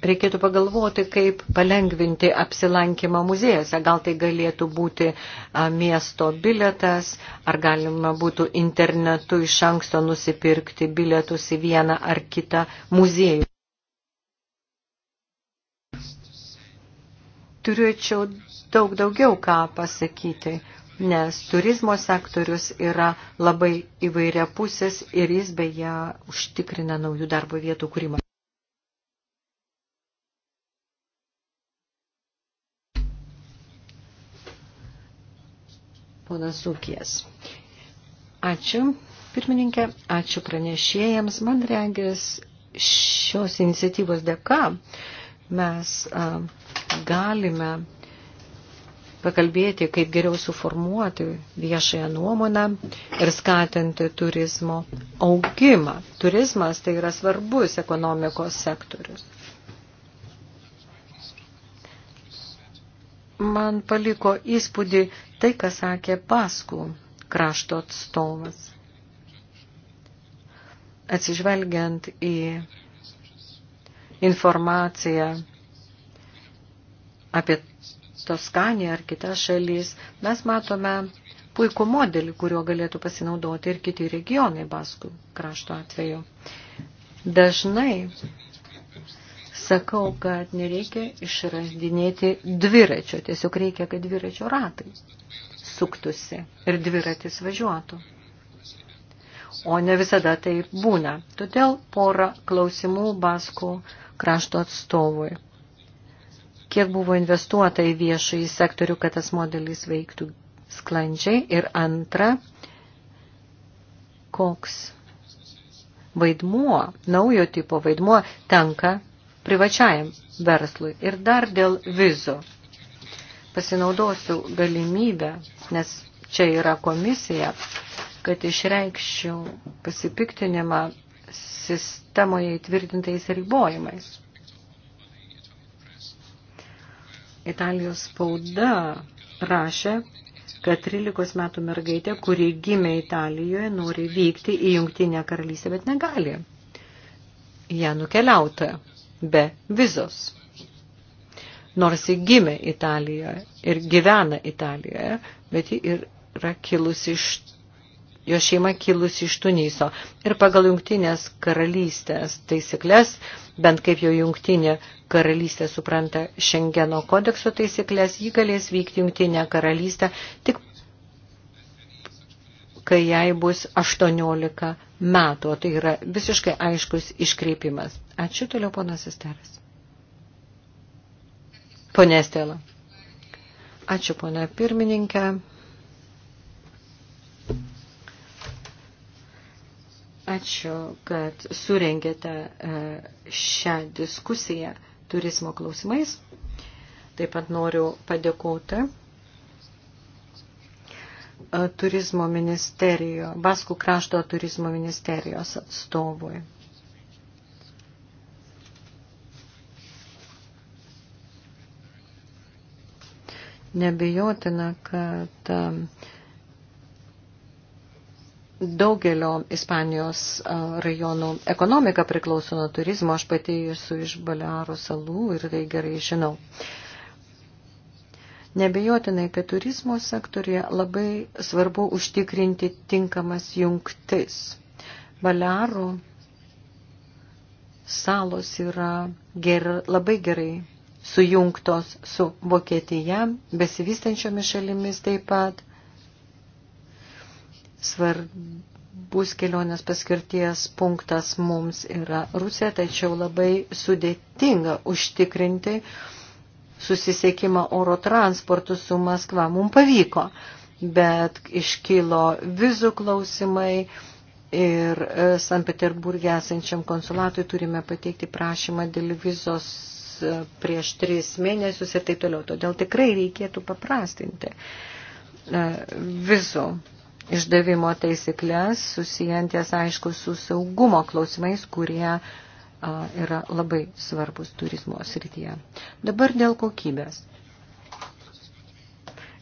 reikėtų pagalvoti, kaip palengvinti apsilankimą muziejose. Gal tai galėtų būti miesto biletas, ar galima būtų internetu iš anksto nusipirkti biletus į vieną ar kitą muziejų. Turėčiau daug daugiau ką pasakyti, nes turizmo sektorius yra labai įvairia pusės ir jis beje užtikrina naujų darbo vietų kūrimą. ponas Ūkijas. Ačiū, pirmininkė, ačiū pranešėjams. Man regis, šios iniciatyvos dėka mes a, galime pakalbėti, kaip geriau suformuoti viešąją nuomonę ir skatinti turizmo augimą. Turizmas tai yra svarbus ekonomikos sektorius. Man paliko įspūdį tai, ką sakė Paskų krašto atstovas. Atsižvelgiant į informaciją apie Toskaniją ar kitas šalis, mes matome puikų modelį, kuriuo galėtų pasinaudoti ir kiti regionai Baskų krašto atveju. Dažnai sakau, kad nereikia išrasdinėti dviračio, tiesiog reikia, kad dviračio ratai suktusi ir dviratis važiuotų. O ne visada tai būna. Todėl pora klausimų Baskų krašto atstovui. Kiek buvo investuota į viešąjį sektorių, kad tas modelis veiktų sklandžiai? Ir antra, koks vaidmuo, naujo tipo vaidmuo tenka privačiajam verslui. Ir dar dėl vizų. Pasinaudosiu galimybę, nes čia yra komisija, kad išreikščiau pasipiktinimą sistemoje įtvirtintais ribojimais. Italijos spauda rašė, kad 13 metų mergaitė, kuri gimė Italijoje, nori vykti į Jungtinę karalystę, bet negali ją nukeliauti be vizos. Nors ji gimė Italijoje ir gyvena Italijoje, bet ji yra kilusi iš, jo šeima kilusi iš Tuniso. Ir pagal jungtinės karalystės taisyklės, bent kaip jau jungtinė karalystė supranta Šengeno kodekso taisyklės, ji galės vykti jungtinę karalystę tik kai jai bus 18 metų. Tai yra visiškai aiškus iškreipimas. Ačiū toliau, ponas Esteras. Pone Estela. Ačiū, pone pirmininkė. Ačiū, kad surengėte e, šią diskusiją turizmo klausimais. Taip pat noriu padėkoti E, turizmo ministerijo, Baskų krašto turizmo ministerijos atstovui. Nebejotina, kad e, daugelio Ispanijos e, rajonų ekonomika priklauso nuo turizmo, aš pati esu iš Balearų salų ir tai gerai žinau. Uh, Nebejotinai, kad turizmo sektorija labai svarbu užtikrinti tinkamas jungtis. Balearų salos yra ger, labai gerai sujungtos su Vokietija, besivystančiomis šalimis taip pat. Svarbus kelionės paskirties punktas mums yra Rusija, tačiau labai sudėtinga užtikrinti uh, susisiekimą oro transportu su Maskva. Mums pavyko, bet iškilo vizų klausimai ir e, San Peterburgė esančiam konsulatui turime pateikti prašymą dėl vizos e, prieš tris mėnesius ir taip toliau. Todėl tikrai reikėtų paprastinti e, vizų išdavimo taisyklės, susijantės aišku su saugumo klausimais, kurie yra labai svarbus turizmo srityje. Dabar dėl kokybės.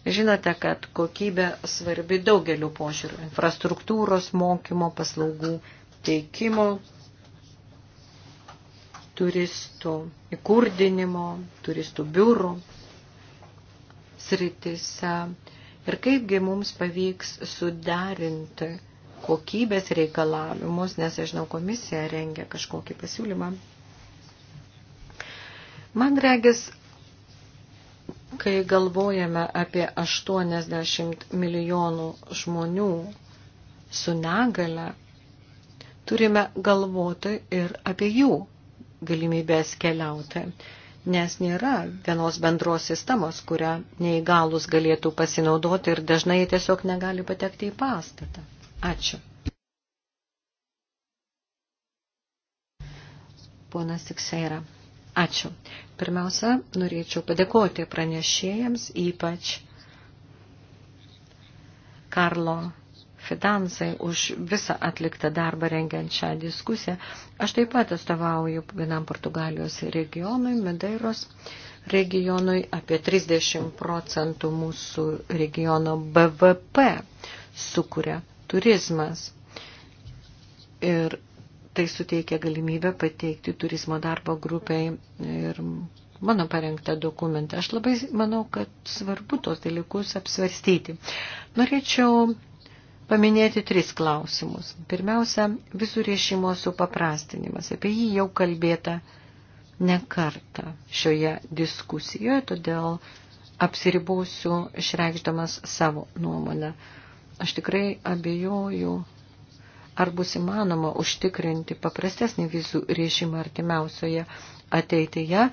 Žinote, kad kokybė svarbi daugeliu požiūrių – infrastruktūros, mokymo, paslaugų, teikimo, turistų įkurdinimo, turistų biurų sritise. Ir kaipgi mums pavyks suderinti kokybės reikalavimus, nes aš žinau, komisija rengia kažkokį pasiūlymą. Man regis, kai galvojame apie 80 milijonų žmonių su negale, turime galvoti ir apie jų galimybės keliauti, nes nėra vienos bendros sistemos, kurią neįgalus galėtų pasinaudoti ir dažnai tiesiog negali patekti į pastatą. Ačiū. Ponas Tikseira. Ačiū. Pirmiausia, norėčiau padėkoti pranešėjams, ypač Karlo Fidanzai už visą atliktą darbą rengiant šią diskusiją. Aš taip pat atstovauju vienam Portugalijos regionui, Medeiros regionui, apie 30 procentų mūsų regiono BVP sukuria turizmas. Ir tai suteikia galimybę pateikti turizmo darbo grupiai ir mano parengtą dokumentą. Aš labai manau, kad svarbu tos dalykus apsvarstyti. Norėčiau paminėti tris klausimus. Pirmiausia, visų riešimo supaprastinimas. Apie jį jau kalbėta ne kartą šioje diskusijoje, todėl apsiribausiu išreikšdamas savo nuomonę. Aš tikrai abejoju, ar bus įmanoma užtikrinti paprastesnį vizų režimą artimiausioje ateityje,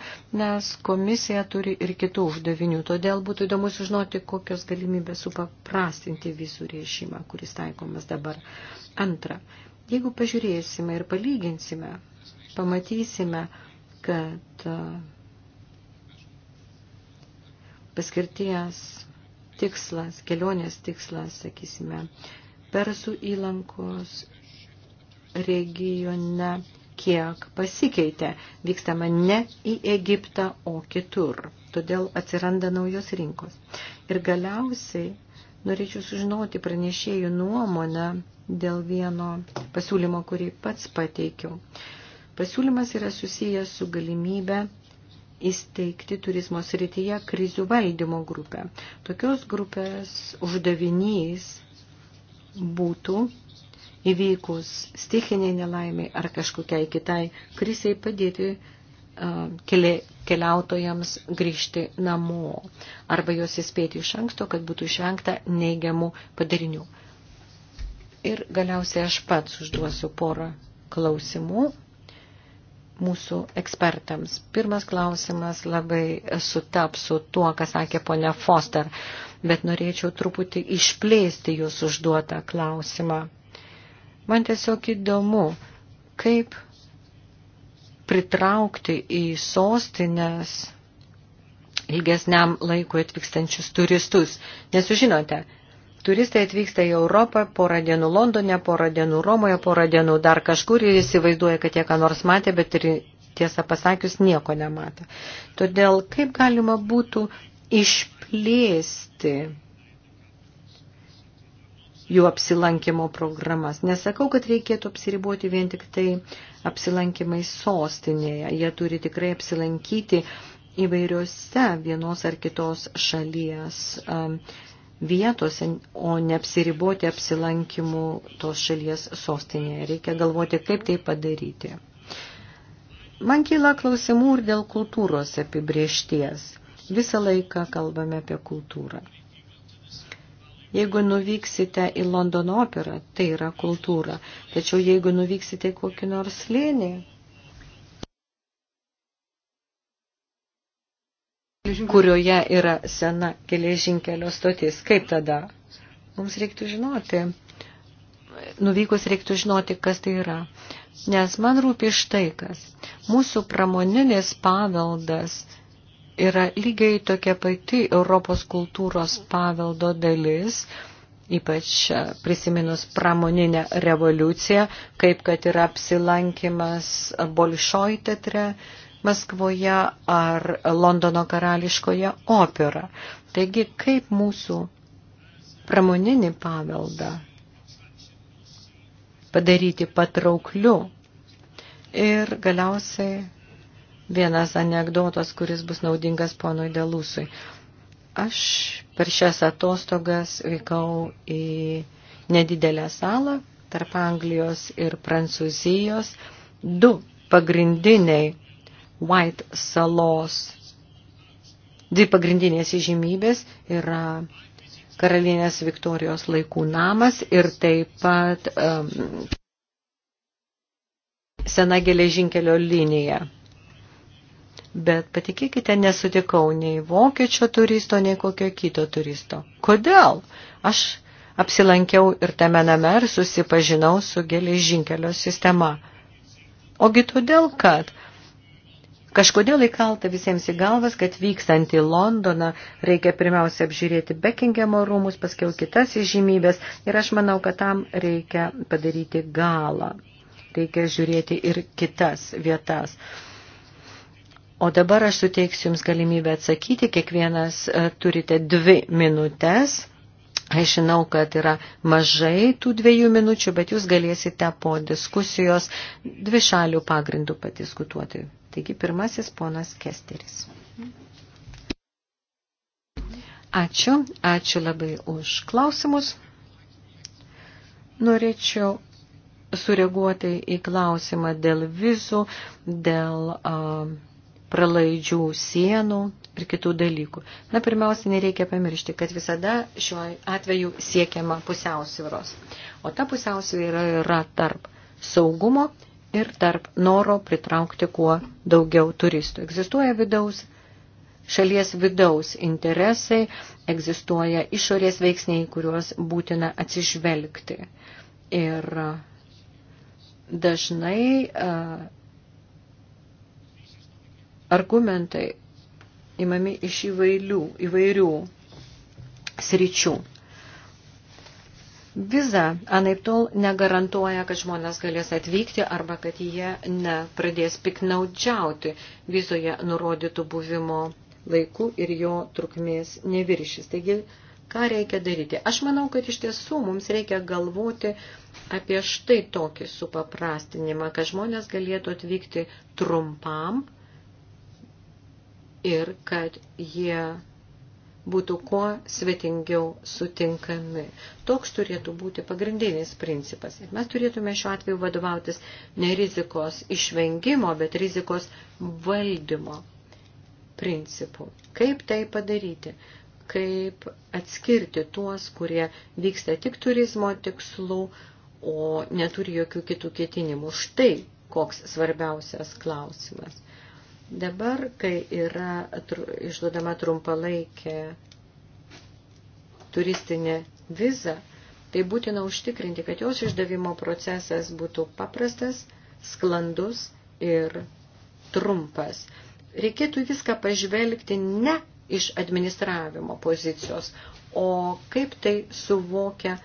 nes komisija turi ir kitų uždavinių. Todėl būtų įdomu sužinoti, kokios galimybės supaprastinti visų režimą, kuris taikomas dabar. Antra, jeigu pažiūrėsime ir palyginsime, pamatysime, kad uh, paskirties tikslas, kelionės tikslas, sakysime, Persų įlankos regione, kiek pasikeitė, vykstama ne į Egiptą, o kitur. Todėl atsiranda naujos rinkos. Ir galiausiai norėčiau sužinoti pranešėjų nuomonę dėl vieno pasiūlymo, kurį pats pateikiau. Pasiūlymas yra susijęs su galimybė įsteigti turizmo srityje krizių valdymo grupę. Tokios grupės uždavinys būtų įvykus stichiniai nelaimiai ar kažkokiai kitai krisiai padėti keliautojams grįžti namo arba juos įspėti iš anksto, kad būtų išvengta neigiamų padarinių. Ir galiausiai aš pats užduosiu porą klausimų mūsų ekspertams. Pirmas klausimas labai sutaps su tuo, ką sakė ponia Foster, bet norėčiau truputį išplėsti jūs užduotą klausimą. Man tiesiog įdomu, kaip pritraukti į sostinės ilgesniam laikui atvykstančius turistus. Nes jūs žinote, turistai atvyksta į Europą, porą dienų Londone, porą dienų Romoje, porą dienų dar kažkur ir įsivaizduoja, kad jie ką nors matė, bet ir tiesą pasakius nieko nematė. Todėl kaip galima būtų išplėsti jų apsilankimo programas. Nesakau, kad reikėtų apsiriboti vien tik tai apsilankimai sostinėje. Jie turi tikrai apsilankyti įvairiuose vienos ar kitos šalies. Um, vietose, o neapsiriboti apsilankimu tos šalies sostinėje. Reikia galvoti, kaip tai padaryti. Man kyla klausimų ir dėl kultūros apibriešties. Visą laiką kalbame apie kultūrą. Jeigu nuvyksite į Londono operą, tai yra kultūra. Tačiau jeigu nuvyksite į kokį nors slėnį, kurioje yra sena geležinkelio stotis. Kaip tada? Mums reiktų žinoti. Nuvykus reiktų žinoti, kas tai yra. Nes man rūpi štai kas. Mūsų pramoninis paveldas yra lygiai tokia pati Europos kultūros paveldo dalis, ypač prisiminus pramoninę revoliuciją, kaip kad yra apsilankimas Bolšoj teatre, Maskvoje ar Londono karališkoje opera. Taigi, kaip mūsų pramoninį paveldą padaryti patraukliu. Ir galiausiai vienas anegdotas, kuris bus naudingas ponui Delusui. Aš per šias atostogas vykau į nedidelę salą tarp Anglijos ir Prancūzijos. Du pagrindiniai White salos. Dvi pagrindinės įžymybės yra karalienės Viktorijos laikų namas ir taip pat um, sena geležinkelio linija. Bet patikėkite, nesutikau nei vokiečio turisto, nei kokio kito turisto. Kodėl? Aš apsilankiau ir tame name ir susipažinau su geležinkelio sistema. Ogi todėl, kad Kažkodėl įkalta visiems į galvas, kad vykstant į Londoną reikia pirmiausia apžiūrėti Bekingemo rūmus, paskiau kitas įžymybės ir aš manau, kad tam reikia padaryti galą. Reikia žiūrėti ir kitas vietas. O dabar aš suteiksiu Jums galimybę atsakyti, kiekvienas e, turite dvi minutės. Aš žinau, kad yra mažai tų dviejų minučių, bet jūs galėsite po diskusijos dvi šalių pagrindų padiskutuoti Taigi pirmasis ponas Kesteris. Ačiū, ačiū labai už klausimus. Norėčiau sureaguoti į klausimą dėl vizų, dėl a, pralaidžių sienų ir kitų dalykų. Na, pirmiausia, nereikia pamiršti, kad visada šiuo atveju siekiama pusiausvyros. O ta pusiausvyra yra tarp saugumo ir tarp noro pritraukti kuo daugiau turistų. Egzistuoja vidaus, šalies vidaus interesai, egzistuoja išorės veiksniai, kuriuos būtina atsižvelgti. Ir e, dažnai e, argumentai imami iš įvairių, įvairių sričių. Viza anaip tol negarantuoja, kad žmonės galės atvykti arba kad jie nepradės piknaudžiauti vizoje nurodytų buvimo laikų ir jo trukmės neviršys. Taigi, ką reikia daryti? Aš manau, kad iš tiesų mums reikia galvoti apie štai tokį supaprastinimą, kad žmonės galėtų atvykti trumpam ir kad jie būtų kuo svetingiau sutinkami. Toks turėtų būti pagrindinis principas. Ir mes turėtume šiuo atveju vadovautis ne rizikos išvengimo, bet rizikos valdymo principu. Kaip tai padaryti? Kaip atskirti tuos, kurie vyksta tik turizmo tikslų, o neturi jokių kitų ketinimų? Štai koks svarbiausias klausimas. Dabar, kai yra išduodama trumpalaikė turistinė viza, tai būtina užtikrinti, kad jos išdavimo procesas būtų paprastas, sklandus ir trumpas. Reikėtų viską pažvelgti ne iš administravimo pozicijos, o kaip tai suvokia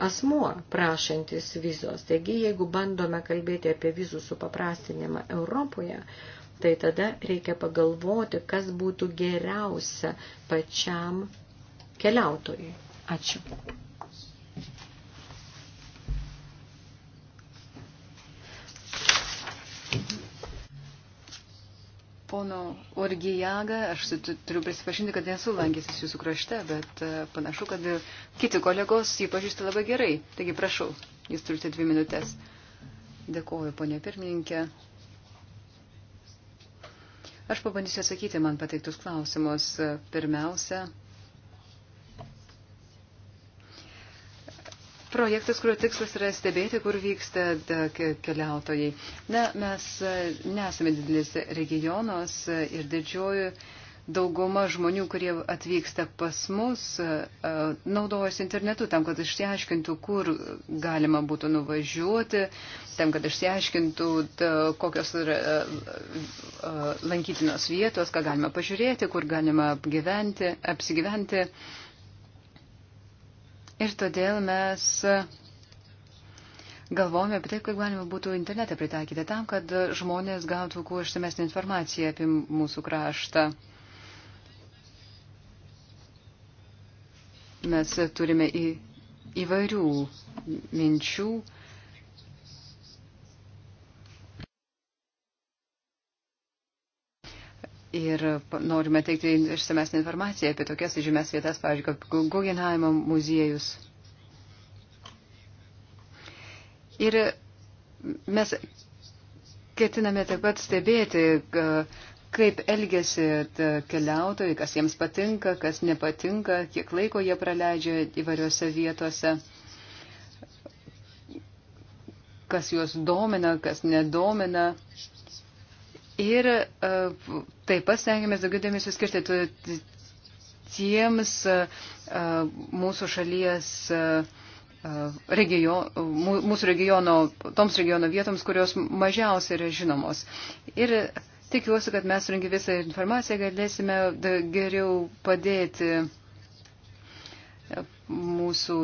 asmuo prašantis vizos. Taigi, jeigu bandome kalbėti apie vizų supaprastinimą Europoje, tai tada reikia pagalvoti, kas būtų geriausia pačiam keliautojui. Ačiū. pono Orgijaga, aš turiu prisipažinti, kad nesu lankęsis jūsų krašte, bet e, panašu, kad kiti kolegos jį pažįsta labai gerai. Taigi prašau, jūs turite dvi minutės. Dėkuoju, ponė pirmininkė. Aš pabandysiu atsakyti man pateiktus klausimus. Pirmiausia, projektas, kurio tikslas yra stebėti, kur vyksta keliautojai. Na, mes nesame didelis regionas ir didžioji dauguma žmonių, kurie atvyksta pas mus, naudojasi internetu tam, kad išsiaiškintų, kur galima būtų nuvažiuoti, tam, kad išsiaiškintų, kokios yra lankytinos vietos, ką galima pažiūrėti, kur galima gyventi, apsigyventi. Ir todėl mes galvojame apie tai, kaip galima būtų internetą pritaikyti tam, kad žmonės gautų kuo išsamesnį informaciją apie mūsų kraštą. Mes turime į, įvairių minčių. Ir norime teikti išsamesnį informaciją apie tokias žymės vietas, pavyzdžiui, kaip Guggenheimo muziejus. Ir mes ketiname taip pat stebėti, kaip elgesi keliautojai, kas jiems patinka, kas nepatinka, kiek laiko jie praleidžia įvairiose vietose, kas juos domina, kas nedomina. Ir e, taip pat stengiamės daugiau dėmesio skirti tiems e, e, mūsų šalies region, mūsų regiono, toms regiono vietoms, kurios mažiausiai yra žinomos. Ir Tikiuosi, kad mes surinkę visą informaciją galėsime geriau padėti mūsų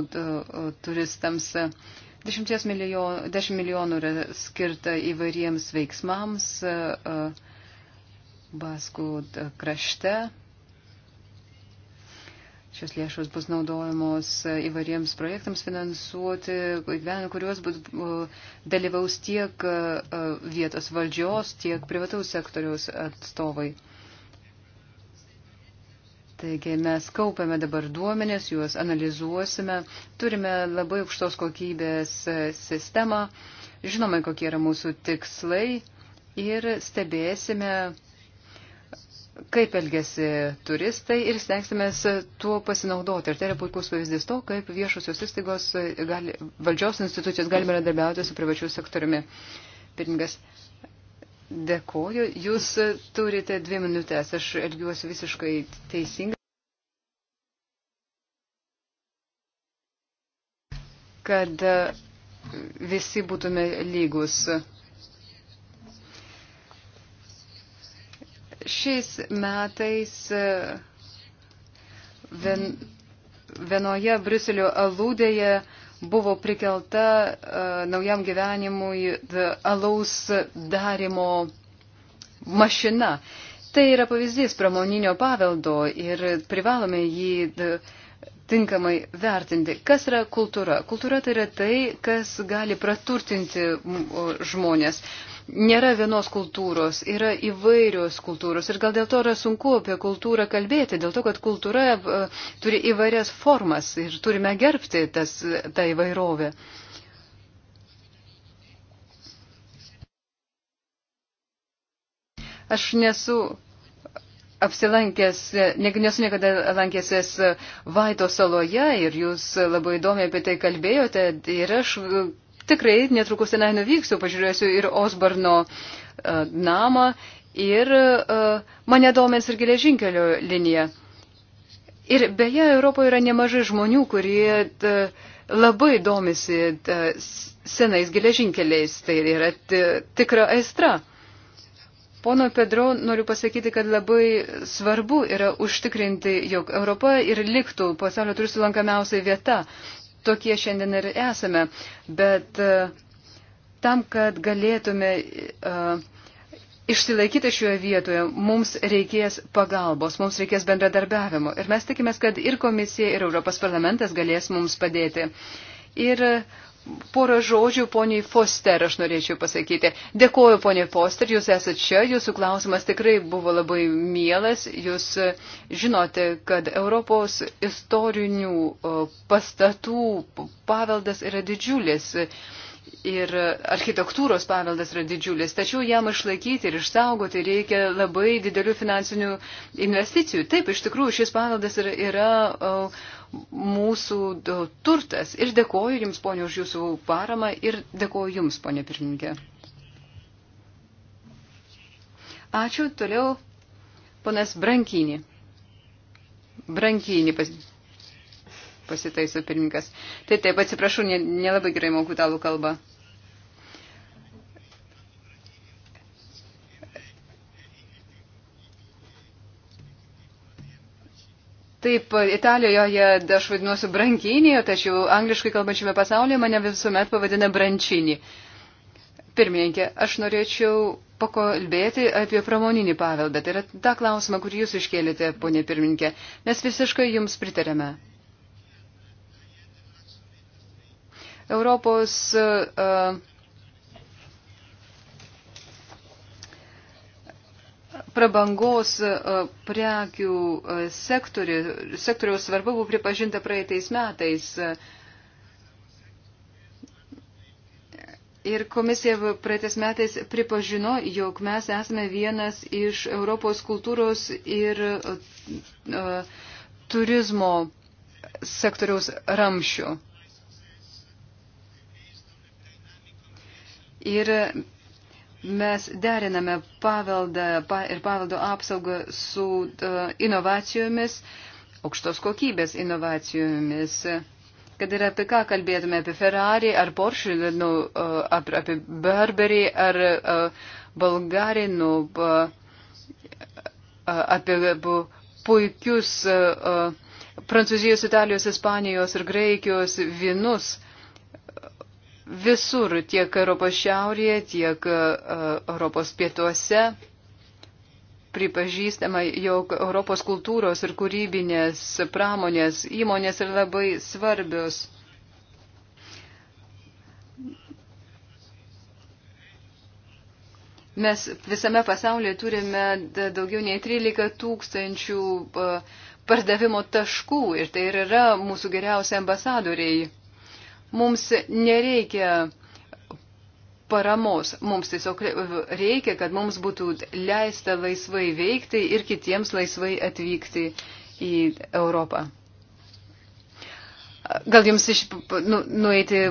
turistams. 10 milijonų, 10 milijonų yra skirta įvairiems veiksmams Baskų krašte. Šios lėšos bus naudojamos įvariems projektams finansuoti, kuriuos bus dalyvaus tiek e, vietos valdžios, tiek privataus sektoriaus atstovai. Taigi mes kaupiame dabar duomenės, juos analizuosime, turime labai aukštos kokybės e, sistemą, žinome, kokie yra mūsų tikslai ir stebėsime kaip elgesi turistai ir stengsimės tuo pasinaudoti. Ir tai yra puikus pavyzdys to, kaip viešosios įstaigos, gali, valdžios institucijos galime bendradarbiauti su privačiu sektoriumi. Pirmingas, dėkoju. Jūs turite dvi minutės. Aš elgiuosi visiškai teisingai. kad visi būtume lygus. šiais metais e, vien, vienoje Briuselio alūdėje buvo prikelta uh, naujam gyvenimui e, alaus darimo mašina. Tai yra pavyzdys pramoninio paveldo ir privalome jį tinkamai vertinti. Kas yra kultūra? Kultūra tai yra tai, kas gali praturtinti žmonės. Uh, nėra vienos kultūros, yra įvairios kultūros. Ir gal dėl to yra sunku apie kultūrą kalbėti, dėl to, kad kultūra e, turi įvairias formas ir turime gerbti tas, tą įvairovę. Aš nesu apsilankęs, ne, nesu niekada lankęsis Vaido saloje ir jūs labai įdomiai apie tai kalbėjote ir aš tikrai netrukus tenai nuvyksiu, pažiūrėsiu ir Osborno e, namą, ir e, mane domės ir geležinkelio linija. Ir beje, Europoje yra nemažai žmonių, kurie e, labai domisi senais geležinkeliais. Tai yra tikra aistra. Pono Pedro, noriu pasakyti, kad labai svarbu yra užtikrinti, jog Europa ir liktų pasaulio turistų lankamiausia vieta tokie šiandien ir esame. Bet e, tam, kad galėtume e, išsilaikyti šioje vietoje, mums reikės pagalbos, mums reikės bendradarbiavimo. Ir mes tikimės, kad ir komisija, ir Europos parlamentas galės mums padėti. Ir uh, porą žodžių poniai Foster aš norėčiau pasakyti. Dėkuoju poniai Foster, jūs esate čia, jūsų klausimas tikrai buvo labai mielas. Jūs e, žinote, kad Europos istorinių e, pastatų paveldas yra didžiulis. E, ir architektūros paveldas yra didžiulis, tačiau jam išlaikyti ir išsaugoti reikia labai didelių finansinių investicijų. Taip, iš tikrųjų, šis paveldas yra, yra uh, mūsų turtas. Ir dėkoju Jums, ponė, už Jūsų paramą ir dėkoju Jums, ponė pirmininkė. Ačiū. Toliau ponas Brankinį. Brankinį pas, pasitaiso pirmininkas. Tai taip, atsiprašau, nelabai gerai moku talų kalbą. Taip, Italijoje aš vadinuosiu brankinį, tačiau angliškai kalbančiame pasaulyje mane visuomet pavadina brančinį. Pirmininkė, aš norėčiau pakalbėti apie pramoninį paveldą. Tai yra ta klausima, kurį jūs iškėlėte, ponė pirmininkė. Mes visiškai jums pritarėme. Europos uh, prabangos e, prekių e, sektori, sektoriaus svarba buvo pripažinta praeitais metais. Ir komisija praeitais metais pripažino, jog mes esame vienas iš Europos kultūros ir uh, turizmo sektoriaus ramšių. Ir mes deriname paveldą pa, ir paveldo apsaugą su uh, inovacijomis, aukštos kokybės inovacijomis. Kad ir apie ką kalbėtume, apie Ferrari ar Porsche, nu, uh, e, apie, apie Burberry ar uh, e, Bulgarį, nu, uh, apie uh, puikius uh, Prancūzijos, Italijos, Ispanijos ir Graikijos vinus. Uh, visur, tiek Europos šiaurėje, tiek e, Europos pietuose. Pripažįstama, jog Europos kultūros ir kūrybinės pramonės įmonės yra labai svarbios. Mes visame pasaulyje turime daugiau nei 13 tūkstančių e, pardavimo taškų ir tai yra mūsų geriausi ambasadoriai. Mums nereikia paramos. Mums tiesiog reikia, kad mums būtų leista laisvai veikti ir kitiems laisvai atvykti į Europą. Gal jums iš, nu, nueiti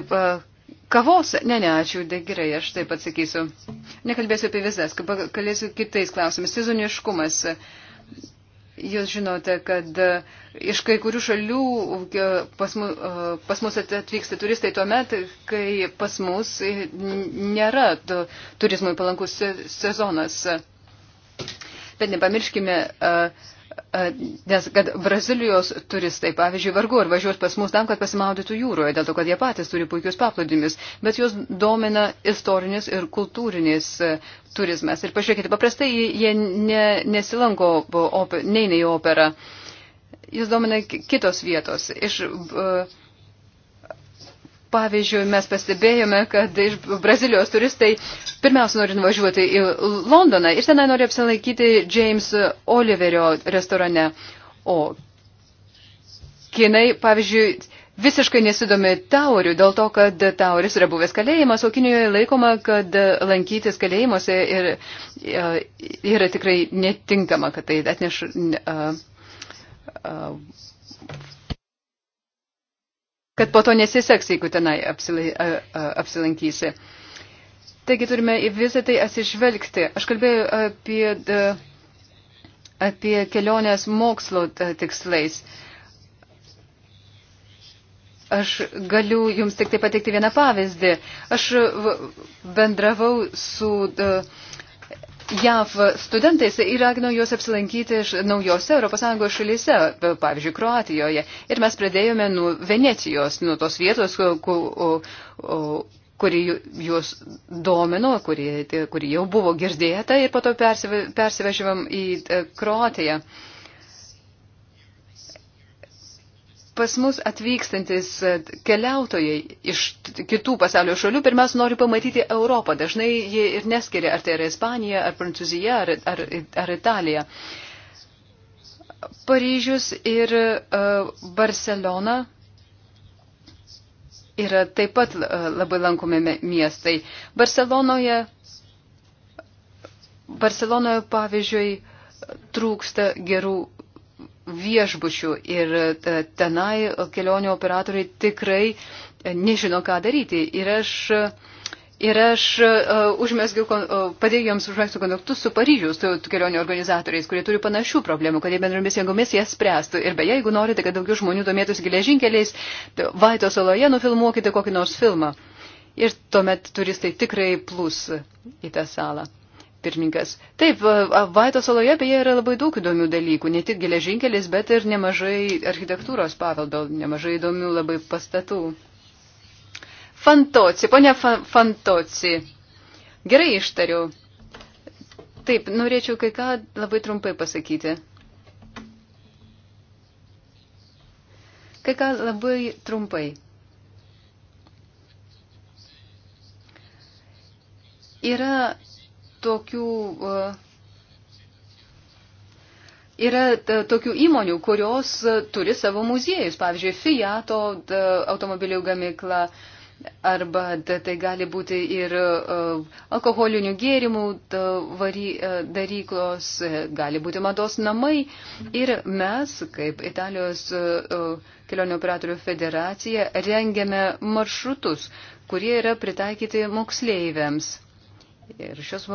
kavos? Ne, ne, ačiū, de, tai gerai, aš taip atsakysiu. Nekalbėsiu apie vizas, kalbėsiu kitais klausimais. Sezoniškumas. Uh, Jūs žinote, kad e, iš kai kurių šalių e, pas, mu, e, pas mus atvyksta turistai tuo metu, kai pas mus nėra turizmui palankus sezonas. Bet nepamirškime, uh, E, nes kad Brazilijos turistai, pavyzdžiui, vargu ar važiuos pas mus tam, kad pasimaudytų jūroje, dėl to, kad jie patys turi puikius paplūdimis, bet juos domina istorinis ir kultūrinis e, turizmas. Ir pažiūrėkite, paprastai jie ne, nesilanko, neina į operą. Jis domina kitos vietos. Iš, uh, Pavyzdžiui, mes pastebėjome, kad iš Brazilijos turistai pirmiausia nori nuvažiuoti į Londoną ir tenai nori apsilaikyti James Oliverio restorane. O kinai, pavyzdžiui, visiškai nesidomi taurių dėl to, kad tauris yra buvęs kalėjimas, o Kinijoje laikoma, kad lankytis kalėjimuose ir, e, yra tikrai netinkama, kad tai atneš. Uh, uh, kad po to nesiseks, jeigu tenai apsilai, apsilankysi. Taigi turime į visą tai atsižvelgti. Aš kalbėjau apie, apie kelionės mokslo tikslais. Aš galiu jums tik tai pateikti vieną pavyzdį. Aš bendravau su uh, JAV studentais ir ragino juos apsilankyti naujose ES šalyse, pavyzdžiui, Kroatijoje. Ir mes pradėjome nuo Venecijos, nuo tos vietos, kuri juos domino, kuri, kuri jau buvo girdėta ir po to persivežėm į e, Kroatiją. pas mus atvykstantis e, keliautojai iš kitų pasaulio šalių pirmiausia nori pamatyti Europą. Dažnai jie ir neskiria, ar tai yra Ispanija, ar Prancūzija, ar, ar, ar Italija. Paryžius ir uh, Barcelona yra taip pat uh, labai lankomi miestai. Barcelonoje, Barcelonoje pavyzdžiui, trūksta gerų viešbučių ir e, tenai kelionių operatoriai tikrai nežino, ką daryti. Ir aš, ir aš e, užmesgiau, e, padėjau jiems užmėgti kontaktus su Paryžiaus kelionių organizatoriais, kurie turi panašių problemų, kad jie bendromis jėgomis jas spręstų. Ir beje, jeigu norite, kad daugiau žmonių domėtųsi geležinkeliais, Vaito saloje nufilmuokite kokį nors filmą. Ir tuomet turistai tikrai plus į tą salą. Pirmininkas. Taip, Vaito saloje beje yra labai daug įdomių dalykų, ne tik geležinkelis, bet ir nemažai architektūros paveldo, nemažai įdomių labai pastatų. Fantoci, ponia fa Fantoci. Gerai ištariu. Taip, norėčiau kai ką labai trumpai pasakyti. Kai ką labai trumpai. Yra tokių. E, yra e, tokių įmonių, kurios e, turi savo muziejus, pavyzdžiui, Fiato automobilių gamykla, arba tai gali būti ir alkoholinių gėrimų vary, daryklos, gali būti mados namai. Ir mes, kaip Italijos kelionio operatorių federacija, rengiame maršrutus, kurie yra pritaikyti moksleiviams. Ir šios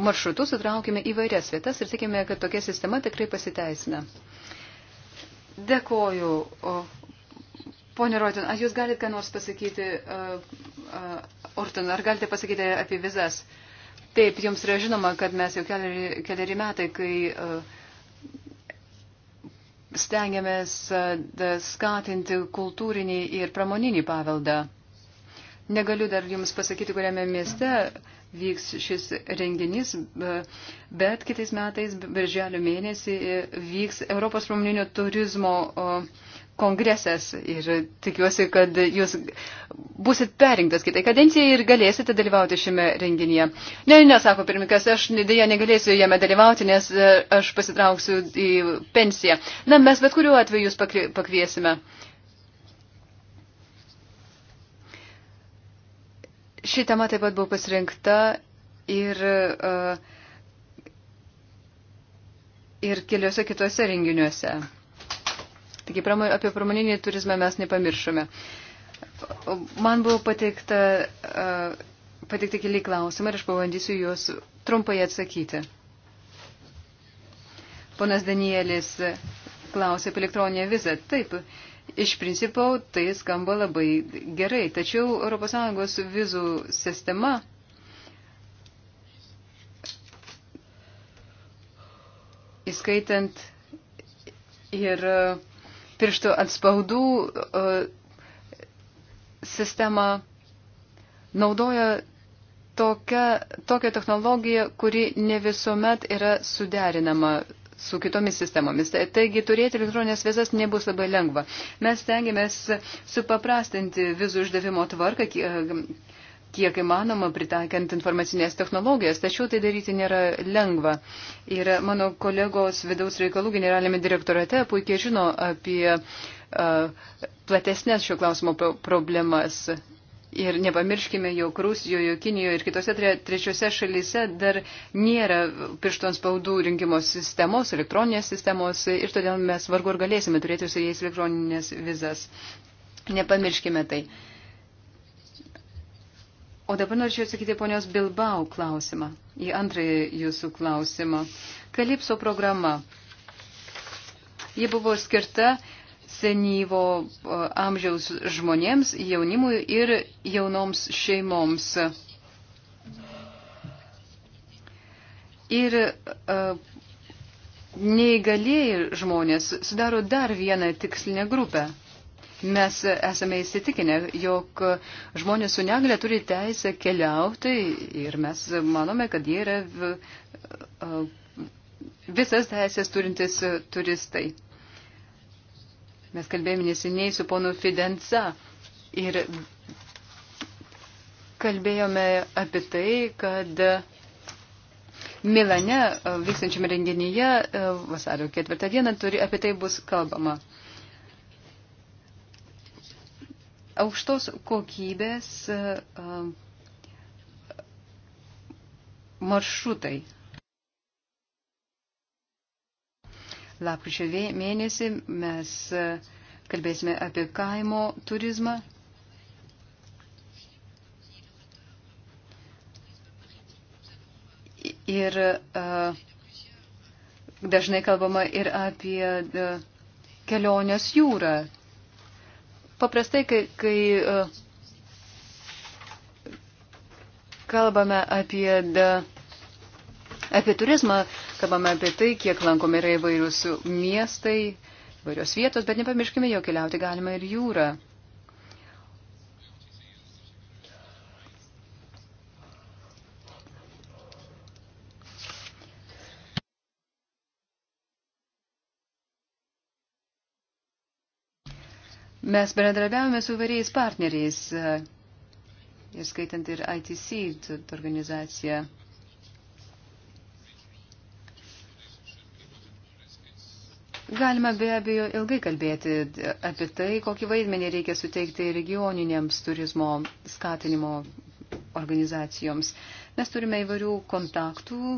maršrutus atraukime į vairias vietas ir tikime, kad tokia sistema tikrai pasiteisina. Dėkoju. Pone Rotin, ar jūs galite ką nors pasakyti, uh, uh, Orton, ar galite pasakyti apie vizas? Taip, jums yra žinoma, kad mes jau keliari, keliari metai, kai uh, stengiamės uh, skatinti kultūrinį ir pramoninį paveldą. Negaliu dar jums pasakyti, kuriame mieste. Uh, vyks šis renginys, bet kitais metais, birželio mėnesį, e, vyks Europos pramoninio turizmo kongresas ir tikiuosi, kad jūs busit perinktas kitai kadencijai ir galėsite dalyvauti šiame renginyje. Ne, nesako pirmininkas, aš dėja negalėsiu jame dalyvauti, nes e, aš pasitrauksiu į pensiją. Na, mes bet kuriuo atveju jūs pakviesime. Ši tema taip pat buvo pasirinkta ir, e, ir keliose kitose renginiuose. Taigi apie pramoninį turizmą mes nepamiršome. Man buvo pateikta, e, pateikta keli klausimai ir aš pabandysiu juos trumpai atsakyti. Ponas Danielis klausė apie elektroninę vizą. Taip, Iš principo tai skamba labai gerai, tačiau ES vizų sistema įskaitant ir pirštų atspaudų e, sistemą naudoja tokią, tokią technologiją, kuri ne visuomet yra suderinama su kitomis sistemomis. Taigi turėti elektroninės vizas nebus labai lengva. Mes tengiamės supaprastinti vizų išdavimo tvarką kiek įmanoma pritaikant informacinės technologijas, tačiau tai daryti nėra lengva. Ir mano kolegos vidaus reikalų generalinėme direktorate puikiai žino apie uh, platesnės šio klausimo problemas. Ir nepamirškime, jog Rusijoje, Kinijoje ir kitose tre, trečiose šalyse dar nėra pirštų ant spaudų rinkimo sistemos, elektroninės sistemos ir todėl mes vargu ar galėsime turėti su jais elektroninės vizas. Nepamirškime tai. O dabar norėčiau atsakyti ponios Bilbao klausimą, į antrąjį jūsų klausimą. Kalipso programa. Ji buvo skirta uh, senyvo e, amžiaus žmonėms, jaunimui ir jaunoms šeimoms. Ir e, neįgalėjai žmonės sudaro dar vieną tikslinę grupę. Mes esame įsitikinę, jog žmonės su negale turi teisę keliauti ir mes manome, kad jie yra e, visas teisės turintis turistai. Mes kalbėjome neseniai su ponu Fidenca ir kalbėjome apie tai, kad Milane e, vykstančiame renginyje e, vasario ketvirtą dieną turi, apie tai bus kalbama. Aukštos kokybės e, maršrutai Lapkričio mėnesį mes e, kalbėsime apie kaimo turizmą. Ir uh, dažnai kalbama ir apie uh, kelionės jūrą. Paprastai, kai, kai uh, kalbame apie, da, apie turizmą, kalbame apie tai, kiek lankomi yra įvairius miestai, įvairios vietos, bet nepamirškime, jog keliauti galima ir jūrą. Mes bendradarbiavome su variais partneriais, e, ir skaitant ir ITC organizaciją. Galima be abejo ilgai kalbėti apie tai, kokį vaidmenį reikia suteikti regioninėms turizmo skatinimo organizacijoms. Mes turime įvairių kontaktų,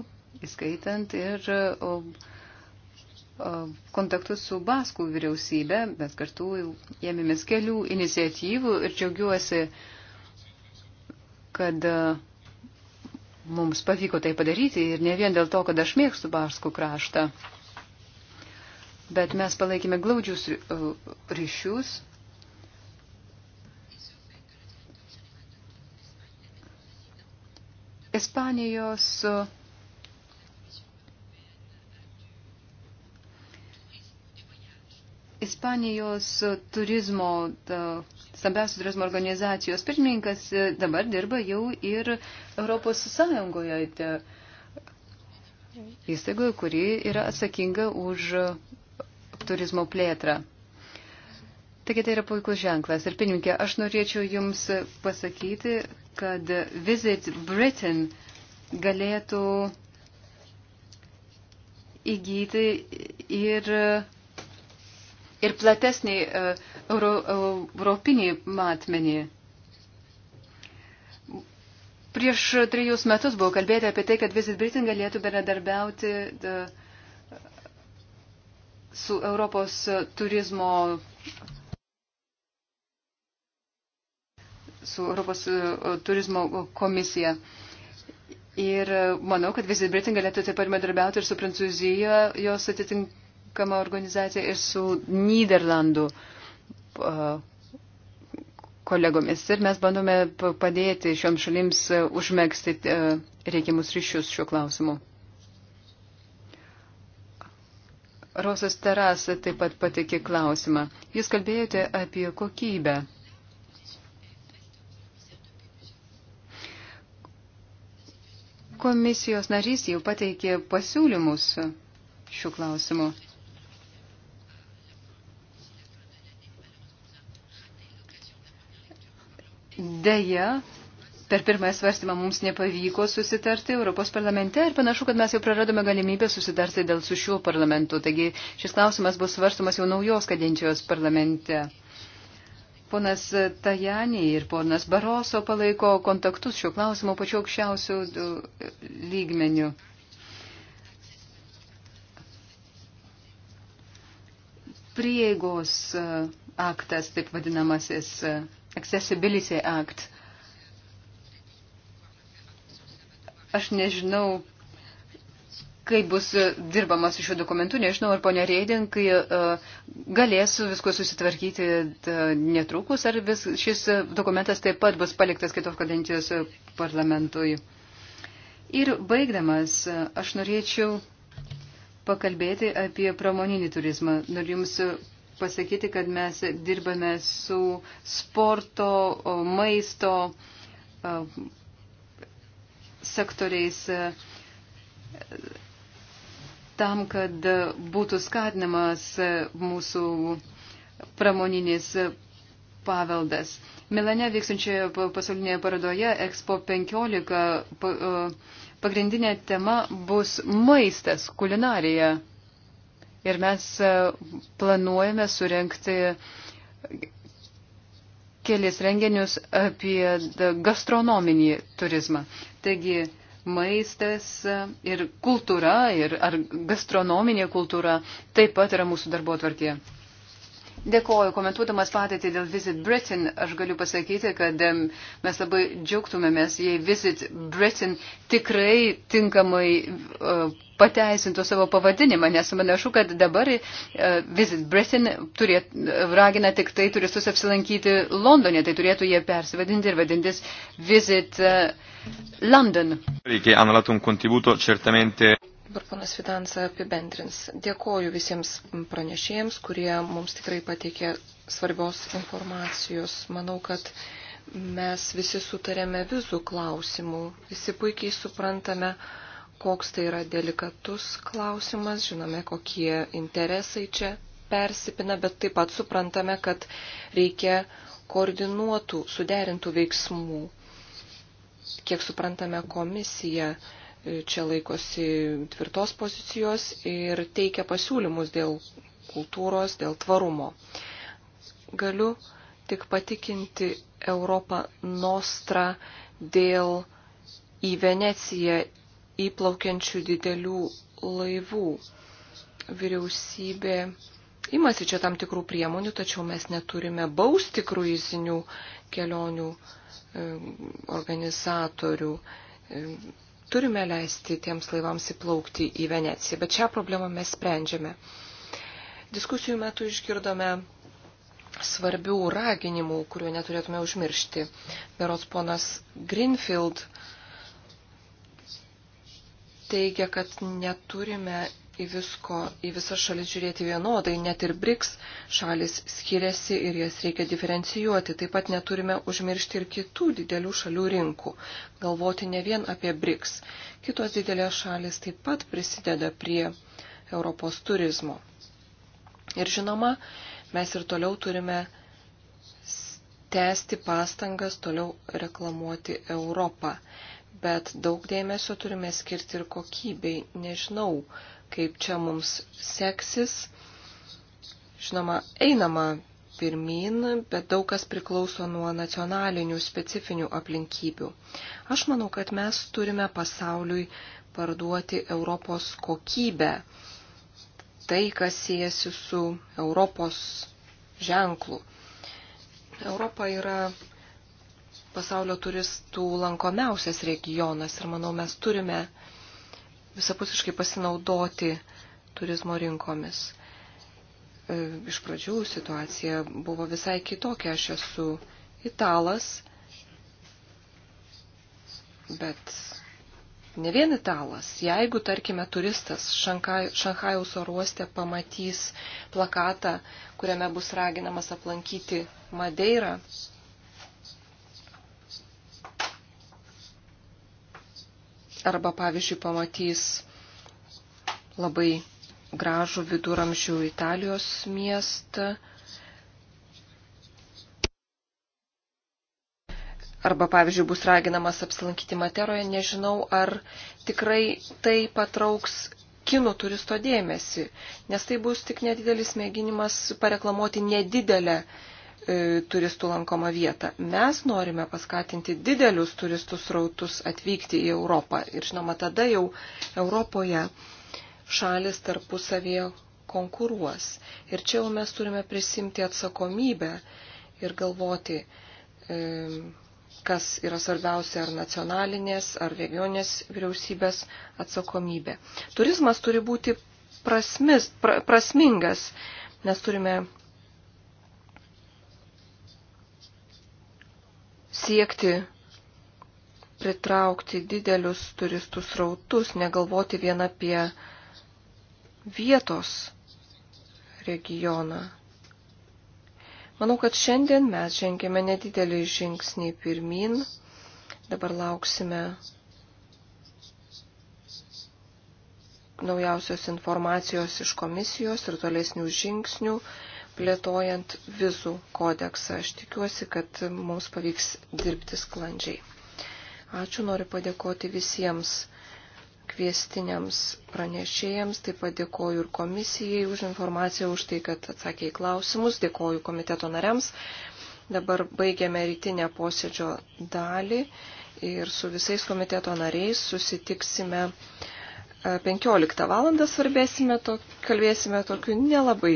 įskaitant ir o, o, kontaktus su Baskų vyriausybė, bet kartu ėmėmės kelių iniciatyvų ir džiaugiuosi, kad e, mums pavyko tai padaryti ir ne vien dėl to, kad aš mėgstu Baskų kraštą bet mes palaikėme glaudžius e, ryšius. Ispanijos e, Ispanijos turizmo, e, stambiausios turizmo organizacijos pirmininkas dabar dirba jau ir Europos Sąjungoje įstaigoje, kuri yra atsakinga už turizmo plėtrą. Taigi tai yra puikus ženklas. Ir pirmininkė, aš norėčiau Jums pasakyti, kad Visit Britain galėtų įgyti ir, ir platesnį e, euro, europinį matmenį. Prieš trejus metus buvo kalbėti apie tai, kad Visit Britain galėtų bendradarbiauti. Uh, su Europos turizmo su Europos e, turizmo komisija. Ir manau, kad Visit Britain galėtų taip pat bendradarbiauti ir su Prancūzija, jos atitinkama organizacija, ir su Niderlandų e, kolegomis. Ir mes bandome padėti šioms šalims užmėgsti e, reikiamus ryšius šiuo klausimu. Rosas Teras taip pat patikė klausimą. Jūs kalbėjote apie kokybę. Komisijos narys jau pateikė pasiūlymus šių klausimų. Deja, per pirmąją svarstymą mums nepavyko susitarti Europos parlamente ir panašu, kad mes jau praradome galimybę susitarti dėl su šiuo parlamentu. Taigi šis klausimas bus svarstomas jau naujos kadencijos parlamente. Ponas Tajani ir ponas Baroso palaiko kontaktus šiuo klausimu pačiu aukščiausiu uh, lygmeniu. Prieigos uh, aktas, taip vadinamasis uh, Accessibility Act, Aš nežinau, kaip bus dirbama su šiuo dokumentu, nežinau, ar ponia Reidink e, galės visko susitvarkyti e, netrukus, ar vis, šis dokumentas taip pat bus paliktas kitos kadencijos parlamentui. Ir baigdamas, aš norėčiau pakalbėti apie pramoninį turizmą. Noriu Jums pasakyti, kad mes dirbame su sporto, maisto, e, sektoriais e, tam, kad būtų skatinamas e, mūsų pramoninis paveldas. Milane vyksančioje pasaulinėje parodoje Expo 15 e, pagrindinė tema bus maistas, kulinarija. Ir mes planuojame surenkti kelis renginius apie gastronominį turizmą. Taigi maistas e, ir kultūra, ir, ar gastronominė kultūra taip pat yra mūsų darbo atvarkėje. Dėkoju, komentuodamas patirtį dėl Visit Britain, aš galiu pasakyti, kad mes labai džiaugtumėmės, jei Visit Britain tikrai tinkamai e, pateisintų savo pavadinimą, nes manašu, kad dabar e, Visit Britain turėt, ragina tik tai turistus apsilankyti Londone, tai turėtų jie persivadinti ir vadintis Visit e, London. Reikia analatų un contributo certamente Dabar panas Fidansa apibendrins. Dėkoju visiems pranešėjams, kurie mums tikrai pateikė svarbios informacijos. Manau, kad mes visi sutarėme vizų klausimų, visi puikiai suprantame, koks tai yra delikatus klausimas, žinome, kokie interesai čia persipina, bet taip pat suprantame, kad reikia koordinuotų, suderintų veiksmų. Kiek suprantame, komisija čia laikosi tvirtos pozicijos ir teikia pasiūlymus dėl kultūros, dėl tvarumo. Galiu tik patikinti Europą Nostrą dėl į Veneciją įplaukiančių didelių laivų. Vyriausybė imasi čia tam tikrų priemonių, tačiau mes neturime bausti kruizinių kelionių e, organizatorių. E, turime leisti tiems laivams įplaukti į Veneciją, bet šią problemą mes sprendžiame. Diskusijų metu išgirdome svarbių raginimų, kuriuo neturėtume užmiršti. Berots ponas Greenfield teigia, kad neturime į, visko, į visas šalis žiūrėti vienodai, net ir BRICS šalis skiriasi ir jas reikia diferencijuoti. Taip pat neturime užmiršti ir kitų didelių šalių rinkų, galvoti ne vien apie BRICS. Kitos didelės šalis taip pat prisideda prie Europos turizmo. Ir žinoma, mes ir toliau turime tęsti pastangas toliau reklamuoti Europą. Bet daug dėmesio turime skirti ir kokybei. Nežinau, uh, kaip čia mums seksis. Žinoma, einama pirmin, bet daug kas priklauso nuo nacionalinių specifinių aplinkybių. Aš manau, kad mes turime pasauliui parduoti Europos kokybę, tai, kas siejasi su Europos ženklu. Europa yra pasaulio turistų lankomiausias regionas ir manau, mes turime visapusiškai pasinaudoti turizmo rinkomis. E, iš pradžių situacija buvo visai kitokia. Aš esu italas, bet ne vien italas. Jeigu, tarkime, turistas Šankaj, Šanhajaus oro uoste pamatys plakatą, kuriame bus raginamas aplankyti Madeirą, arba, pavyzdžiui, pamatys labai gražų viduramžių Italijos miestą. Arba, pavyzdžiui, bus raginamas apsilankyti Materoje, nežinau, ar tikrai tai patrauks kinų turisto dėmesį, nes tai bus tik nedidelis mėginimas pareklamuoti nedidelę E, turistų lankomą vietą. Mes norime paskatinti didelius turistų srautus atvykti į Europą. Ir žinoma, tada jau Europoje šalis tarpusavėje konkuruos. Ir čia jau mes turime prisimti atsakomybę ir galvoti, e, kas yra svarbiausia ar nacionalinės, ar regionės vyriausybės atsakomybė. Turizmas turi būti prasmis, pra, prasmingas. Mes turime siekti pritraukti didelius turistų srautus, negalvoti vien apie vietos regioną. Manau, kad šiandien mes žengėme nedidelį žingsnį pirmin. Dabar lauksime naujausios informacijos iš komisijos ir tolesnių žingsnių plėtojant vizų kodeksą. Aš tikiuosi, kad mums pavyks dirbti sklandžiai. Ačiū, noriu padėkoti visiems kviestiniams pranešėjams, taip pat dėkoju ir komisijai už informaciją, už tai, kad atsakė į klausimus, dėkoju komiteto nariams. Dabar baigiame rytinę posėdžio dalį ir su visais komiteto nariais susitiksime 15 e, val. kalbėsime tokiu nelabai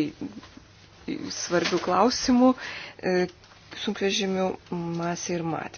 svarbių klausimų e, sunkvežimių masė ir matė.